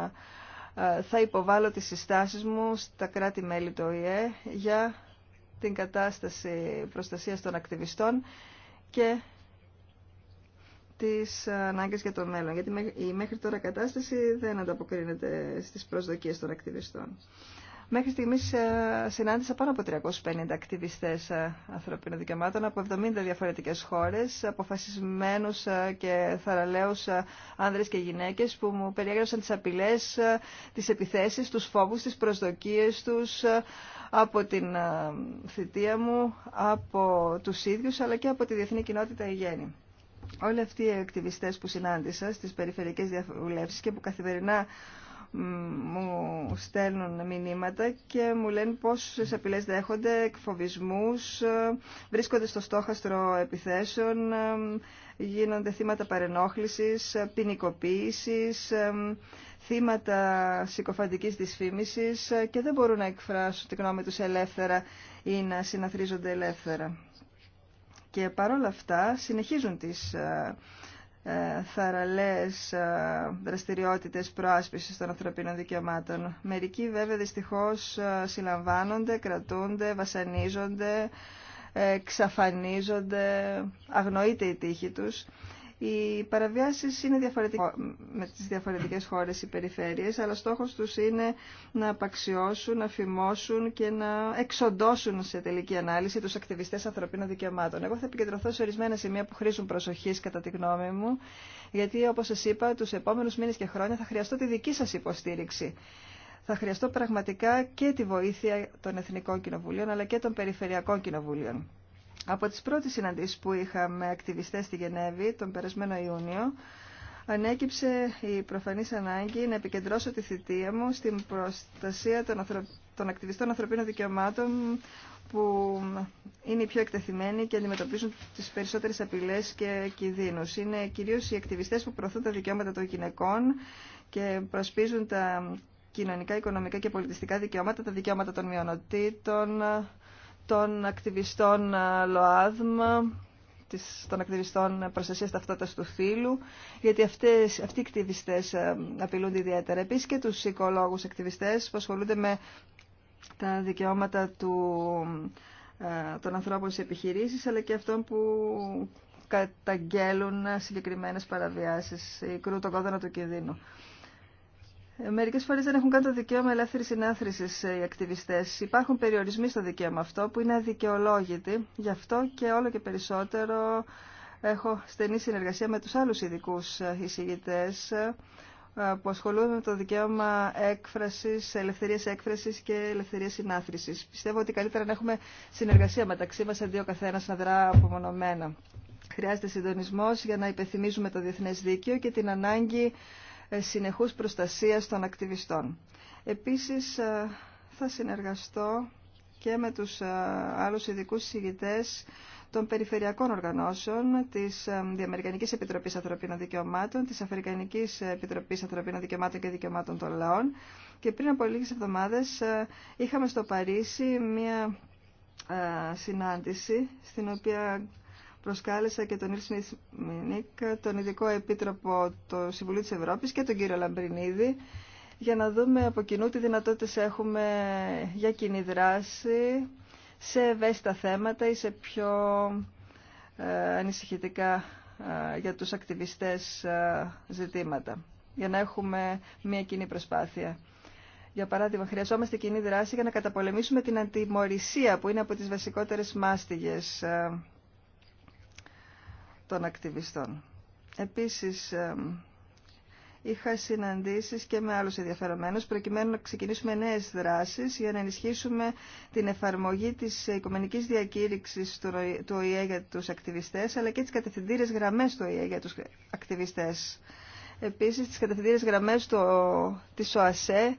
θα υποβάλω τις συστάσεις μου στα κράτη-μέλη του ΟΗΕ για την κατάσταση προστασίας των ακτιβιστών και τις ανάγκες για το μέλλον, γιατί η μέχρι τώρα κατάσταση δεν ανταποκρίνεται στις προσδοκίες των ακτιβιστών. Μέχρι στιγμή ε, συνάντησα πάνω από 350 ακτιβιστές ε, ανθρωπίνων δικαιωμάτων από 70 διαφορετικές χώρες, αποφασισμένους ε, και θαραλέου άνδρες και γυναίκες που μου περιέγραψαν τις απειλέ τις επιθέσεις, τους φόβους, τις προσδοκίες τους από την θητεία μου, από τους ίδιου, αλλά και από τη διεθνή κοινότητα ηγένη. Όλοι αυτοί οι ακτιβιστέ που συνάντησα στι περιφερειακές διαβουλεύσεις και που καθημερινά μου στέλνουν μηνύματα και μου λένε πόσες απειλές δέχονται, εκφοβισμούς, βρίσκονται στο στόχαστρο επιθέσεων, γίνονται θύματα παρενόχλησης, ποινικοποίηση, θύματα συκοφαντικής δυσφήμισης και δεν μπορούν να εκφράσουν την γνώμη τους ελεύθερα ή να συναθρίζονται ελεύθερα. Και παρόλα αυτά συνεχίζουν τις ε, ε, θαραλές ε, δραστηριότητες προάσπισης των ανθρωπίνων δικαιωμάτων. Μερικοί βέβαια δυστυχώς ε, συλλαμβάνονται, κρατούνται, βασανίζονται, ξαφανίζονται, αγνοείται η τύχη τους οι παραβιάσει είναι διαφορετικές με τι διαφορετικές χώρες ή περιφέρειες, αλλά στόχο του είναι να απαξιώσουν, να φημώσουν και να εξοντώσουν σε τελική ανάλυση του ακτιβιστέ ανθρωπίνων δικαιωμάτων. Εγώ θα επικεντρωθώ σε ορισμένα σημεία που χρήσουν προσοχή κατά τη γνώμη μου, γιατί όπω σα είπα, του επόμενου μήνε και χρόνια θα χρειαστώ τη δική σα υποστήριξη θα χρειαστώ πραγματικά και τη βοήθεια των Εθνικών Κοινοβουλίων αλλά και των Περιφερειακών Κοινοβουλίων. Από τις πρώτες συναντήσεις που είχα με ακτιβιστές στη Γενέβη τον περασμένο Ιούνιο, ανέκυψε η προφανής ανάγκη να επικεντρώσω τη θητεία μου στην προστασία των, των ακτιβιστών ανθρωπίνων δικαιωμάτων που είναι οι πιο εκτεθειμένοι και αντιμετωπίζουν τις περισσότερες απειλές και κινδύνους. Είναι κυρίως οι ακτιβιστές που προωθούν τα δικαιώματα των γυναικών και προσπίζουν τα κοινωνικά, οικονομικά και πολιτιστικά δικαιώματα, τα δικαιώματα των μειονοτήτων, των ακτιβιστών ε, ΛΟΑΔΜ, των ακτιβιστών Προστασία ταυτότητα του φύλου, γιατί αυτές, αυτοί οι ακτιβιστέ ε, απειλούνται ιδιαίτερα. επίση και τους οικολόγους ακτιβιστέ, που ασχολούνται με τα δικαιώματα του, ε, των ανθρώπων σε επιχειρήσει, αλλά και αυτών που καταγγέλουν συγκεκριμένε παραβιάσεις, η κρού τον κόδωνα του κινδύνου. Μερικέ φορέ δεν έχουν καν το δικαίωμα ελεύθερη συνάθρηση ε, οι ακτιβιστέ. Υπάρχουν περιορισμοί στο δικαίωμα αυτό που είναι αδικαιολόγητοι. Γι' αυτό και όλο και περισσότερο έχω στενή συνεργασία με του άλλου ειδικού ε, εισηγητέ ε, που ασχολούνται με το δικαίωμα έκφραση, ελευθερίας έκφρασης και ελευθερία συνάθρηση. Πιστεύω ότι καλύτερα να έχουμε συνεργασία μεταξύ μα, αντί ο καθένα να δρά απομονωμένα. Χρειάζεται συντονισμό για να υπεθυμίζουμε το διεθνέ δίκαιο και την ανάγκη ε, συνεχούς προστασίας των ακτιβιστών. Επίσης ε, θα συνεργαστώ και με τους ε, άλλους ειδικού συγητές των περιφερειακών οργανώσεων, της Διαμερικανικής Επιτροπής Ανθρωπίνων Δικαιωμάτων, της Αφρικανικής Επιτροπής Ανθρωπίνων Δικαιωμάτων και Δικαιωμάτων των Λαών. Και πριν από λίγες εβδομάδες είχαμε στο Παρίσι μία συνάντηση στην οποία προσκάλεσα και τον Ήρσμι Μινίκα, τον ειδικό επίτροπο του Συμβουλίου τη Ευρώπης και τον κύριο Λαμπρινίδη για να δούμε από κοινού τι δυνατότητες έχουμε για κοινή δράση σε ευαίσθητα θέματα ή σε πιο ε, ανησυχητικά ε, για τους ακτιβιστές ε, ζητήματα για να έχουμε μια κοινή προσπάθεια. Για παράδειγμα, χρειαζόμαστε κοινή δράση για να καταπολεμήσουμε την αντιμορρησία που είναι από τις βασικότερες μάστιγες των ακτιβιστών. Επίσης, είχα συναντήσεις και με άλλους ενδιαφερομένους προκειμένου να ξεκινήσουμε νέες δράσεις για να ενισχύσουμε την εφαρμογή της οικομενικής Διακήρυξης του ΟΗΕ για τους ακτιβιστές αλλά και τις κατευθυντήρες γραμμές του ΟΗΕ για τους ακτιβιστές. Επίσης, τις κατευθυντήρες γραμμές του, της ΟΑΣΕ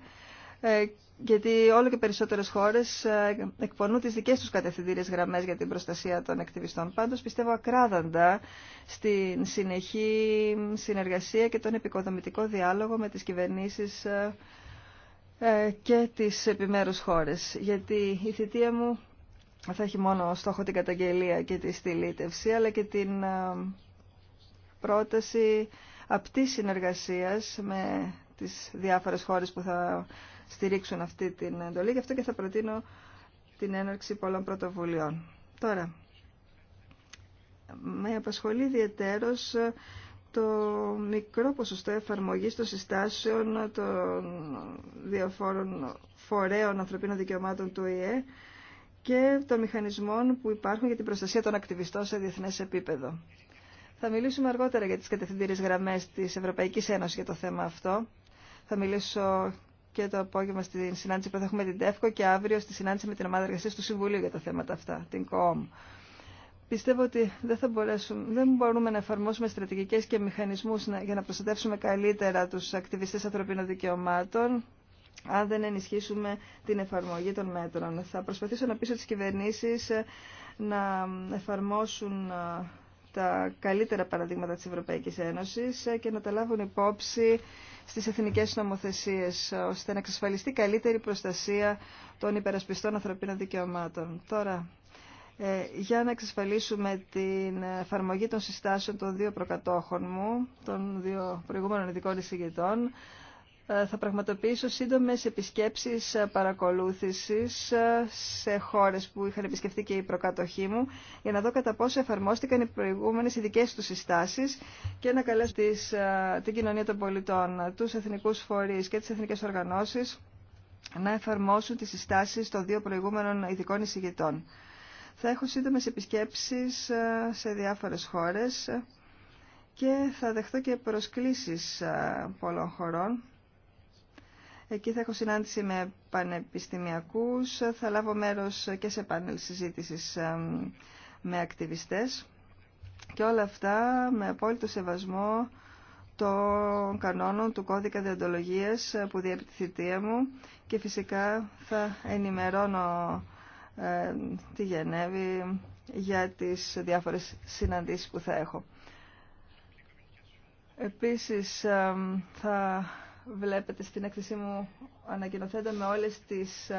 ε, γιατί όλο και περισσότερες χώρες ε, εκπονούν τις δικές τους κατευθυντήριες γραμμές για την προστασία των ακτιβιστών. Πάντως πιστεύω ακράδαντα στην συνεχή συνεργασία και τον επικοδομητικό διάλογο με τις κυβερνήσεις ε, ε, και τις επιμέρους χώρες. Γιατί η θητεία μου θα έχει μόνο στόχο την καταγγελία και τη στυλίτευση, αλλά και την πρόταση απτής συνεργασίας με τις διάφορες χώρες που θα στηρίξουν αυτή την εντολή. Γι' αυτό και θα προτείνω την έναρξη πολλών πρωτοβουλειών. Τώρα, με απασχολεί ιδιαίτερο το μικρό ποσοστό εφαρμογής των συστάσεων των διαφόρων φορέων ανθρωπίνων δικαιωμάτων του ΙΕ και των μηχανισμών που υπάρχουν για την προστασία των ακτιβιστών σε διεθνές επίπεδο. Θα μιλήσουμε αργότερα για τις κατευθυντήριες γραμμές της Ευρωπαϊκής Ένωσης για το θέμα αυτό. Θα μιλήσω και το απόγευμα στη συνάντηση που θα έχουμε την ΤΕΦΚΟ και αύριο στη συνάντηση με την ομάδα εργασία του Συμβουλίου για τα θέματα αυτά, την ΚΟΟΜ. Πιστεύω ότι δεν, θα δεν μπορούμε να εφαρμόσουμε στρατηγικέ και μηχανισμού για να προστατεύσουμε καλύτερα του ακτιβιστέ ανθρωπίνων δικαιωμάτων, αν δεν ενισχύσουμε την εφαρμογή των μέτρων. Θα προσπαθήσω να πείσω τι κυβερνήσει ε, να εφαρμόσουν ε, τα καλύτερα παραδείγματα της Ευρωπαϊκής Ένωσης και να τα λάβουν υπόψη στις εθνικές νομοθεσίες, ώστε να εξασφαλιστεί καλύτερη προστασία των υπερασπιστών ανθρωπίνων δικαιωμάτων. Τώρα, ε, για να εξασφαλίσουμε την εφαρμογή των συστάσεων των δύο προκατόχων μου, των δύο προηγούμενων ειδικών εισηγητών, ε, θα πραγματοποιήσω σύντομες επισκέψεις ε, παρακολούθησης ε, σε χώρες που είχαν επισκεφτεί και οι προκατοχή μου για να δω κατά πόσο εφαρμόστηκαν οι προηγούμενες ειδικέ του συστάσεις και να καλέσω τις, την κοινωνία των πολιτών, τους εθνικούς φορείς και τις εθνικές οργανώσεις να εφαρμόσουν τις συστάσεις των δύο προηγούμενων ειδικών εισηγητών. Θα έχω σύντομες επισκέψεις σε διάφορες χώρες και θα δεχτώ και προσκλήσεις πολλών χωρών Εκεί θα έχω συνάντηση με πανεπιστημιακούς, θα λάβω μέρος και σε πάνελ συζήτησης με ακτιβιστές και όλα αυτά με απόλυτο σεβασμό των κανόνων του κώδικα διοντολογίας που διέπει τη θητεία μου και φυσικά θα ενημερώνω τη Γενέβη για τις διάφορες συναντήσεις που θα έχω. Επίσης θα βλέπετε στην έκθεσή μου ανακοινωθέντα με όλες τις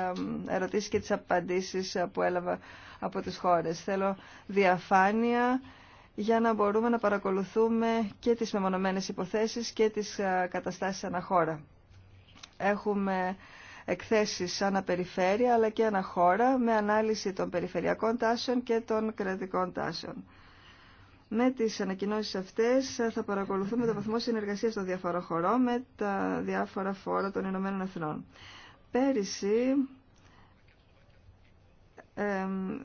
ερωτήσεις και τις απαντήσεις ε, που έλαβα από τις χώρες. Θέλω διαφάνεια για να μπορούμε να παρακολουθούμε και τις μεμονωμένες υποθέσεις και τις ε, καταστάσεις αναχώρα. Έχουμε εκθέσεις αναπεριφέρεια αλλά και αναχώρα με ανάλυση των περιφερειακών τάσεων και των κρατικών τάσεων. Με τις ανακοινώσεις αυτές θα παρακολουθούμε το βαθμό συνεργασίας των διαφορών χωρών με τα διάφορα φόρα των Ηνωμένων Εθνών. Πέρυσι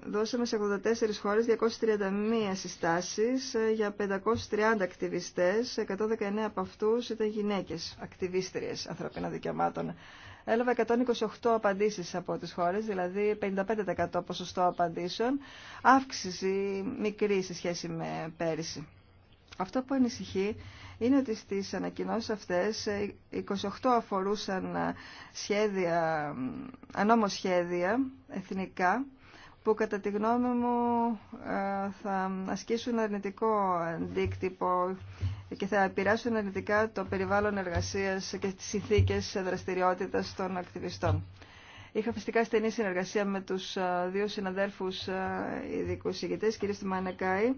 δώσαμε σε 84 χώρες 231 συστάσεις ε, για 530 ακτιβιστές, 119 από αυτούς ήταν γυναίκες ακτιβίστριες ανθρωπίνων δικαιωμάτων έλαβα 128 απαντήσεις από τις χώρες, δηλαδή 55% ποσοστό απαντήσεων, αύξηση μικρή σε σχέση με πέρυσι. Αυτό που ανησυχεί είναι ότι στις ανακοινώσεις αυτές 28 ε, αφορούσαν ε, σχέδια, ε, σχέδια εθνικά που κατά τη γνώμη μου ε, θα ασκήσουν αρνητικό αντίκτυπο και θα επηρεάσουν αρνητικά το περιβάλλον εργασίας και τις συνθήκες δραστηριότητας των ακτιβιστών. Είχα φυσικά στενή συνεργασία με τους ε, δύο συναδέλφους ε, ειδικούς ηγητές, κ. Μανεκάη,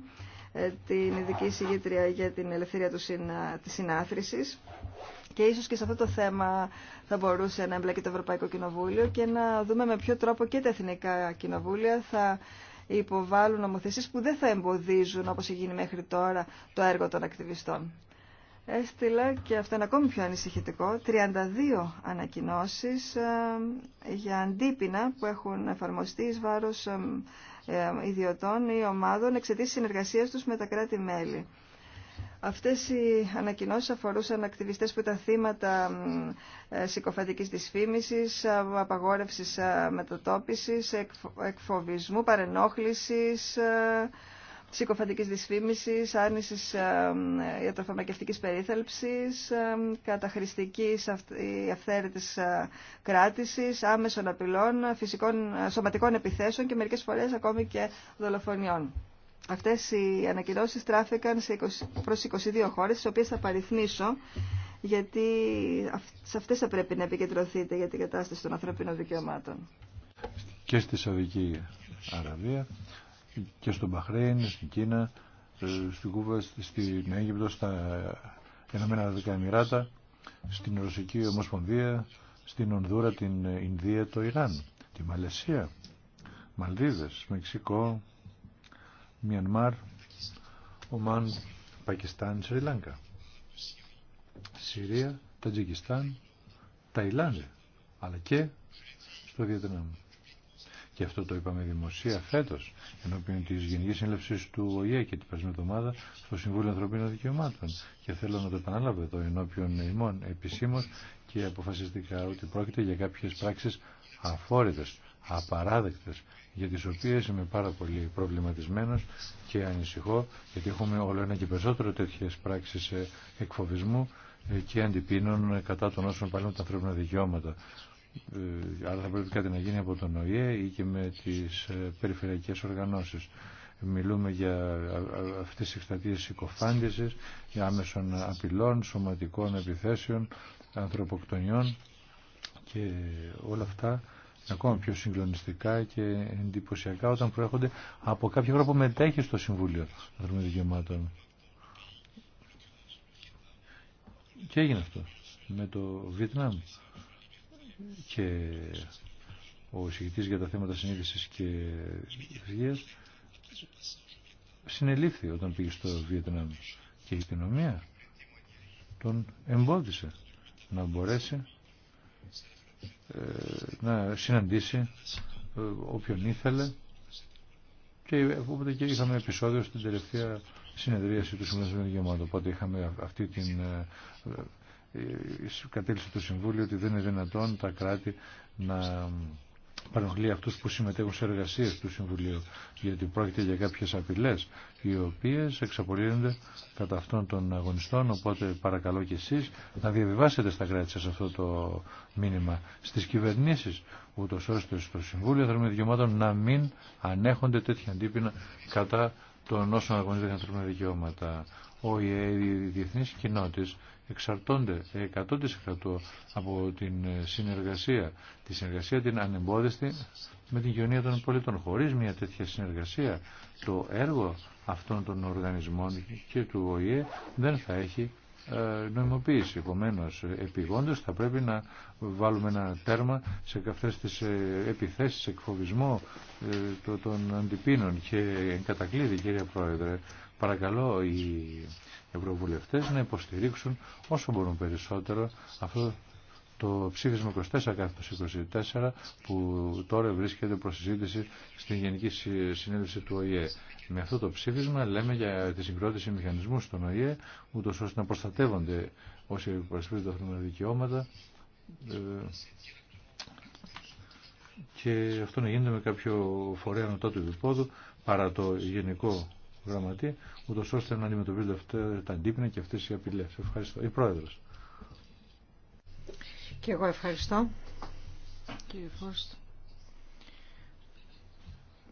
ε, την ειδική συγγήτρια για την ελευθερία του συνα... της συνάθρησης και ίσως και σε αυτό το θέμα θα μπορούσε να εμπλακεί το Ευρωπαϊκό Κοινοβούλιο και να δούμε με ποιο τρόπο και τα εθνικά κοινοβούλια θα υποβάλουν νομοθεσίες που δεν θα εμποδίζουν όπως έχει γίνει μέχρι τώρα το έργο των ακτιβιστών. Έστειλα και αυτό είναι ακόμη πιο ανησυχητικό, 32 ανακοινώσεις ε, για αντίπεινα που έχουν εφαρμοστεί εις βάρος ε, ε, ιδιωτών ή ομάδων εξαιτή συνεργασίας τους με τα κράτη-μέλη. Αυτές οι ανακοινώσεις αφορούσαν ακτιβιστές που ήταν θύματα ε, συκοφαντικής δυσφήμισης, απαγόρευσης μετατόπισης, εκφοβισμού, παρενόχλησης, ε, ψυχοφαντικής δυσφήμισης, άρνησης ε, ε, ιατροφαρμακευτικής περίθαλψης, ε, καταχρηστικής αυθαίρετης κράτησης, άμεσων απειλών, φυσικών, σωματικών επιθέσεων και μερικές φορές ακόμη και δολοφονιών. Αυτές οι ανακοινώσεις τράφηκαν σε προς 22 χώρες, τις οποίες θα παριθμίσω, γιατί σε αυτές θα πρέπει να επικεντρωθείτε για την κατάσταση των ανθρωπίνων δικαιωμάτων. Και στη Σαουδική Αραβία και στον Παχρέν, στην Κίνα, ε, στην Κούβα, στην Αίγυπτο, στα Ηνωμένα Αραβικά Εμμυράτα, στην Ρωσική Ομοσπονδία, στην Ονδούρα, την Ινδία, το Ιράν, τη Μαλαισία, Μαλδίδες, Μεξικό, Μιανμάρ, Ομάν, Πακιστάν, Σρι Λάγκα, Συρία, Τατζικιστάν, Ταϊλάνδη, αλλά και στο Βιετνάμ. Και αυτό το είπαμε δημοσία φέτο, ενώπιον τη Γενική Σύλληψη του ΟΗΕ και την περσμένη εβδομάδα στο Συμβούλιο Ανθρωπίνων Δικαιωμάτων. Και θέλω να το επαναλάβω εδώ, ενώπιον ημών επισήμω και αποφασιστικά ότι πρόκειται για κάποιε πράξει αφόρητε, απαράδεκτε, για τι οποίε είμαι πάρα πολύ προβληματισμένο και ανησυχώ, γιατί έχουμε όλο ένα και περισσότερο τέτοιε πράξει ε, εκφοβισμού ε, και αντιπίνων ε, κατά των όσων παλιών τα ανθρώπινα δικαιώματα. Ε, άρα θα πρέπει κάτι να γίνει από τον ΟΗΕ ή και με τις ε, περιφερειακές οργανώσεις. Μιλούμε για αυτές τις εκστατείες συκοφάντησης, για άμεσων απειλών, σωματικών επιθέσεων, ανθρωποκτονιών και όλα αυτά ακόμα πιο συγκλονιστικά και εντυπωσιακά όταν προέρχονται από κάποιο χώρο που μετέχει στο Συμβούλιο Ανθρωπίνων Δικαιωμάτων. Και έγινε αυτό με το Βιετνάμ και ο συγκεκριτής για τα θέματα συνείδησης και υγείας συνελήφθη όταν πήγε στο Βιετνάμ και η κοινωνία τον εμπόδισε να μπορέσει ε, να συναντήσει ε, όποιον ήθελε και οπότε και είχαμε επεισόδιο στην τελευταία συνεδρίαση του Συμβουλίου Δικαιωμάτων. Οπότε είχαμε αυτή την ε, κατέληξε το Συμβούλιο ότι δεν είναι δυνατόν τα κράτη να παροχλεί αυτούς που συμμετέχουν σε εργασίες του Συμβουλίου γιατί πρόκειται για κάποιες απειλές οι οποίες εξαπολύνονται κατά αυτών των αγωνιστών οπότε παρακαλώ και εσείς να διαβιβάσετε στα κράτη σας αυτό το μήνυμα στις κυβερνήσεις ούτω ώστε στο Συμβούλιο δικαιωμάτων να μην ανέχονται τέτοια αντίπεινα κατά των όσων αγωνίζονται για ανθρώπινα δικαιώματα ο οι ε, διεθνείς κοινότητες εξαρτώνται 100% από την ε, συνεργασία, τη συνεργασία την ανεμπόδιστη με την κοινωνία των πολιτών. Χωρίς μια τέτοια συνεργασία το έργο αυτών των οργανισμών και του ΟΗΕ δεν θα έχει ε, νοημοποίηση. Επομένω, επιγόντω θα πρέπει να βάλουμε ένα τέρμα σε αυτέ τι επιθέσει, εκφοβισμό των αντιπίνων. Και κατακλείδη, κύριε Πρόεδρε, Παρακαλώ οι ευρωβουλευτές να υποστηρίξουν όσο μπορούν περισσότερο αυτό το ψήφισμα 24 24 που τώρα βρίσκεται προς συζήτηση στην Γενική Συνέλευση του ΟΗΕ. Με αυτό το ψήφισμα λέμε για τη συγκρότηση μηχανισμού στον ΟΗΕ, ούτως ώστε να προστατεύονται όσοι υπερασπίζονται τα δικαιώματα ε, και αυτό να γίνεται με κάποιο φορέα νοτό του παρά το γενικό γραμματεία, ούτως ώστε να αντιμετωπίζονται αυτά τα αντίπεινα και αυτέ οι απειλέ. Ευχαριστώ. Η Πρόεδρος. Και εγώ ευχαριστώ. Κύριε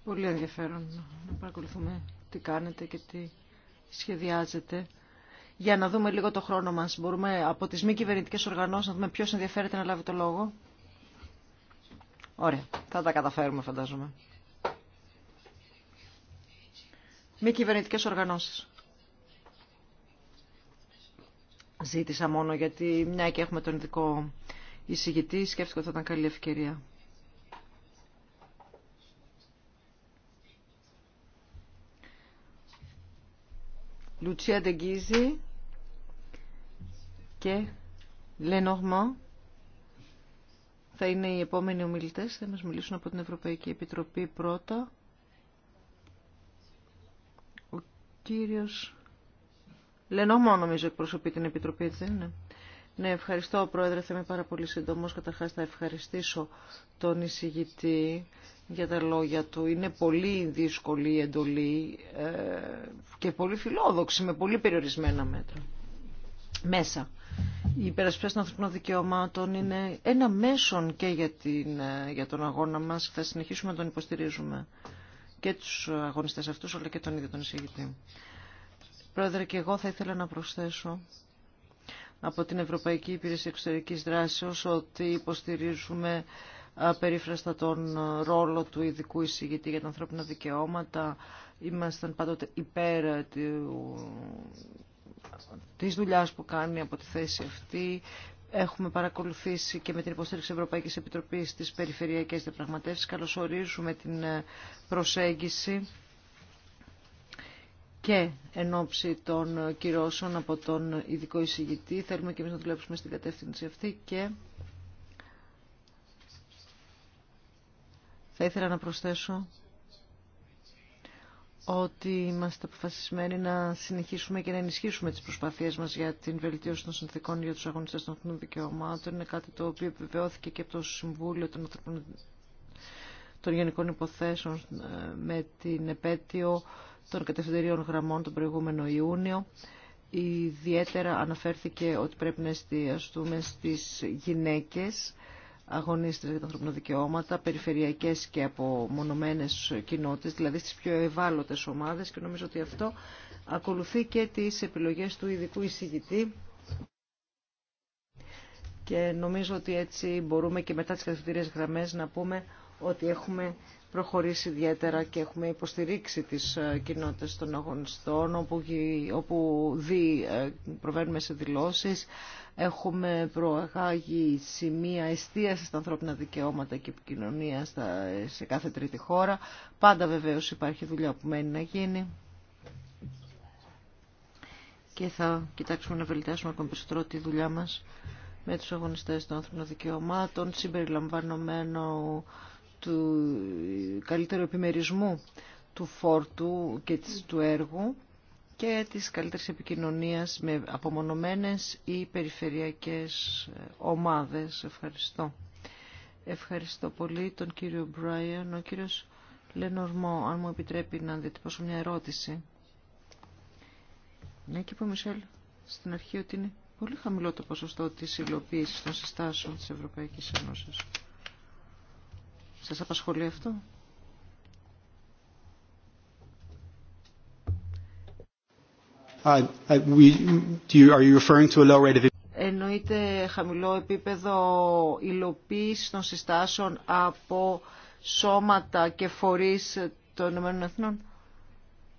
Πολύ ενδιαφέρον να παρακολουθούμε τι κάνετε και τι σχεδιάζετε. Για να δούμε λίγο το χρόνο μας. Μπορούμε από τις μη κυβερνητικέ οργανώσεις να δούμε ποιος ενδιαφέρεται να λάβει το λόγο. Ωραία. Θα τα καταφέρουμε φαντάζομαι. μη κυβερνητικέ οργανώσει. Ζήτησα μόνο γιατί μια και έχουμε τον ειδικό εισηγητή, σκέφτηκα ότι θα ήταν καλή ευκαιρία. Λουτσία Ντεγκίζη και Λενόγμα θα είναι οι επόμενοι ομιλητές. Θα μας μιλήσουν από την Ευρωπαϊκή Επιτροπή πρώτα κύριος Λενομό νομίζω εκπροσωπεί την Επιτροπή, δεν είναι. Ναι, ευχαριστώ Πρόεδρε, θα είμαι πάρα πολύ σύντομος. Καταρχάς θα ευχαριστήσω τον εισηγητή για τα λόγια του. Είναι πολύ δύσκολη η εντολή ε, και πολύ φιλόδοξη, με πολύ περιορισμένα μέτρα. Μέσα. Η υπερασπίση των ανθρωπίνων δικαιωμάτων είναι ένα μέσον και για, την, ε, για τον αγώνα μας θα συνεχίσουμε να τον υποστηρίζουμε και τους αγωνιστές αυτούς αλλά και τον ίδιο τον εισηγητή. Πρόεδρε, και εγώ θα ήθελα να προσθέσω από την Ευρωπαϊκή Υπηρεσία Εξωτερικής Δράσης ότι υποστηρίζουμε περίφραστα τον ρόλο του ειδικού εισηγητή για τα ανθρώπινα δικαιώματα. Ήμασταν πάντοτε υπέρ ε, τη της δουλειάς που κάνει από τη θέση αυτή. Έχουμε παρακολουθήσει και με την υποστήριξη Ευρωπαϊκής Επιτροπής τις περιφερειακές διαπραγματεύσεις. Καλωσορίζουμε την ε, προσέγγιση και εν ώψη των κυρώσεων από τον ειδικό εισηγητή. Θέλουμε και εμείς να δουλέψουμε στην κατεύθυνση αυτή και θα ήθελα να προσθέσω ότι είμαστε αποφασισμένοι να συνεχίσουμε και να ενισχύσουμε τις προσπάθειές μας για την βελτίωση των συνθήκων για τους αγωνιστές των δικαιωμάτων. Είναι κάτι το οποίο επιβεβαιώθηκε και από το Συμβούλιο των, των Γενικών Υποθέσεων ε, με την επέτειο των κατευθυντηρίων γραμμών τον προηγούμενο Ιούνιο. Ιδιαίτερα αναφέρθηκε ότι πρέπει να εστιαστούμε στις γυναίκες αγωνίστρες για τα ανθρώπινα δικαιώματα, περιφερειακές και από μονομένες κοινότητες, δηλαδή στις πιο ευάλωτες ομάδες και νομίζω ότι αυτό ακολουθεί και τις επιλογές του ειδικού εισηγητή και νομίζω ότι έτσι μπορούμε και μετά τις καθημερινές γραμμές να πούμε ότι έχουμε προχωρήσει ιδιαίτερα και έχουμε υποστηρίξει τις ε, κοινότητες των αγωνιστών όπου, όπου δι, ε, προβαίνουμε σε δηλώσεις. Έχουμε προαγάγει σημεία εστίαση στα ανθρώπινα δικαιώματα και επικοινωνία σε κάθε τρίτη χώρα. Πάντα βεβαίως υπάρχει δουλειά που μένει να γίνει. Και θα κοιτάξουμε να βελτιάσουμε ακόμη περισσότερο τη δουλειά μας με τους αγωνιστές των ανθρώπινων δικαιωμάτων, συμπεριλαμβανομένου του καλύτερου επιμερισμού του φόρτου και του έργου και της καλύτερης επικοινωνίας με απομονωμένες ή περιφερειακές ε, ομάδες. Ευχαριστώ. Ευχαριστώ πολύ τον κύριο Μπράιον. Ο κύριος Λενορμό, αν μου επιτρέπει να διατυπώσω μια ερώτηση. Ναι, και είπε Μισελ στην αρχή ότι είναι πολύ χαμηλό το ποσοστό της υλοποίησης των συστάσεων της Ευρωπαϊκής Ένωσης. Σας απασχολεί αυτό. Εννοείται χαμηλό επίπεδο υλοποίηση των συστάσεων από σώματα και φορείς των Ηνωμένων Εθνών.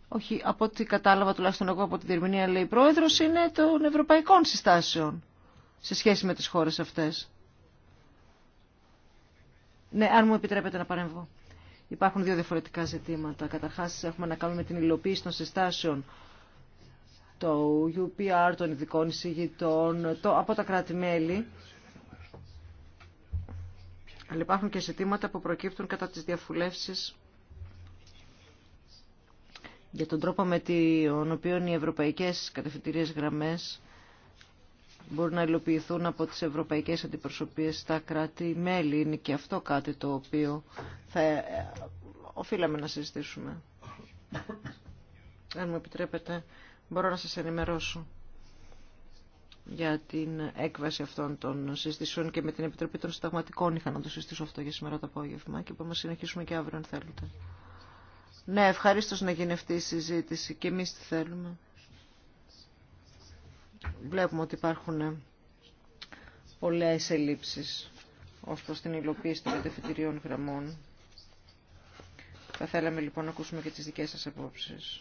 Όχι, από ό,τι κατάλαβα τουλάχιστον εγώ από την Τερμηνία λέει πρόεδρος είναι των ευρωπαϊκών συστάσεων σε σχέση με τις χώρες αυτές. Ναι, αν μου επιτρέπετε να παρεμβώ. Υπάρχουν δύο διαφορετικά ζητήματα. Καταρχάς έχουμε να κάνουμε την υλοποίηση των συστάσεων το UPR των ειδικών εισηγητών το, από τα κράτη-μέλη. Αλλά υπάρχουν και ζητήματα που προκύπτουν κατά τις διαφουλεύσεις για τον τρόπο με τον οποίο οι ευρωπαϊκές κατευθυντηρίες γραμμές μπορούν να υλοποιηθούν από τις ευρωπαϊκές αντιπροσωπείες στα κράτη-μέλη. Είναι και αυτό κάτι το οποίο θα ε, οφείλαμε να συζητήσουμε. Αν μου επιτρέπετε, μπορώ να σας ενημερώσω για την έκβαση αυτών των συζητήσεων και με την Επιτροπή των Συνταγματικών είχα να το συζητήσω αυτό για σήμερα το απόγευμα και μπορούμε να συνεχίσουμε και αύριο αν θέλετε. Ναι, ευχαρίστως να γίνει αυτή η συζήτηση και εμείς τη θέλουμε βλέπουμε ότι υπάρχουν πολλές ελλείψεις ως προς την υλοποίηση των κατευθυντηριών γραμμών. Θα θέλαμε λοιπόν να ακούσουμε και τις δικές σας απόψεις.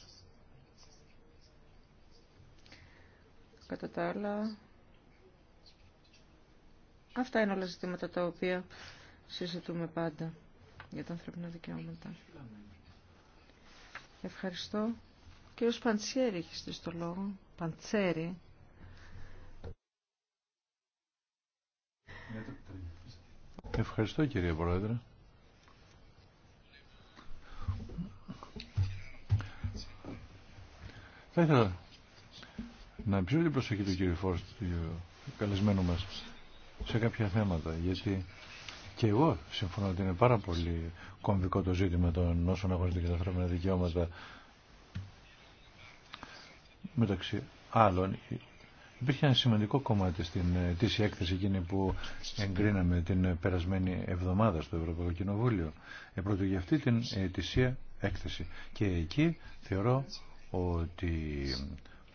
Κατά τα άλλα, αυτά είναι όλα ζητήματα τα οποία συζητούμε πάντα για τα ανθρώπινα δικαιώματα. Ευχαριστώ. Κύριος Παντσιέρη έχει στήσει το λόγο. Παντσέρη. Ευχαριστώ κύριε Πρόεδρε. Θα ήθελα να ψήσω την προσοχή του κύριου Φόρστ, του καλεσμένου μας, σε κάποια θέματα, γιατί και εγώ συμφωνώ ότι είναι πάρα πολύ κομβικό το ζήτημα των όσων αγωνίζονται για τα ανθρώπινα δικαιώματα μεταξύ άλλων Υπήρχε ένα σημαντικό κομμάτι στην ετήσια έκθεση εκείνη που εγκρίναμε την περασμένη εβδομάδα στο Ευρωπαϊκό Κοινοβούλιο. Επρόκειτο για αυτή την ετήσια έκθεση. Και εκεί θεωρώ ότι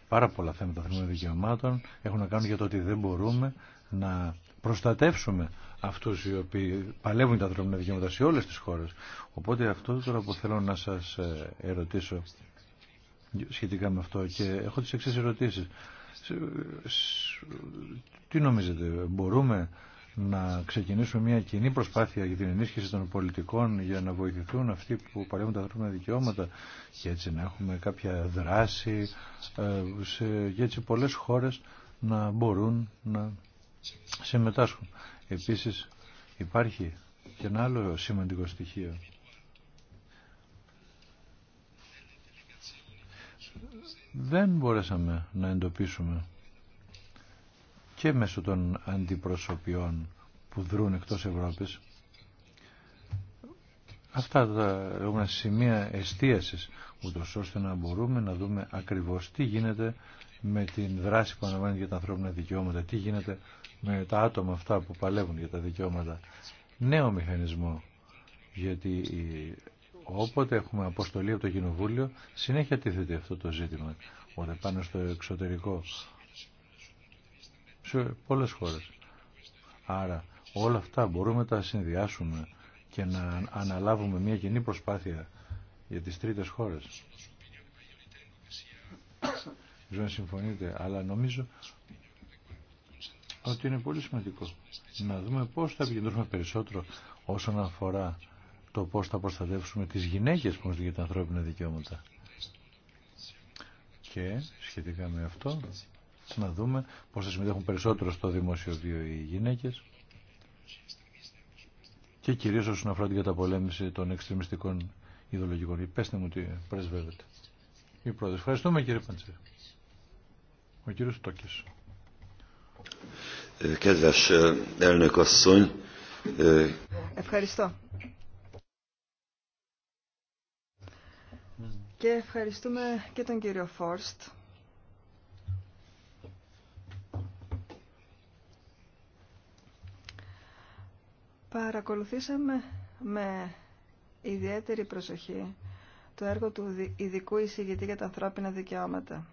πάρα πολλά θέματα θερμών δικαιωμάτων έχουν να κάνουν για το ότι δεν μπορούμε να προστατεύσουμε αυτούς οι οποίοι παλεύουν τα ανθρώπινα δικαιώματα σε όλες τις χώρες. Οπότε αυτό τώρα που θέλω να σας ε, ερωτήσω σχετικά με αυτό και έχω τις εξής ερωτήσεις. Τι νομίζετε, μπορούμε να ξεκινήσουμε μια κοινή προσπάθεια για την ενίσχυση των πολιτικών για να βοηθηθούν αυτοί που παρέχουν τα ανθρώπινα δικαιώματα και έτσι να έχουμε κάποια δράση ε, σε, και έτσι πολλές χώρες να μπορούν να συμμετάσχουν. Επίσης υπάρχει και ένα άλλο σημαντικό στοιχείο δεν μπορέσαμε να εντοπίσουμε και μέσω των αντιπροσωπιών που δρούν εκτός Ευρώπης αυτά τα σημεία εστίασης ούτως ώστε να μπορούμε να δούμε ακριβώς τι γίνεται με την δράση που αναβάνει για τα ανθρώπινα δικαιώματα, τι γίνεται με τα άτομα αυτά που παλεύουν για τα δικαιώματα. Νέο μηχανισμό, γιατί όποτε έχουμε αποστολή από το Κοινοβούλιο, συνέχεια τίθεται αυτό το ζήτημα. Όταν πάνε στο εξωτερικό, σε πολλές χώρες. Άρα όλα αυτά μπορούμε να τα συνδυάσουμε και να αναλάβουμε μια κοινή προσπάθεια για τις τρίτες χώρες. Δεν να συμφωνείτε, αλλά νομίζω ότι είναι πολύ σημαντικό να δούμε πώς θα επικεντρώσουμε περισσότερο όσον αφορά το πώς θα προστατεύσουμε τις γυναίκες που μα για τα ανθρώπινα δικαιώματα. Και σχετικά με αυτό να δούμε πώς θα συμμετέχουν περισσότερο στο δημόσιο βίο οι γυναίκες και κυρίως όσον αφορά την καταπολέμηση των εξτρεμιστικών ιδεολογικών. Πέστε μου τι πρεσβεύετε. Η Ευχαριστούμε κύριε Παντσέ. Ο κύριος Τόκης. Ε, ε, ε, Ευχαριστώ. και ευχαριστούμε και τον κύριο Φόρστ. Παρακολουθήσαμε με ιδιαίτερη προσοχή το έργο του ειδικού εισηγητή για τα ανθρώπινα δικαιώματα.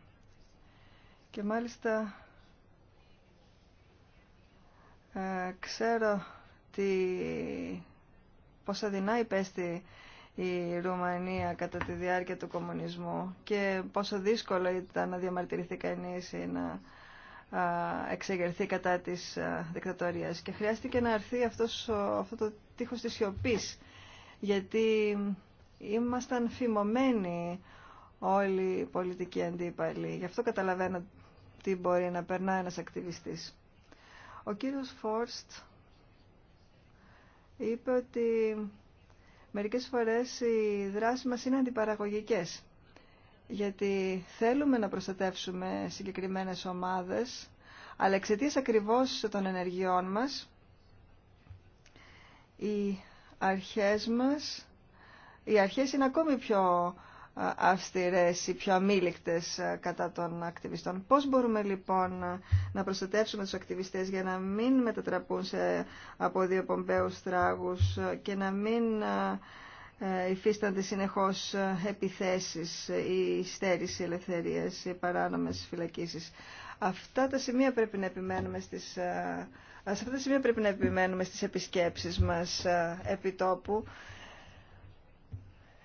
Και μάλιστα ε, ξέρω τι, πόσα δεινά υπέστη η Ρουμανία κατά τη διάρκεια του κομμουνισμού και πόσο δύσκολο ήταν να διαμαρτυρηθεί κανείς ή να εξεγερθεί κατά της δικτατορίας. Και χρειάστηκε να αρθεί αυτός, αυτό το τείχος της σιωπής, γιατί ήμασταν φημωμένοι όλοι οι πολιτικοί αντίπαλοι. Γι' αυτό καταλαβαίνω τι μπορεί να περνά ένας ακτιβιστής. Ο κύριος Φόρστ είπε ότι μερικές φορές οι δράσεις μας είναι αντιπαραγωγικές. Γιατί θέλουμε να προστατεύσουμε συγκεκριμένες ομάδες, αλλά εξαιτία ακριβώς των ενεργειών μας, οι αρχές μας, οι αρχές είναι ακόμη πιο αυστηρές ή πιο αμήλικτες κατά των ακτιβιστών. Πώς μπορούμε λοιπόν να προστατεύσουμε τους ακτιβιστές για να μην μετατραπούν σε αποδιοπομπέους τράγους και να μην ε, υφίστανται συνεχώς επιθέσεις ή στέρηση ελευθερίας ή παράνομες φυλακίσεις. Αυτά τα σημεία πρέπει να επιμένουμε στις, σε αυτά τα σημεία πρέπει να επιμένουμε στις επισκέψεις μας επιτόπου,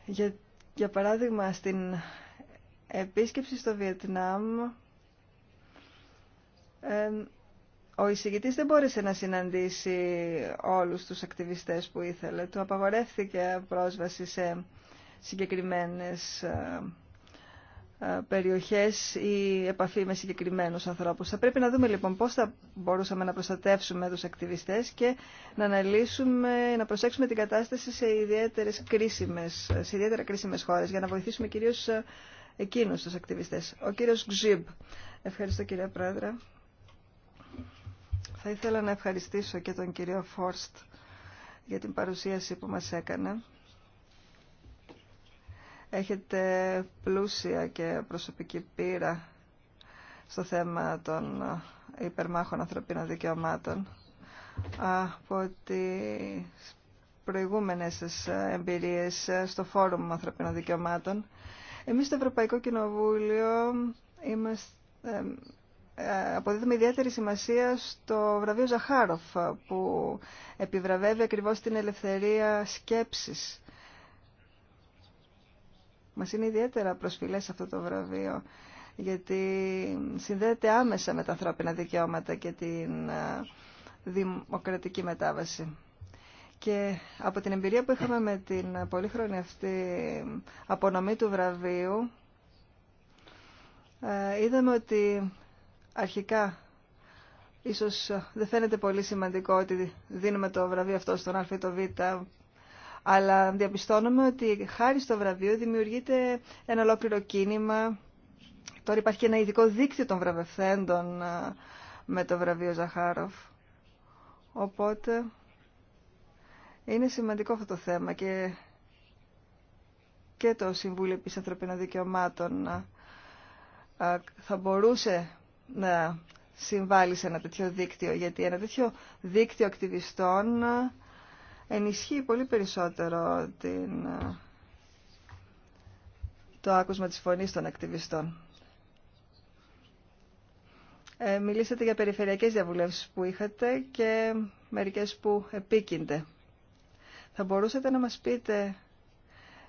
γιατί για παράδειγμα, στην επίσκεψη στο Βιετνάμ ο εισηγητής δεν μπόρεσε να συναντήσει όλους τους ακτιβιστές που ήθελε. Του απαγορεύτηκε πρόσβαση σε συγκεκριμένες ε, ε, περιοχές ή επαφή με συγκεκριμένους ανθρώπους. Θα πρέπει να δούμε λοιπόν πώς θα μπορούσαμε να προστατεύσουμε τους ακτιβιστές και να αναλύσουμε, να προσέξουμε την κατάσταση σε, ιδιαίτερες κρίσιμες, σε ιδιαίτερα κρίσιμες χώρες για να βοηθήσουμε κυρίως ε, εκείνους τους ακτιβιστές. Ο κύριος Γζιμπ. Ευχαριστώ κύριε Πρόεδρε. Θα ήθελα να ευχαριστήσω και τον κύριο Φόρστ για την παρουσίαση που μας έκανε. Έχετε πλούσια και προσωπική πείρα στο θέμα των υπερμάχων ανθρωπίνων δικαιωμάτων από τις προηγούμενες σας εμπειρίες στο Φόρουμ Ανθρωπίνων Δικαιωμάτων. Εμείς στο Ευρωπαϊκό Κοινοβούλιο είμαστε, ε, αποδίδουμε ιδιαίτερη σημασία στο βραβείο Ζαχάροφ που επιβραβεύει ακριβώς την ελευθερία σκέψης μα είναι ιδιαίτερα προσφυλές αυτό το βραβείο, γιατί συνδέεται άμεσα με τα ανθρώπινα δικαιώματα και την ε, δημοκρατική μετάβαση. Και από την εμπειρία που είχαμε με την πολύχρονη αυτή απονομή του βραβείου, ε, είδαμε ότι αρχικά ίσως δεν φαίνεται πολύ σημαντικό ότι δίνουμε το βραβείο αυτό στον Α ή το Β αλλά διαπιστώνουμε ότι χάρη στο βραβείο δημιουργείται ένα ολόκληρο κίνημα. Τώρα υπάρχει και ένα ειδικό δίκτυο των βραβευθέντων με το βραβείο Ζαχάροφ. Οπότε είναι σημαντικό αυτό το θέμα και, και το Συμβούλιο επίσης Ανθρωπίνων Δικαιωμάτων θα μπορούσε να συμβάλλει σε ένα τέτοιο δίκτυο, γιατί ένα τέτοιο δίκτυο ακτιβιστών ενισχύει πολύ περισσότερο την, το άκουσμα της φωνής των ακτιβιστών. Ε, μιλήσατε για περιφερειακές διαβουλεύσεις που είχατε και μερικές που επίκυνται. Θα μπορούσατε να μας πείτε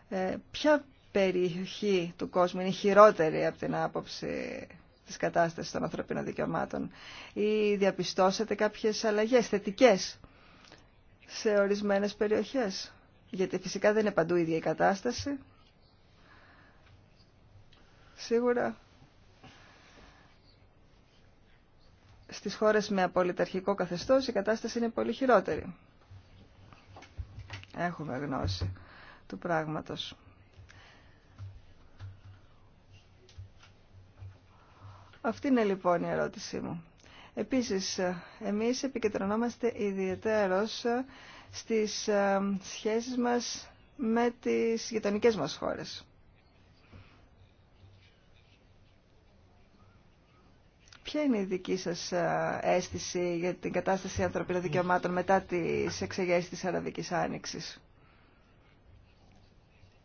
ε, ποια περιοχή του κόσμου είναι χειρότερη από την άποψη της κατάστασης των ανθρωπίνων δικαιωμάτων ή διαπιστώσατε κάποιες αλλαγές θετικές σε ορισμένες περιοχές. Γιατί φυσικά δεν είναι παντού η ίδια η κατάσταση. Σίγουρα στις χώρες με απολυταρχικό καθεστώς η κατάσταση είναι πολύ χειρότερη. Έχουμε γνώση του πράγματος. Αυτή είναι λοιπόν η ερώτησή μου. Επίσης, εμείς επικεντρωνόμαστε ιδιαίτερως στις ε, σχέσεις μας με τις γειτονικές μας χώρες. Ποια είναι η δική σας ε, αίσθηση για την κατάσταση ανθρωπίνων δικαιωμάτων μετά τις εξεγέσεις της Αραβικής Άνοιξης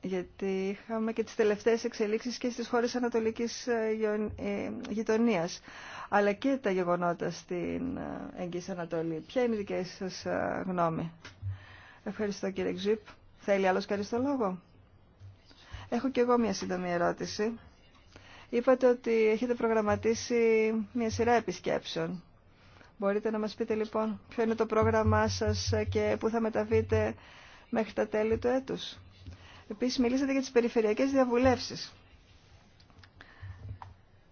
γιατί είχαμε και τις τελευταίες εξελίξεις και στις χώρες ανατολικής ε, ε, γειτονίας, αλλά και τα γεγονότα στην ε, Εγγύης Ανατολή. Ποια είναι η δική σας γνώμη. Ευχαριστώ κύριε Ξύπ. Θέλει άλλος κανείς το λόγο. Έχω και εγώ μια σύντομη ερώτηση. Είπατε ότι έχετε προγραμματίσει μια σειρά επισκέψεων. Μπορείτε να μας πείτε λοιπόν ποιο είναι το πρόγραμμά σας και πού θα μεταβείτε μέχρι τα τέλη του έτους. Επίσης μιλήσατε για τις περιφερειακές διαβουλεύσεις.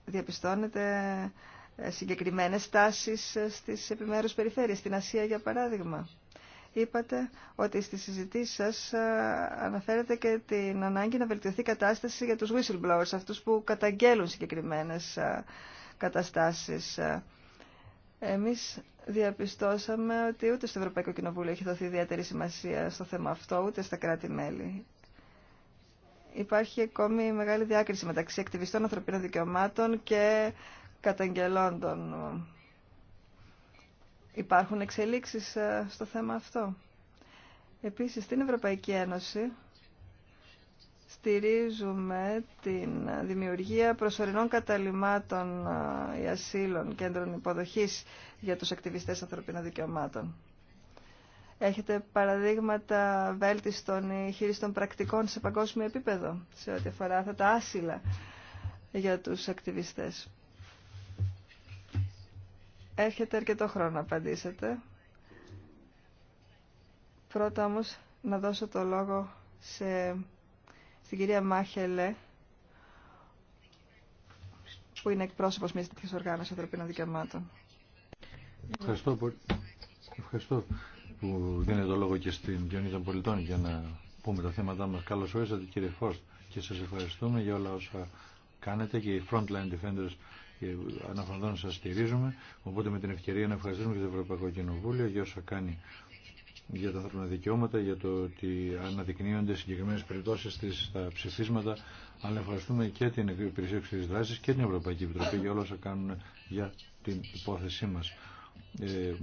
Διαπιστώνετε ε, συγκεκριμένες τάσεις ε, στις επιμέρους περιφέρειες, στην Ασία για παράδειγμα. Είπατε ότι στη συζητήση σας ε, αναφέρετε και την ανάγκη να βελτιωθεί η κατάσταση για τους whistleblowers, αυτούς που καταγγέλουν συγκεκριμένες καταστάσεις. Εμείς διαπιστώσαμε ότι ούτε στο Ευρωπαϊκό Κοινοβούλιο έχει δοθεί ιδιαίτερη σημασία στο θέμα αυτό, ούτε στα κράτη-μέλη υπάρχει ακόμη μεγάλη διάκριση μεταξύ ακτιβιστών ανθρωπίνων δικαιωμάτων και καταγγελόντων. Υπάρχουν εξελίξεις ε, στο θέμα αυτό. Επίσης, στην Ευρωπαϊκή Ένωση στηρίζουμε την δημιουργία προσωρινών καταλυμάτων, ή ε, ασύλων κέντρων υποδοχής για τους ακτιβιστές ανθρωπίνων δικαιωμάτων. Έχετε παραδείγματα βέλτιστων ή χείριστων πρακτικών σε παγκόσμιο επίπεδο σε ό,τι αφορά αυτά τα άσυλα για τους ακτιβιστές. Έχετε αρκετό χρόνο να απαντήσετε. Πρώτα όμως να δώσω το λόγο σε, στην κυρία Μάχελε που είναι εκπρόσωπος μιας τέτοιας οργάνωσης ανθρωπίνων δικαιωμάτων. Ευχαριστώ πολύ που δίνετε το λόγο και στην κοινωνία των πολιτών για να πούμε τα θέματα μας. Καλώς ορίσατε κύριε Φώστ και σας ευχαριστούμε για όλα όσα κάνετε και οι frontline defenders αναφαντών σα στηρίζουμε. Οπότε με την ευκαιρία να ευχαριστούμε και το Ευρωπαϊκό Κοινοβούλιο για όσα κάνει για τα ανθρώπινα δικαιώματα, για το ότι αναδεικνύονται συγκεκριμένε περιπτώσει στα ψηφίσματα. Αλλά ευχαριστούμε και την Υπηρεσία Εξωτερική Δράση και την Ευρωπαϊκή Επιτροπή για όλα όσα κάνουν για την υπόθεσή μα. Ε,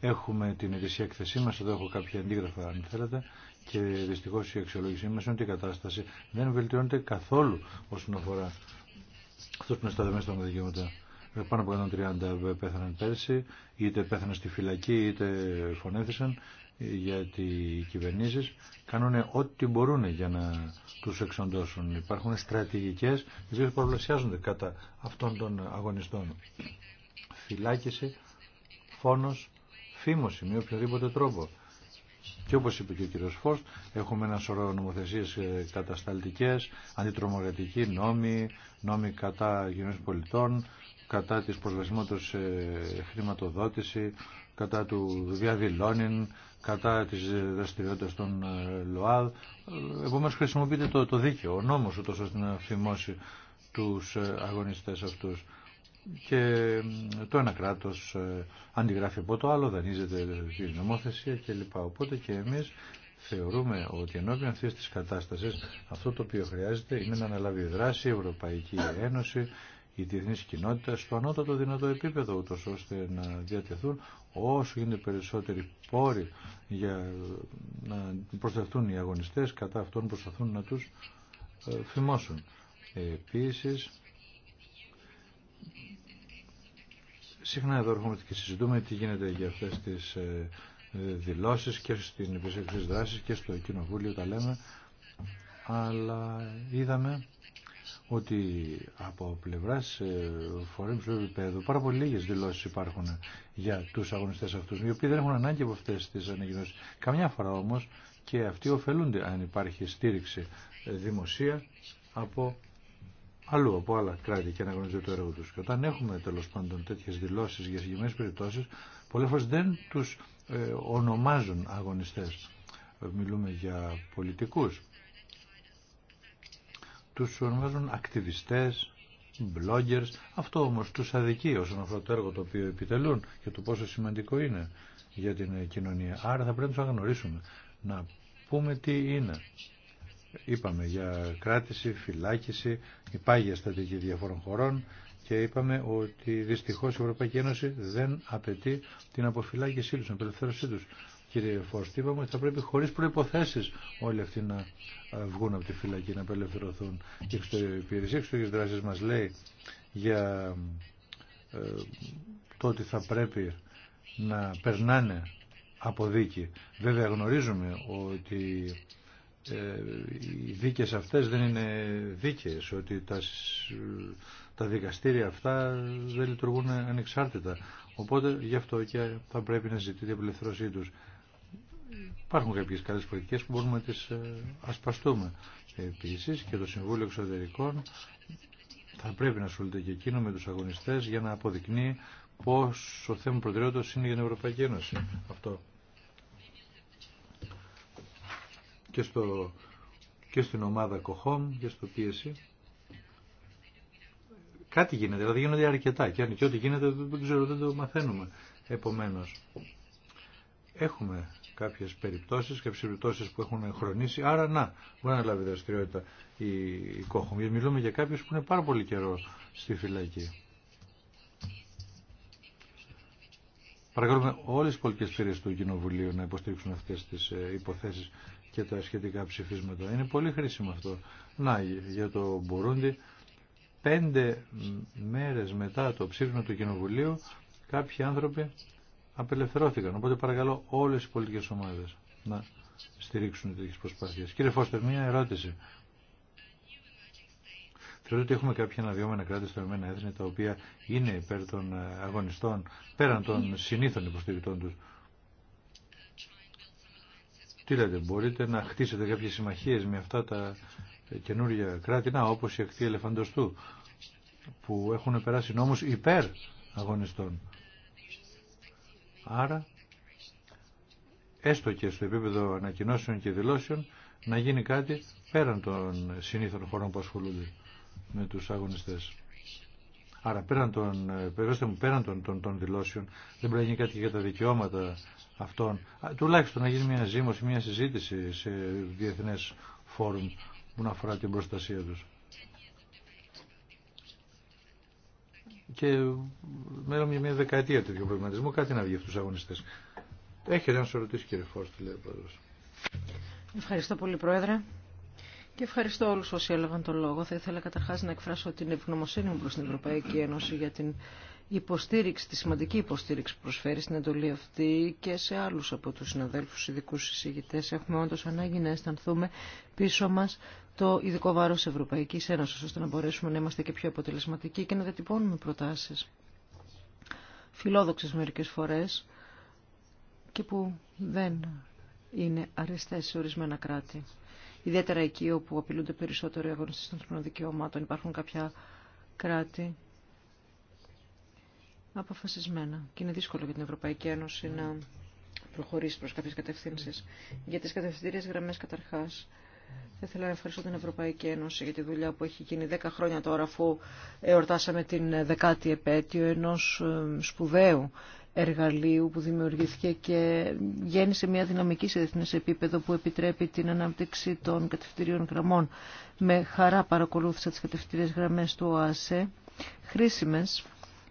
Έχουμε την ετησία εκθεσή μας, εδώ έχω κάποια αντίγραφα αν θέλετε και δυστυχώς η αξιολόγησή μας είναι ότι η κατάσταση δεν βελτιώνεται καθόλου όσον αφορά αυτούς που είναι στα στα δικαιώματα. Πάνω από 130 πέθαναν πέρσι, είτε πέθαναν στη φυλακή είτε φωνέθησαν γιατί οι κυβερνήσει κάνουν ό,τι μπορούν για να του εξοντώσουν. Υπάρχουν στρατηγικέ οι οποίε κατά αυτών των αγωνιστών. Φυλάκιση, φόνος, φήμωση με οποιοδήποτε τρόπο. Και όπως είπε και ο κύριος Φως, έχουμε ένα σωρό νομοθεσίες ε, κατασταλτικές, αντιτρομοκρατικοί νόμοι, νόμοι κατά Γενέ πολιτών, κατά της προσβασιμότητας χρηματοδότηση, κατά του διαδηλώνην, κατά της δραστηριότητας των ε, ΛΟΑΔ. Επομένως χρησιμοποιείται το, το δίκαιο, ο νόμος, ούτως ώστε να φημώσει τους ε, αγωνιστές αυτούς και το ένα κράτο ε, αντιγράφει από το άλλο, δανείζεται την νομοθεσία κλπ. Οπότε και εμείς θεωρούμε ότι ενώπιον αυτής της κατάστασης αυτό το οποίο χρειάζεται είναι να αναλάβει δράση η Ευρωπαϊκή Ένωση, η διεθνής κοινότητα στο ανώτατο δυνατό επίπεδο ούτως ώστε να διατεθούν όσο γίνεται περισσότεροι πόροι για να προσταθούν οι αγωνιστές κατά αυτών που προσπαθούν να τους ε, φημώσουν. Επίσης, συχνά εδώ έρχομαι και συζητούμε τι γίνεται για αυτές τις ε, δηλώσει και στην υπηρεσιακή δράση και στο κοινοβούλιο τα λέμε αλλά είδαμε ότι από πλευράς ε, φορέων του επίπεδου πάρα πολύ λίγε δηλώσει υπάρχουν για τους αγωνιστές αυτούς οι οποίοι δεν έχουν ανάγκη από αυτέ τι ανακοινώσεις. Καμιά φορά όμως και αυτοί ωφελούνται αν υπάρχει στήριξη ε, δημοσία από αλλού από άλλα κράτη και να γνωρίζει το έργο τους. Και όταν έχουμε τέλος πάντων τέτοιες δηλώσεις για συγκεκριμένες περιπτώσεις, πολλές φορές δεν τους ε, ονομάζουν αγωνιστές. Ε, μιλούμε για πολιτικούς. Τους ονομάζουν ακτιβιστές, bloggers. Αυτό όμως τους αδικεί όσον αφορά το έργο το οποίο επιτελούν και το πόσο σημαντικό είναι για την κοινωνία. Άρα θα πρέπει να τους αγνωρίσουμε. να πούμε τι είναι. Είπαμε για κράτηση, φυλάκιση, υπάγεια στατική διαφόρων χωρών και είπαμε ότι δυστυχώς η Ευρωπαϊκή Ένωση δεν απαιτεί την αποφυλάκησή τους, την απελευθέρωσή τους. Κύριε Φώστη, είπαμε ότι θα πρέπει χωρίς προϋποθέσεις όλοι αυτοί να ε, βγουν από τη φυλακή, να απελευθερωθούν. Η υπηρεσία εξωτερικής δράσης μας λέει για ε, το ότι θα πρέπει να περνάνε από δίκη. Βέβαια γνωρίζουμε ότι ε, οι δίκες αυτές δεν είναι δίκες, ότι τα, τα δικαστήρια αυτά δεν λειτουργούν ανεξάρτητα. Οπότε γι' αυτό και θα πρέπει να ζητείται η απελευθέρωσή τους. Υπάρχουν κάποιες καλές πολιτικές που μπορούμε να τις ε, ασπαστούμε. Επίσης και το Συμβούλιο Εξωτερικών θα πρέπει να ασχολείται και εκείνο με τους αγωνιστές για να αποδεικνύει πόσο θέμα προτεραιότητας είναι για την Ευρωπαϊκή Ένωση. Αυτό και, στο, και στην ομάδα Κοχόμ και στο πίεση. Κάτι γίνεται, δηλαδή γίνονται αρκετά και αν και ό,τι γίνεται δεν ξέρω, δεν το μαθαίνουμε. Επομένως, έχουμε κάποιες περιπτώσεις, κάποιες περιπτώσεις που έχουν χρονίσει, άρα να, μπορεί να λάβει δραστηριότητα η, η Κόχομ. μιλούμε για κάποιους που είναι πάρα πολύ καιρό στη φυλακή. Παρακαλούμε όλες τις πολιτικές του Κοινοβουλίου να υποστηρίξουν αυτές τις ε, υποθέσεις και τα σχετικά ψηφίσματα. Είναι πολύ χρήσιμο αυτό. Να, για το Μπουρούντι, πέντε μέρες μετά το ψήφισμα του Κοινοβουλίου, κάποιοι άνθρωποι απελευθερώθηκαν. Οπότε παρακαλώ όλες οι πολιτικές ομάδες να στηρίξουν τέτοιες προσπάθειες. Κύριε Φώστερ, μία ερώτηση. Θεωρώ ότι έχουμε κάποια αναδυόμενα κράτη στα Έθνη τα οποία είναι υπέρ των αγωνιστών πέραν των συνήθων υποστηρικτών τους. Τι λέτε, μπορείτε να χτίσετε κάποιες συμμαχίες με αυτά τα καινούργια κράτη, να, όπως η ακτή ελεφαντοστού, που έχουν περάσει νόμους υπέρ αγωνιστών. Άρα, έστω και στο επίπεδο ανακοινώσεων και δηλώσεων, να γίνει κάτι πέραν των συνήθων χωρών που ασχολούνται με τους αγωνιστές. Άρα πέραν των, ε, πέραν των, των, των δηλώσεων δεν πρέπει να γίνει κάτι για τα δικαιώματα αυτών. Τουλάχιστον να γίνει μια ζήμωση, μια συζήτηση σε διεθνές φόρουμ που να αφορά την προστασία τους. Και μέρα μια δεκαετία τέτοιου προβληματισμού κάτι να βγει αυτούς τους αγωνιστές. Έχετε να σου ρωτήσει κύριε τι λέει ο Ευχαριστώ πολύ Πρόεδρε. Και ευχαριστώ όλους όσοι έλαβαν τον λόγο. Θα ήθελα καταρχάς να εκφράσω την ευγνωμοσύνη μου προς την Ευρωπαϊκή Ένωση για την υποστήριξη, τη σημαντική υποστήριξη που προσφέρει στην εντολή αυτή και σε άλλους από τους συναδέλφους ειδικού συζητητές. Έχουμε όντως ανάγκη να αισθανθούμε πίσω μας το ειδικό βάρος Ευρωπαϊκής Ένωσης, ώστε να μπορέσουμε να είμαστε και πιο αποτελεσματικοί και να διατυπώνουμε προτάσεις. Φιλόδοξες μερικές φορές και που δεν είναι αριστές σε ορισμένα κράτη. Ιδιαίτερα εκεί όπου απειλούνται περισσότερο οι αγωνιστές των δικαιωμάτων. Υπάρχουν κάποια κράτη αποφασισμένα. Και είναι δύσκολο για την Ευρωπαϊκή Ένωση να προχωρήσει προς κάποιες κατευθύνσεις. Για τις κατευθυντήριε γραμμές καταρχάς, θα ήθελα να ευχαριστώ την Ευρωπαϊκή Ένωση για τη δουλειά που έχει γίνει 10 χρόνια τώρα αφού εορτάσαμε την δεκάτη επέτειο ενός ε, σπουδαίου εργαλείου που δημιουργήθηκε και γέννησε μια δυναμική σε διεθνές επίπεδο που επιτρέπει την ανάπτυξη των κατευθυντήριων γραμμών. Με χαρά παρακολούθησα τις κατευθυντήριες γραμμές του ΟΑΣΕ, χρήσιμες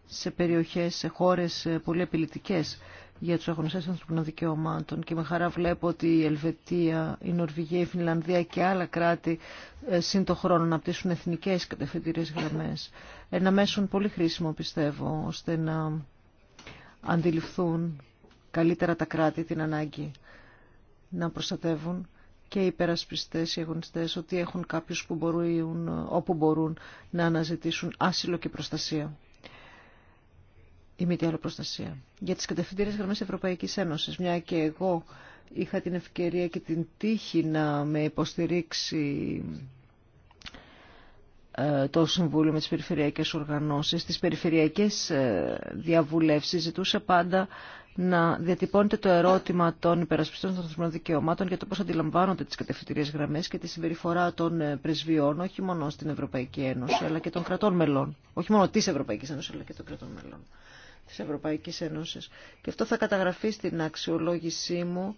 σε περιοχές, σε χώρες ε, πολύ επιλητικές για τους αγωνιστές ανθρωπινών δικαιωμάτων και με χαρά βλέπω ότι η Ελβετία, η Νορβηγία, η Φινλανδία και άλλα κράτη ε, σύν το χρόνο να πτήσουν εθνικές κατευθυντήριες γραμμές. Ένα μέσο πολύ χρήσιμο πιστεύω ώστε να αντιληφθούν καλύτερα τα κράτη την ανάγκη να προστατεύουν και οι υπερασπιστές, οι αγωνιστές, ότι έχουν κάποιους που μπορούν, όπου μπορούν να αναζητήσουν άσυλο και προστασία η μη προστασία. Για τις κατευθυντήρες γραμμές Ευρωπαϊκής Ένωσης, μια και εγώ είχα την ευκαιρία και την τύχη να με υποστηρίξει ε, το Συμβούλιο με τις Περιφερειακές Οργανώσεις. Στις Περιφερειακές ε, Διαβουλεύσεις ζητούσα πάντα να διατυπώνεται το ερώτημα των υπερασπιστών των ανθρωπινών δικαιωμάτων για το πώς αντιλαμβάνονται τις κατευθυντηρίες γραμμές και τη συμπεριφορά των ε, πρεσβειών, όχι μόνο στην Ευρωπαϊκή Ένωση, αλλά και των κρατών μελών. Όχι μόνο της Ευρωπαϊκής Ένωσης, αλλά και των κρατών μελών της Ευρωπαϊκής Ένωσης. Και αυτό θα καταγραφεί στην αξιολόγησή μου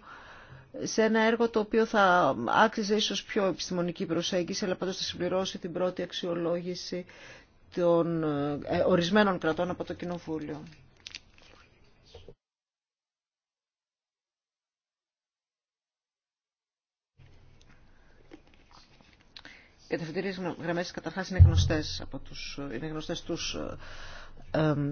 σε ένα έργο το οποίο θα άξιζε ίσως πιο επιστημονική προσέγγιση, αλλά πάντως θα συμπληρώσει την πρώτη αξιολόγηση των ε, ορισμένων κρατών από το Κοινοβούλιο. Οι κατευθυντήριες γραμμές καταρχάς είναι γνωστές, από τους, είναι γνωστές τους ε,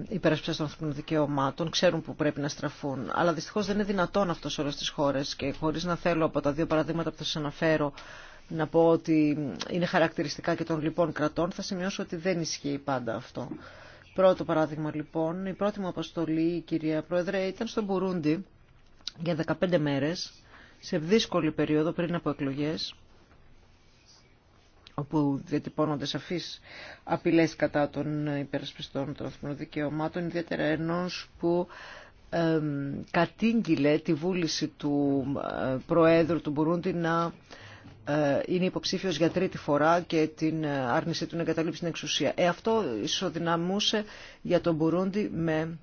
υπερασπιστές των ανθρωπίνων δικαιωμάτων ξέρουν που πρέπει να στραφούν. Αλλά δυστυχώς δεν είναι δυνατόν αυτό σε όλες τις χώρες και χωρίς να θέλω από τα δύο παραδείγματα που θα σας αναφέρω να πω ότι είναι χαρακτηριστικά και των λοιπών κρατών, θα σημειώσω ότι δεν ισχύει πάντα αυτό. Πρώτο παράδειγμα λοιπόν, η πρώτη μου αποστολή, κυρία Πρόεδρε, ήταν στο Μπουρούντι για 15 μέρες, σε δύσκολη περίοδο πριν από εκλογές, όπου διατυπώνονται σαφείς απειλές κατά των υπερασπιστών των ανθρωπινών δικαιωμάτων, ιδιαίτερα ενός που ε, κατήγγειλε τη βούληση του ε, Προέδρου του Μπουρούντι να ε, είναι υποψήφιος για τρίτη φορά και την ε, άρνησή του να εγκαταλείψει την εξουσία. Ε, αυτό ισοδυναμούσε για τον Μπουρούντι με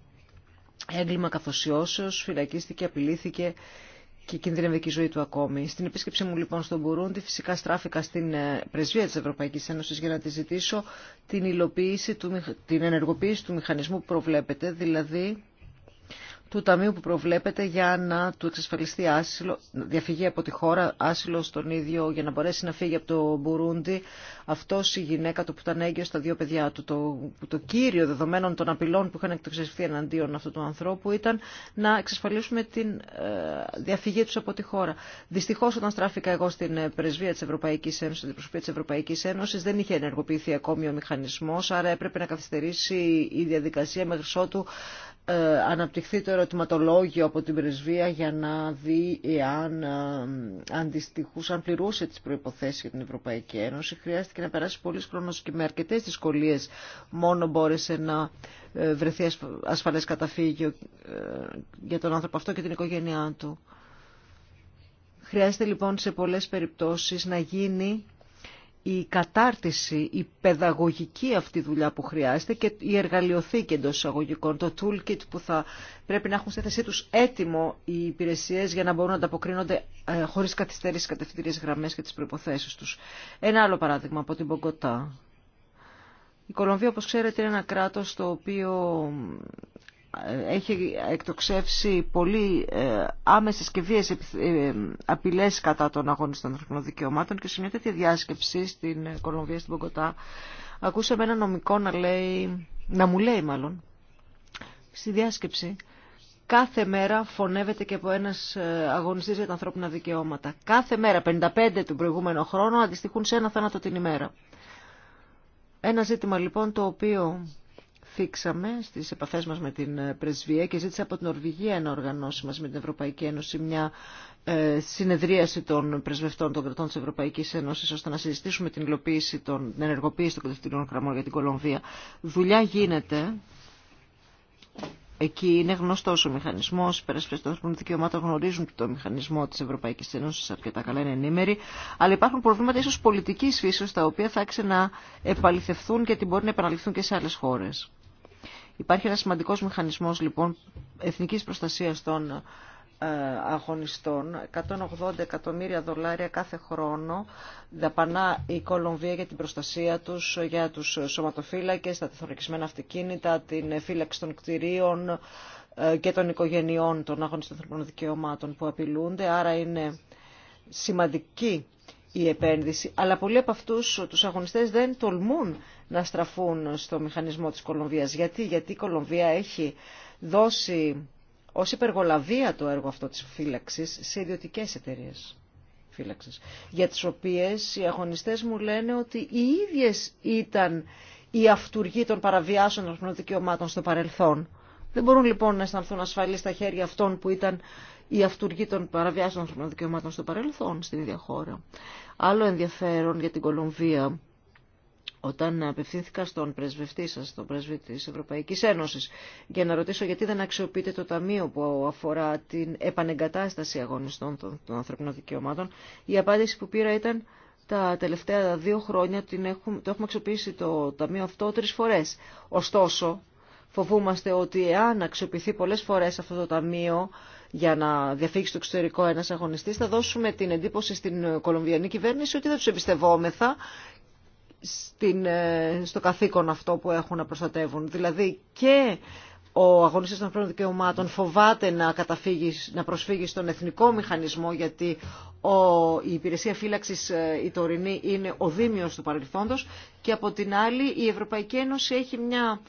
έγκλημα καθοσιώσεως, φυλακίστηκε, απειλήθηκε και κινδυνεύει και η ζωή του ακόμη. Στην επίσκεψή μου λοιπόν στον Μπουρούντι φυσικά στράφηκα στην ε, πρεσβεία της Ευρωπαϊκής Ένωσης για να τη ζητήσω την, υλοποίηση, την ενεργοποίηση του μηχανισμού που προβλέπεται, δηλαδή του ταμείου που προβλέπεται για να του εξασφαλιστεί άσυλο, διαφυγή από τη χώρα, άσυλο στον ίδιο για να μπορέσει να φύγει από το Μπουρούντι. Αυτό η γυναίκα του που ήταν έγκυο στα δύο παιδιά του. Το, το κύριο δεδομένο των απειλών που είχαν εκτοξευθεί εναντίον αυτού του ανθρώπου ήταν να εξασφαλίσουμε τη ε, διαφυγή του από τη χώρα. Δυστυχώ όταν στράφηκα εγώ στην ε, πρεσβεία τη Ευρωπαϊκή Ένωση, στην αντιπροσωπεία τη Ευρωπαϊκή Ένωση, δεν είχε ενεργοποιηθεί ακόμη ο μηχανισμό, άρα έπρεπε να καθυστερήσει η διαδικασία μέχρι ότου ε, αναπτυχθεί το ερωτηματολόγιο από την Πρεσβεία για να δει εάν ε, αν πληρούσε τις προϋποθέσεις για την Ευρωπαϊκή Ένωση. Χρειάστηκε να περάσει πολλή χρόνος και με αρκετές δυσκολίες μόνο μπόρεσε να ε, βρεθεί ασφαλές καταφύγιο για τον άνθρωπο αυτό και την οικογένειά του. Χρειάζεται λοιπόν σε πολλές περιπτώσεις να γίνει η κατάρτιση, η παιδαγωγική αυτή δουλειά που χρειάζεται και η εργαλειοθήκη εντό εισαγωγικών, το toolkit που θα πρέπει να έχουν στη θέση του έτοιμο οι υπηρεσίε για να μπορούν να ανταποκρίνονται ε, καθυστέρηση στις κατευθυντήριες γραμμές και τις προποθέσει τους. Ένα άλλο παράδειγμα από την Μπογκοτά. Η Κολομβία, όπω ξέρετε, είναι ένα κράτο το οποίο έχει εκτοξεύσει πολύ ε, άμεσες και βίες ε, απειλές κατά των αγώνων των ανθρωπινών δικαιωμάτων και σε μια τέτοια διάσκεψη στην Κολομβία, στην Πογκοτά, ακούσαμε ένα νομικό να, λέει, να μου λέει μάλλον, στη διάσκεψη, Κάθε μέρα φωνεύεται και από ένα ε, αγωνιστή για τα ανθρώπινα δικαιώματα. Κάθε μέρα, 55 του προηγούμενου χρόνου αντιστοιχούν σε ένα θάνατο την ημέρα. Ένα ζήτημα λοιπόν το οποίο θίξαμε στις επαφές μας με την ε, Πρεσβεία και ζήτησα από την Ορβηγία να οργανώσει μαζί με την Ευρωπαϊκή Ένωση μια ε, συνεδρίαση των πρεσβευτών των κρατών της Ευρωπαϊκής Ένωσης ώστε να συζητήσουμε την υλοποίηση των, την ενεργοποίηση των κατευθυντικών γραμμών για την Κολομβία. Δουλειά γίνεται. Εκεί είναι γνωστό ο μηχανισμό. Οι υπερασπιστέ των ανθρώπινων δικαιωμάτων γνωρίζουν το μηχανισμό τη Ευρωπαϊκή Ένωση αρκετά καλά, είναι ενήμεροι. Αλλά υπάρχουν προβλήματα ίσω πολιτική φύση, τα οποία θα ξαναεπαληθευθούν και την μπορεί να επαναληφθούν και σε άλλε χώρε. Υπάρχει ένα σημαντικός μηχανισμός λοιπόν εθνικής προστασίας των ε, αγωνιστών, 180 εκατομμύρια δολάρια κάθε χρόνο δαπανά η Κολομβία για την προστασία τους, για τους σωματοφύλακες, τα τεθωρακισμένα αυτοκίνητα, την φύλαξη των κτηρίων ε, και των οικογενειών των αγωνιστών ανθρωπίνων δικαιωμάτων που απειλούνται. Άρα είναι σημαντική η επένδυση. Αλλά πολλοί από αυτού, του αγωνιστέ δεν τολμούν να στραφούν στο μηχανισμό τη Κολομβία. Γιατί, Γιατί η Κολομβία έχει δώσει ως υπεργολαβία το έργο αυτό της φύλαξη σε ιδιωτικέ εταιρείε φύλαξη, για τις οποίες οι αγωνιστές μου λένε ότι οι ίδιες ήταν οι αυτούργοι των παραβιάσεων των δικαιωμάτων στο παρελθόν. Δεν μπορούν λοιπόν να αισθανθούν ασφαλείς στα χέρια αυτών που ήταν οι αυτούργοι των παραβιάσεων των δικαιωμάτων στο παρελθόν στην ίδια χώρα. Άλλο ενδιαφέρον για την Κολομβία, όταν απευθύνθηκα στον πρεσβευτή σας, τον πρεσβή της Ευρωπαϊκής Ένωσης, για να ρωτήσω γιατί δεν αξιοποιείται το ταμείο που αφορά την επανεγκατάσταση αγωνιστών των, των ανθρωπινών δικαιωμάτων, η απάντηση που πήρα ήταν τα τελευταία δύο χρόνια την έχουμε, το έχουμε αξιοποιήσει το ταμείο αυτό τρεις φορές. Ωστόσο, Φοβούμαστε ότι εάν αξιοποιηθεί πολλές φορές αυτό το ταμείο για να διαφύγει στο εξωτερικό ένας αγωνιστής, θα δώσουμε την εντύπωση στην κολομβιανή κυβέρνηση ότι δεν τους εμπιστευόμεθα στην, ε, στο καθήκον αυτό που έχουν να προστατεύουν. Δηλαδή και ο αγωνιστής των πρώτων δικαιωμάτων φοβάται να, καταφύγει, να προσφύγει στον εθνικό μηχανισμό γιατί ο, η υπηρεσία φύλαξης ε, η τωρινή είναι ο δίμιος του παρελθόντος και από την άλλη η Ευρωπαϊκή Ένωση έχει μια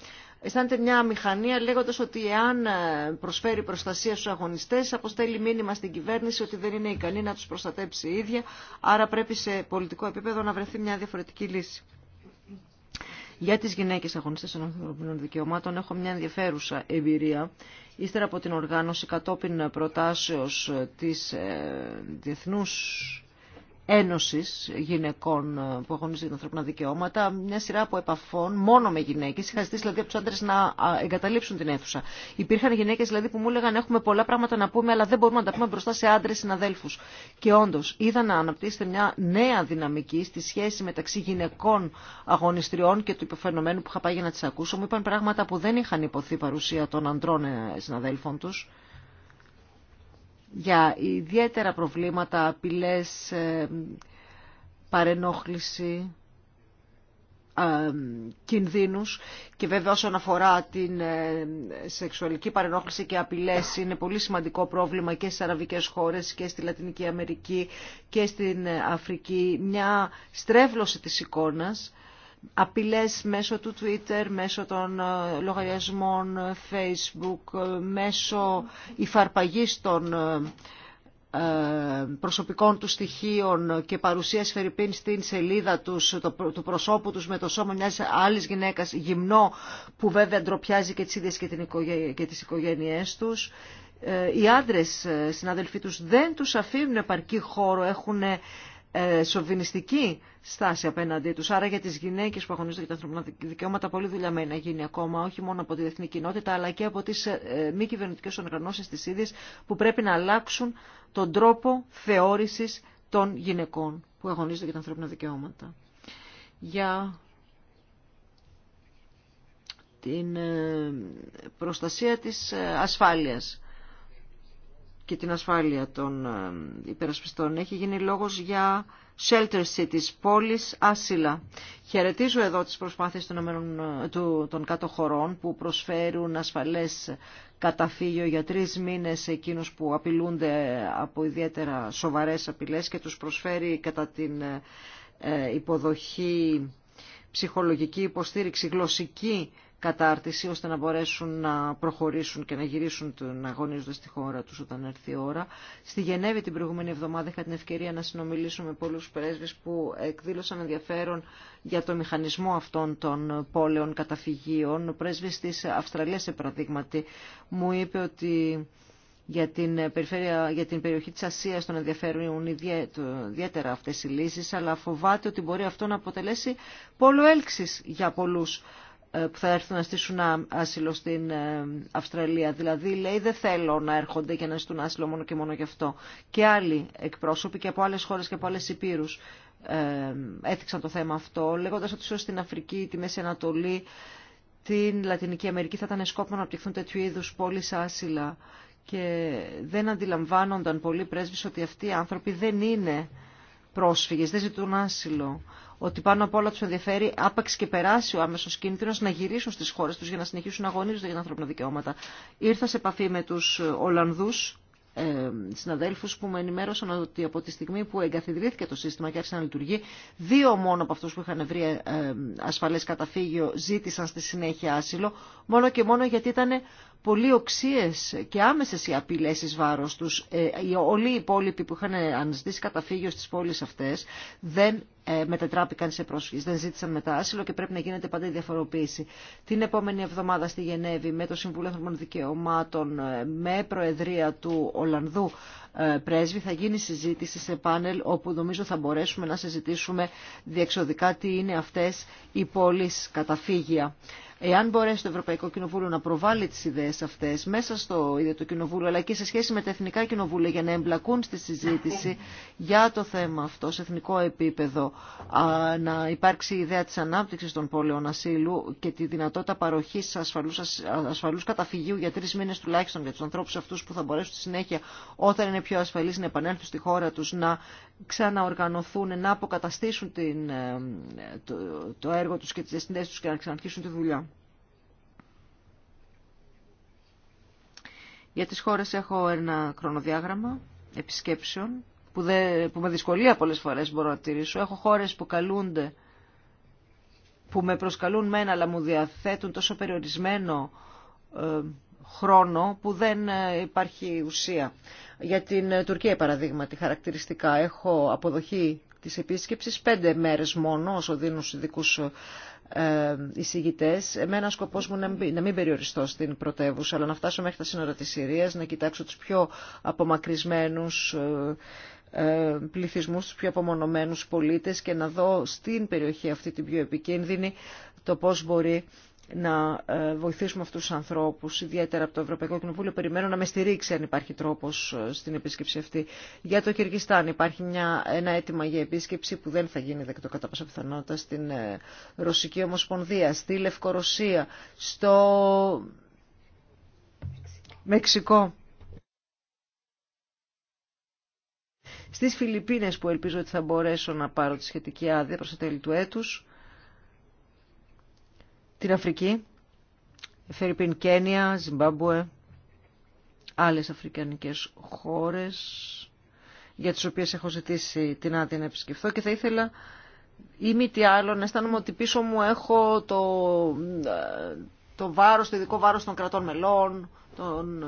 αισθάνεται μια μηχανία λέγοντας ότι εάν ε, προσφέρει προστασία στους αγωνιστές αποστέλει μήνυμα στην κυβέρνηση ότι δεν είναι ικανή να τους προστατέψει η ίδια, άρα πρέπει σε πολιτικό επίπεδο να βρεθεί μια διαφορετική λύση. Για τις γυναίκες αγωνιστές των ανθρωπινών δικαιωμάτων έχω μια ενδιαφέρουσα εμπειρία. Ύστερα από την οργάνωση κατόπιν προτάσεως της ε, Ένωση Γυναικών ε, που αγωνίζονται για τα ανθρώπινα δικαιώματα, μια σειρά από επαφών μόνο με γυναίκες. Είχα ζητήσει δηλαδή από του άντρες να εγκαταλείψουν την αίθουσα. Υπήρχαν γυναίκες δηλαδή που μου έλεγαν έχουμε πολλά πράγματα να πούμε αλλά δεν μπορούμε να τα πούμε μπροστά σε άντρες συναδέλφους. Και όντω, είδα να αναπτύσσεται μια νέα δυναμική στη σχέση μεταξύ γυναικών αγωνιστριών και του υποφαινομένου που είχα πάει για να τις ακούσω. Μου είπαν πράγματα που δεν είχαν υποθεί παρουσία των αντρών ε, συναδέλφων τους για ιδιαίτερα προβλήματα, απειλές, ε, παρενόχληση, ε, κινδύνους και βέβαια όσον αφορά την ε, σεξουαλική παρενόχληση και απειλές είναι πολύ σημαντικό πρόβλημα και στις αραβικές χώρες και στη Λατινική Αμερική και στην Αφρική μια στρέβλωση της εικόνας απειλές μέσω του Twitter, μέσω των ε, λογαριασμών ε, Facebook, ε, μέσω υφαρπαγής των προσωπικών του στοιχείων και παρουσία φεριπίν στην σελίδα τους, του προσώπου τους με το σώμα μιας άλλης γυναίκας γυμνό που βέβαια ντροπιάζει και τις ίδιες και, την και τις οικογένειές τους. οι άντρες συναδελφοί τους δεν τους αφήνουν επαρκή χώρο, έχουν ε, σοβινιστική στάση απέναντί τους. Άρα για τις γυναίκες που αγωνίζονται για τα ανθρώπινα δικαιώματα πολύ δουλειά μένει να γίνει ακόμα, όχι μόνο από τη διεθνή κοινότητα, αλλά και από τις ε, ε, μη κυβερνητικέ οργανώσεις της ίδιας που πρέπει να αλλάξουν τον τρόπο θεώρησης των γυναικών που αγωνίζονται για τα ανθρώπινα δικαιώματα. Για την προστασία της ασφάλειας και την ασφάλεια των ε, υπερασπιστών. Έχει γίνει λόγος για shelter cities, πόλεις άσυλα. Χαιρετίζω εδώ τις προσπάθειες των ε, κάτω χωρών που προσφέρουν ασφαλές καταφύγιο για τρεις μήνες εκείνους που απειλούνται από ιδιαίτερα σοβαρές απειλές και τους προσφέρει κατά την ε, υποδοχή ψυχολογική υποστήριξη, γλωσσική κατάρτιση ώστε να μπορέσουν να προχωρήσουν και να γυρίσουν να αγωνίζονται στη χώρα τους όταν έρθει η ώρα. Στη Γενέβη την προηγούμενη εβδομάδα είχα την ευκαιρία να συνομιλήσω με πολλούς πρέσβες που εκδήλωσαν ενδιαφέρον για το μηχανισμό αυτών των πόλεων καταφυγίων. Ο πρέσβης της Αυστραλίας, σε παραδείγματι, μου είπε ότι για την, περιφέρεια, για την περιοχή της Ασίας τον ενδιαφέρουν ιδιαίτερα αυτές οι λύσεις, αλλά φοβάται ότι μπορεί αυτό να αποτελέσει πόλο έλξης για πολλούς ε, που θα έρθουν να στήσουν άσυλο στην ε, Αυστραλία. Δηλαδή, λέει, δεν θέλω να έρχονται και να ζητούν άσυλο μόνο και μόνο γι' αυτό. Και άλλοι εκπρόσωποι και από άλλε χώρε και από άλλε υπήρου ε, έθιξαν το θέμα αυτό, λέγοντα ότι ίσω στην Αφρική, τη Μέση Ανατολή, την Λατινική Αμερική θα ήταν σκόπιμο να απτυχθούν τέτοιου είδου πόλει άσυλα. Και δεν αντιλαμβάνονταν πολλοί πρέσβει ότι αυτοί οι άνθρωποι δεν είναι πρόσφυγες, δεν ζητούν άσυλο ότι πάνω απ' όλα του ενδιαφέρει άπαξ και περάσει ο άμεσο κίνδυνο να γυρίσουν στι χώρε του για να συνεχίσουν να αγωνίζονται για τα ανθρώπινα δικαιώματα. Ήρθα σε επαφή με του Ολλανδού ε, συναδέλφου που με ενημέρωσαν ότι από τη στιγμή που εγκαθιδρύθηκε το σύστημα και άρχισε να λειτουργεί, δύο μόνο από αυτού που είχαν βρει ε, ασφαλέ καταφύγιο ζήτησαν στη συνέχεια άσυλο, μόνο και μόνο γιατί ήταν πολύ οξύες και άμεσες οι απειλές εις βάρος τους. Ε, όλοι οι υπόλοιποι που είχαν αναζητήσει καταφύγιο στις πόλεις αυτές δεν ε, μετατράπηκαν σε πρόσφυγες, δεν ζήτησαν μετά άσυλο και πρέπει να γίνεται πάντα η διαφοροποίηση. Την επόμενη εβδομάδα στη Γενέβη με το Συμβούλιο Εθνών Δικαιωμάτων, ε, με προεδρία του Ολλανδού ε, πρέσβη θα γίνει συζήτηση σε πάνελ όπου νομίζω θα μπορέσουμε να συζητήσουμε διεξοδικά τι είναι αυτές οι πόλεις καταφύγια. Εάν μπορέσει το Ευρωπαϊκό Κοινοβούλιο να προβάλλει τις ιδέες αυτές μέσα στο ίδιο το Κοινοβούλιο αλλά και σε σχέση με τα εθνικά κοινοβούλια για να εμπλακούν στη συζήτηση για το θέμα αυτό σε εθνικό επίπεδο, να υπάρξει η ιδέα της ανάπτυξης των πόλεων ασύλου και τη δυνατότητα παροχή ασφαλού καταφυγίου για τρει μήνε τουλάχιστον για του ανθρώπου αυτού που θα μπορέσουν στη συνέχεια όταν είναι πιο ασφαλείς να επανέλθουν στη χώρα τους, να ξαναοργανωθούν, να αποκαταστήσουν την, ε, το, έργο τους και τις συνδέσεις τους και να ξαναρχίσουν τη δουλειά. Για τις χώρες έχω ένα χρονοδιάγραμμα επισκέψεων που, που με δυσκολία πολλές φορές μπορώ να τηρήσω. Έχω χώρες που καλούνται, που με προσκαλούν μένα αλλά μου διαθέτουν τόσο περιορισμένο ε, χρόνο που δεν ε, υπάρχει ουσία. Για την ε, Τουρκία, παραδείγματι, χαρακτηριστικά έχω αποδοχή της επίσκεψης πέντε μέρες μόνο, όσο δίνουν στους ειδικούς ε, εισηγητέ. Εμένα σκοπό μου να μην περιοριστώ στην πρωτεύουσα, αλλά να φτάσω μέχρι τα σύνορα της Συρίας, να κοιτάξω τους πιο απομακρυσμένου πληθυσμού, του πιο απομονωμένου πολίτε και να δω στην περιοχή αυτή την πιο επικίνδυνη το πώ μπορεί να ε, βοηθήσουμε αυτού του ανθρώπους, ιδιαίτερα από το Ευρωπαϊκό Κοινοβούλιο. Περιμένω να με στηρίξει αν υπάρχει τρόπος ε, στην επίσκεψη αυτή. Για το Κυργιστάν υπάρχει μια, ένα αίτημα για επίσκεψη που δεν θα γίνει δεκτό κατά πάσα πιθανότητα στην ε, Ρωσική Ομοσπονδία, στη Λευκορωσία, στο Μεξικό. Στις Φιλιππίνες που ελπίζω ότι θα μπορέσω να πάρω τη σχετική άδεια προς το τέλη του έτους την Αφρική, Φερρυπίν Κένια, Ζιμπάμπουε, άλλες αφρικανικές χώρες για τις οποίες έχω ζητήσει την άδεια να επισκεφθώ και θα ήθελα ή μη τι άλλο να αισθάνομαι ότι πίσω μου έχω το, το βάρος, το ειδικό βάρος των κρατών μελών, των,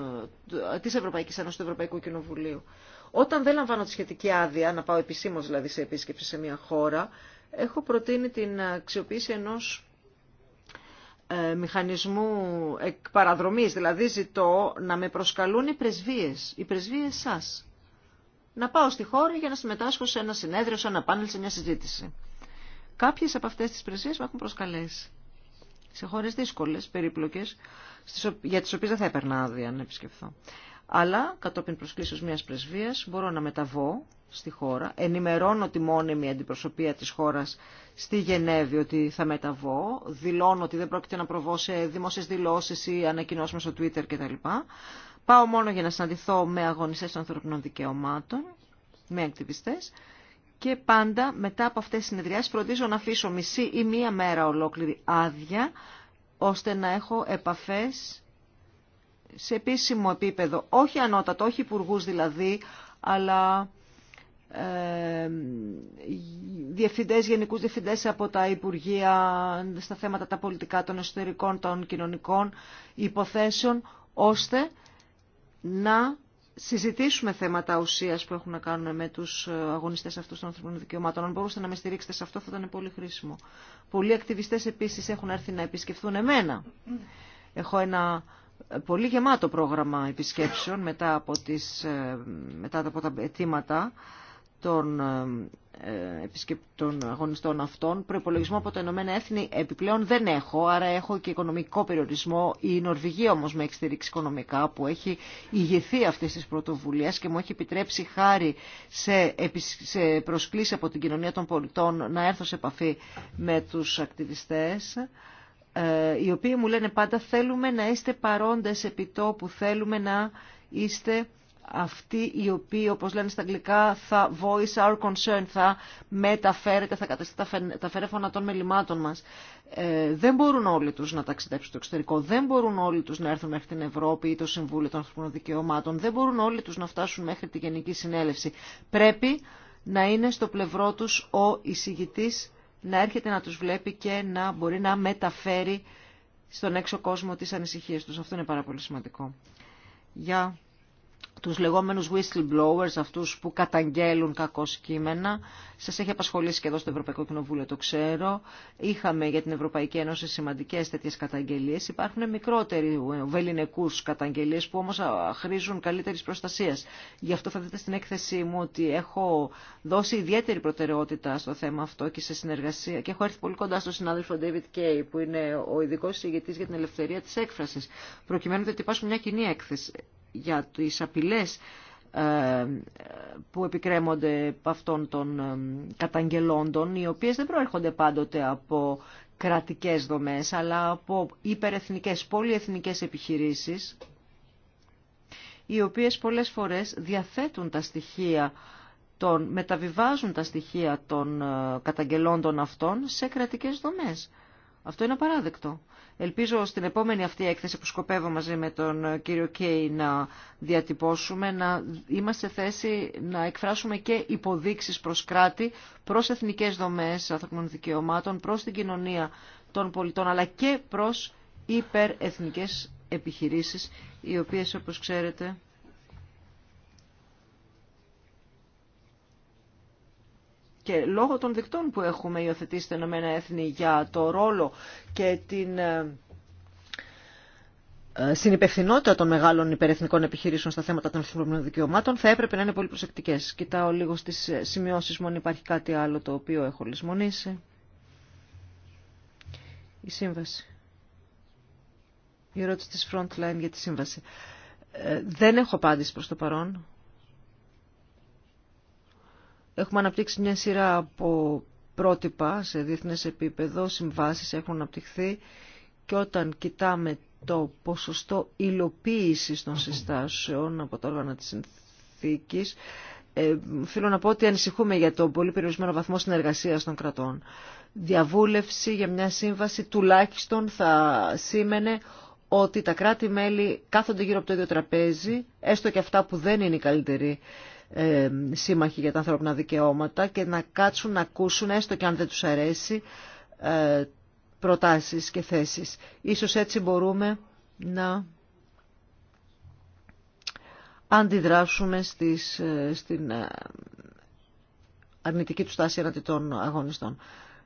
της Ευρωπαϊκής Ένωσης, του Ευρωπαϊκού Κοινοβουλίου. Όταν δεν λαμβάνω τη σχετική άδεια, να πάω επισήμως δηλαδή σε επίσκεψη σε μια χώρα, έχω προτείνει την αξιοποίηση ενός ε, μηχανισμού παραδρομής, δηλαδή ζητώ να με προσκαλούν οι πρεσβείες, οι πρεσβείες σας. Να πάω στη χώρα για να συμμετάσχω σε ένα συνέδριο, σε ένα πάνελ, σε μια συζήτηση. Κάποιες από αυτές τις πρεσβείες με έχουν προσκαλέσει σε χώρες δύσκολες, περίπλοκες, για τις οποίες δεν θα έπαιρνα άδεια να επισκεφθώ. Αλλά κατόπιν προσκλήσεως μιας πρεσβείας μπορώ να μεταβώ στη χώρα. Ενημερώνω τη μόνιμη αντιπροσωπεία της χώρας στη Γενέβη ότι θα μεταβώ. Δηλώνω ότι δεν πρόκειται να προβώ σε δημόσιες δηλώσεις ή ανακοινώσεις στο Twitter κτλ. Πάω μόνο για να συναντηθώ με αγωνιστές των ανθρωπινών δικαιωμάτων, με ακτιβιστές και πάντα μετά από αυτές τις συνεδριάσεις φροντίζω να αφήσω μισή ή μία μέρα ολόκληρη άδεια ώστε να έχω επαφές σε επίσημο επίπεδο, όχι ανώτατο, όχι υπουργού δηλαδή, αλλά ε, διευθυντές, γενικούς διευθυντές από τα Υπουργεία στα θέματα τα πολιτικά των εσωτερικών, των κοινωνικών υποθέσεων, ώστε να συζητήσουμε θέματα ουσίας που έχουν να κάνουν με τους αγωνιστές αυτούς των ανθρωπίνων δικαιωμάτων. Αν μπορούσατε να με στηρίξετε σε αυτό θα ήταν πολύ χρήσιμο. Πολλοί ακτιβιστές επίσης έχουν έρθει να επισκεφθούν εμένα. Έχω ένα πολύ γεμάτο πρόγραμμα επισκέψεων μετά από, τις, ε, μετά από τα αιτήματα των ε, ε, των αγωνιστών αυτών. Προπολογισμό από τα Ηνωμένα Έθνη επιπλέον δεν έχω, άρα έχω και οικονομικό περιορισμό. Η Νορβηγία όμως με έχει στηρίξει οικονομικά που έχει ηγηθεί αυτής της πρωτοβουλίας και μου έχει επιτρέψει χάρη σε, σε προσκλήσει από την κοινωνία των πολιτών να έρθω σε επαφή με τους ακτιβιστές ε, οι οποίοι μου λένε πάντα θέλουμε να είστε παρόντες επί τόπου, θέλουμε να είστε αυτοί οι οποίοι, όπως λένε στα αγγλικά, θα voice our concern, θα μεταφέρεται, θα καταστεί τα φερέφωνα των μελημάτων μας. Ε, δεν μπορούν όλοι τους να ταξιδέψουν στο εξωτερικό, δεν μπορούν όλοι τους να έρθουν μέχρι την Ευρώπη ή το Συμβούλιο των Ανθρωπινών Δικαιωμάτων, δεν μπορούν όλοι τους να φτάσουν μέχρι τη Γενική Συνέλευση. Πρέπει να είναι στο πλευρό τους ο εισηγητής να έρχεται να τους βλέπει και να μπορεί να μεταφέρει στον έξω κόσμο τις ανησυχίες τους. Αυτό είναι πάρα πολύ σημαντικό. Για τους λεγόμενους whistleblowers, αυτούς που καταγγέλουν κακό κείμενα. Σας έχει απασχολήσει και εδώ στο Ευρωπαϊκό Κοινοβούλιο, το ξέρω. Είχαμε για την Ευρωπαϊκή Ένωση σημαντικές τέτοιες καταγγελίες. Υπάρχουν μικρότεροι βεληνικούς καταγγελίες που όμως χρήζουν καλύτερης προστασίας. Γι' αυτό θα δείτε στην έκθεσή μου ότι έχω δώσει ιδιαίτερη προτεραιότητα στο θέμα αυτό και σε συνεργασία. Και έχω έρθει πολύ κοντά στον συνάδελφο David Kay που είναι ο ειδικό ηγετής για την ελευθερία της έκφρασης προκειμένου να υπάρχει μια κοινή έκθεση για τις απειλές ε, που επικρέμονται από αυτών των ε, καταγγελόντων, οι οποίες δεν προέρχονται πάντοτε από κρατικές δομές, αλλά από υπερεθνικές, πολυεθνικές επιχειρήσεις, οι οποίες πολλές φορές διαθέτουν τα στοιχεία των, μεταβιβάζουν τα στοιχεία των ε, καταγγελόντων αυτών σε κρατικές δομές. Αυτό είναι απαράδεκτο. Ελπίζω στην επόμενη αυτή έκθεση που σκοπεύω μαζί με τον κύριο Κέι να διατυπώσουμε, να είμαστε θέση να εκφράσουμε και υποδείξεις προς κράτη, προς εθνικές δομές ανθρώπινων δικαιωμάτων, προς την κοινωνία των πολιτών, αλλά και προς υπερεθνικές επιχειρήσεις, οι οποίες όπως ξέρετε και λόγω των δικτών που έχουμε υιοθετήσει τα Ηνωμένα Έθνη για το ρόλο και την ε, ε, συνυπευθυνότητα των μεγάλων υπερεθνικών επιχειρήσεων στα θέματα των ανθρωπίνων δικαιωμάτων θα έπρεπε να είναι πολύ προσεκτικές. Κοιτάω λίγο στι ε, σημειώσεις μου αν υπάρχει κάτι άλλο το οποίο έχω λησμονήσει. Η σύμβαση. Η ερώτηση τη Frontline για τη σύμβαση. δεν έχω απάντηση προ το παρόν. Έχουμε αναπτύξει μια σειρά από πρότυπα σε διεθνές επίπεδο, συμβάσεις έχουν αναπτυχθεί και όταν κοιτάμε το ποσοστό υλοποίησης των συστάσεων από τα όργανα της συνθήκης, ε, θέλω να πω ότι ανησυχούμε για τον πολύ περιορισμένο βαθμό συνεργασίας των κρατών. Διαβούλευση για μια σύμβαση τουλάχιστον θα σήμαινε ότι τα κράτη-μέλη κάθονται γύρω από το ίδιο τραπέζι, έστω και αυτά που δεν είναι οι καλύτεροι ε, σύμμαχοι για τα ανθρώπινα δικαιώματα και να κάτσουν να ακούσουν, έστω και αν δεν τους αρέσει, ε, προτάσεις και θέσεις. Ίσως έτσι μπορούμε να αντιδράσουμε στις, ε, στην ε, αρνητική του στάση εναντί των αγωνιστών.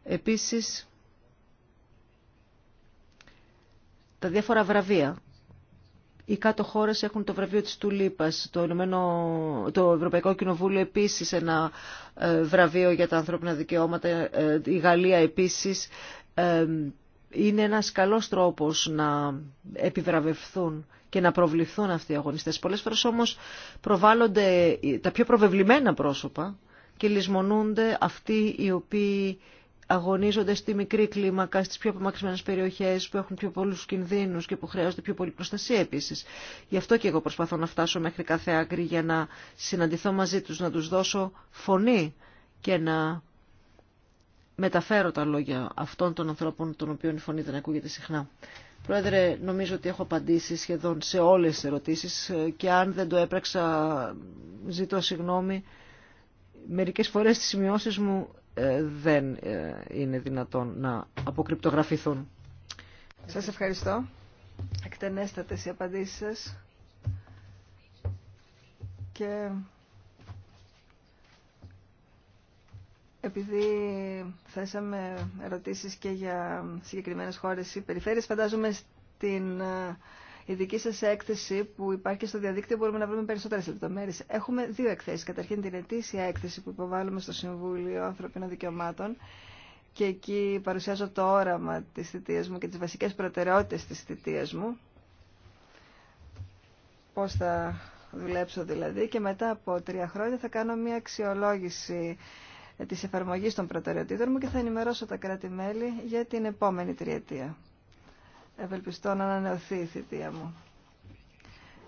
Επίσης, τα διάφορα βραβεία οι κάτω χώρε έχουν το βραβείο τη Τουλίπα. Το, το Ευρωπαϊκό Κοινοβούλιο επίση ένα ε, βραβείο για τα ανθρώπινα δικαιώματα. Ε, η Γαλλία επίση. Ε, είναι ένας καλός τρόπος να επιβραβευθούν και να προβληθούν αυτοί οι αγωνιστές. Πολλέ φορέ όμως προβάλλονται τα πιο προβεβλημένα πρόσωπα και λησμονούνται αυτοί οι οποίοι αγωνίζονται στη μικρή κλίμακα, στι πιο απομακρυσμένε περιοχέ που έχουν πιο πολλού κινδύνου και που χρειάζονται πιο πολλή προστασία επίση. Γι' αυτό και εγώ προσπαθώ να φτάσω μέχρι κάθε άκρη για να συναντηθώ μαζί του, να του δώσω φωνή και να μεταφέρω τα λόγια αυτών των ανθρώπων των οποίων η φωνή δεν ακούγεται συχνά. Πρόεδρε, νομίζω ότι έχω απαντήσει σχεδόν σε όλες τις ερωτήσεις και αν δεν το έπραξα ζητώ συγγνώμη. Μερικές φορές τις σημειώσεις μου ε, δεν ε, είναι δυνατόν να αποκρυπτογραφηθούν. Σας ευχαριστώ. Εκτενέστατες οι απαντήσεις σας. Και επειδή θέσαμε ερωτήσεις και για συγκεκριμένες χώρες ή περιφέρειες, φαντάζομαι στην ε, η δική σα έκθεση που υπάρχει στο διαδίκτυο μπορούμε να βρούμε περισσότερε λεπτομέρειε. Έχουμε δύο εκθέσει. Καταρχήν την ετήσια έκθεση που υποβάλλουμε στο Συμβούλιο Ανθρωπίνων Δικαιωμάτων και εκεί παρουσιάζω το όραμα τη θητεία μου και τι βασικέ προτεραιότητε τη θητεία μου. Πώ θα δουλέψω δηλαδή και μετά από τρία χρόνια θα κάνω μια αξιολόγηση τη εφαρμογή των προτεραιοτήτων μου και θα ενημερώσω τα κράτη-μέλη για την επόμενη τριετία ευελπιστώ να ανανεωθεί η θητεία μου.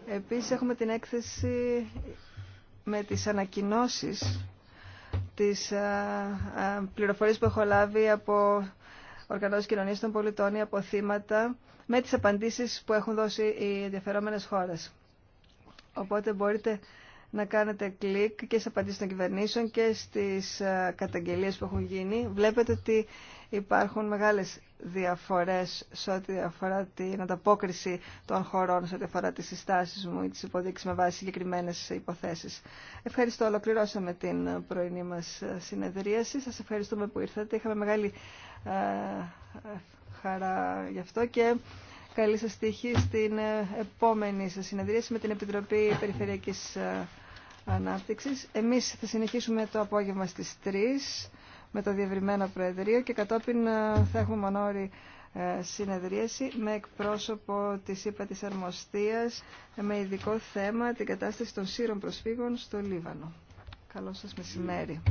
Επίσης έχουμε την έκθεση με τις ανακοινώσεις της πληροφορίες που έχω λάβει από οργανώσεις κοινωνίας των πολιτών ή από θύματα με τις απαντήσεις που έχουν δώσει οι ενδιαφερόμενες χώρες. Οπότε μπορείτε να κάνετε κλικ και σε απαντήσεις των κυβερνήσεων και στις ε, καταγγελίες που έχουν γίνει. Βλέπετε ότι υπάρχουν μεγάλες διαφορές σε ό,τι αφορά την ανταπόκριση των χωρών, σε ό,τι αφορά τις συστάσεις μου ή τις υποδείξεις με βάση συγκεκριμένε υποθέσεις. Ευχαριστώ. Ολοκληρώσαμε την πρωινή μας συνεδρίαση. Σας ευχαριστούμε που ήρθατε. Είχαμε μεγάλη ε, χαρά γι' αυτό και καλή σας τύχη στην ε, επόμενη σας συνεδρίαση με την Επιτροπή Περιφερειακής Ανάπτυξης. Εμείς θα συνεχίσουμε το απόγευμα στις 3 με το διευρυμένο Προεδρείο και κατόπιν ε, θα έχουμε μονόρι ε, συνεδρίαση με εκπρόσωπο της ΥΠΑ της Αρμοστίας με ειδικό θέμα την κατάσταση των σύρων προσφύγων στο Λίβανο. Καλό σας μεσημέρι.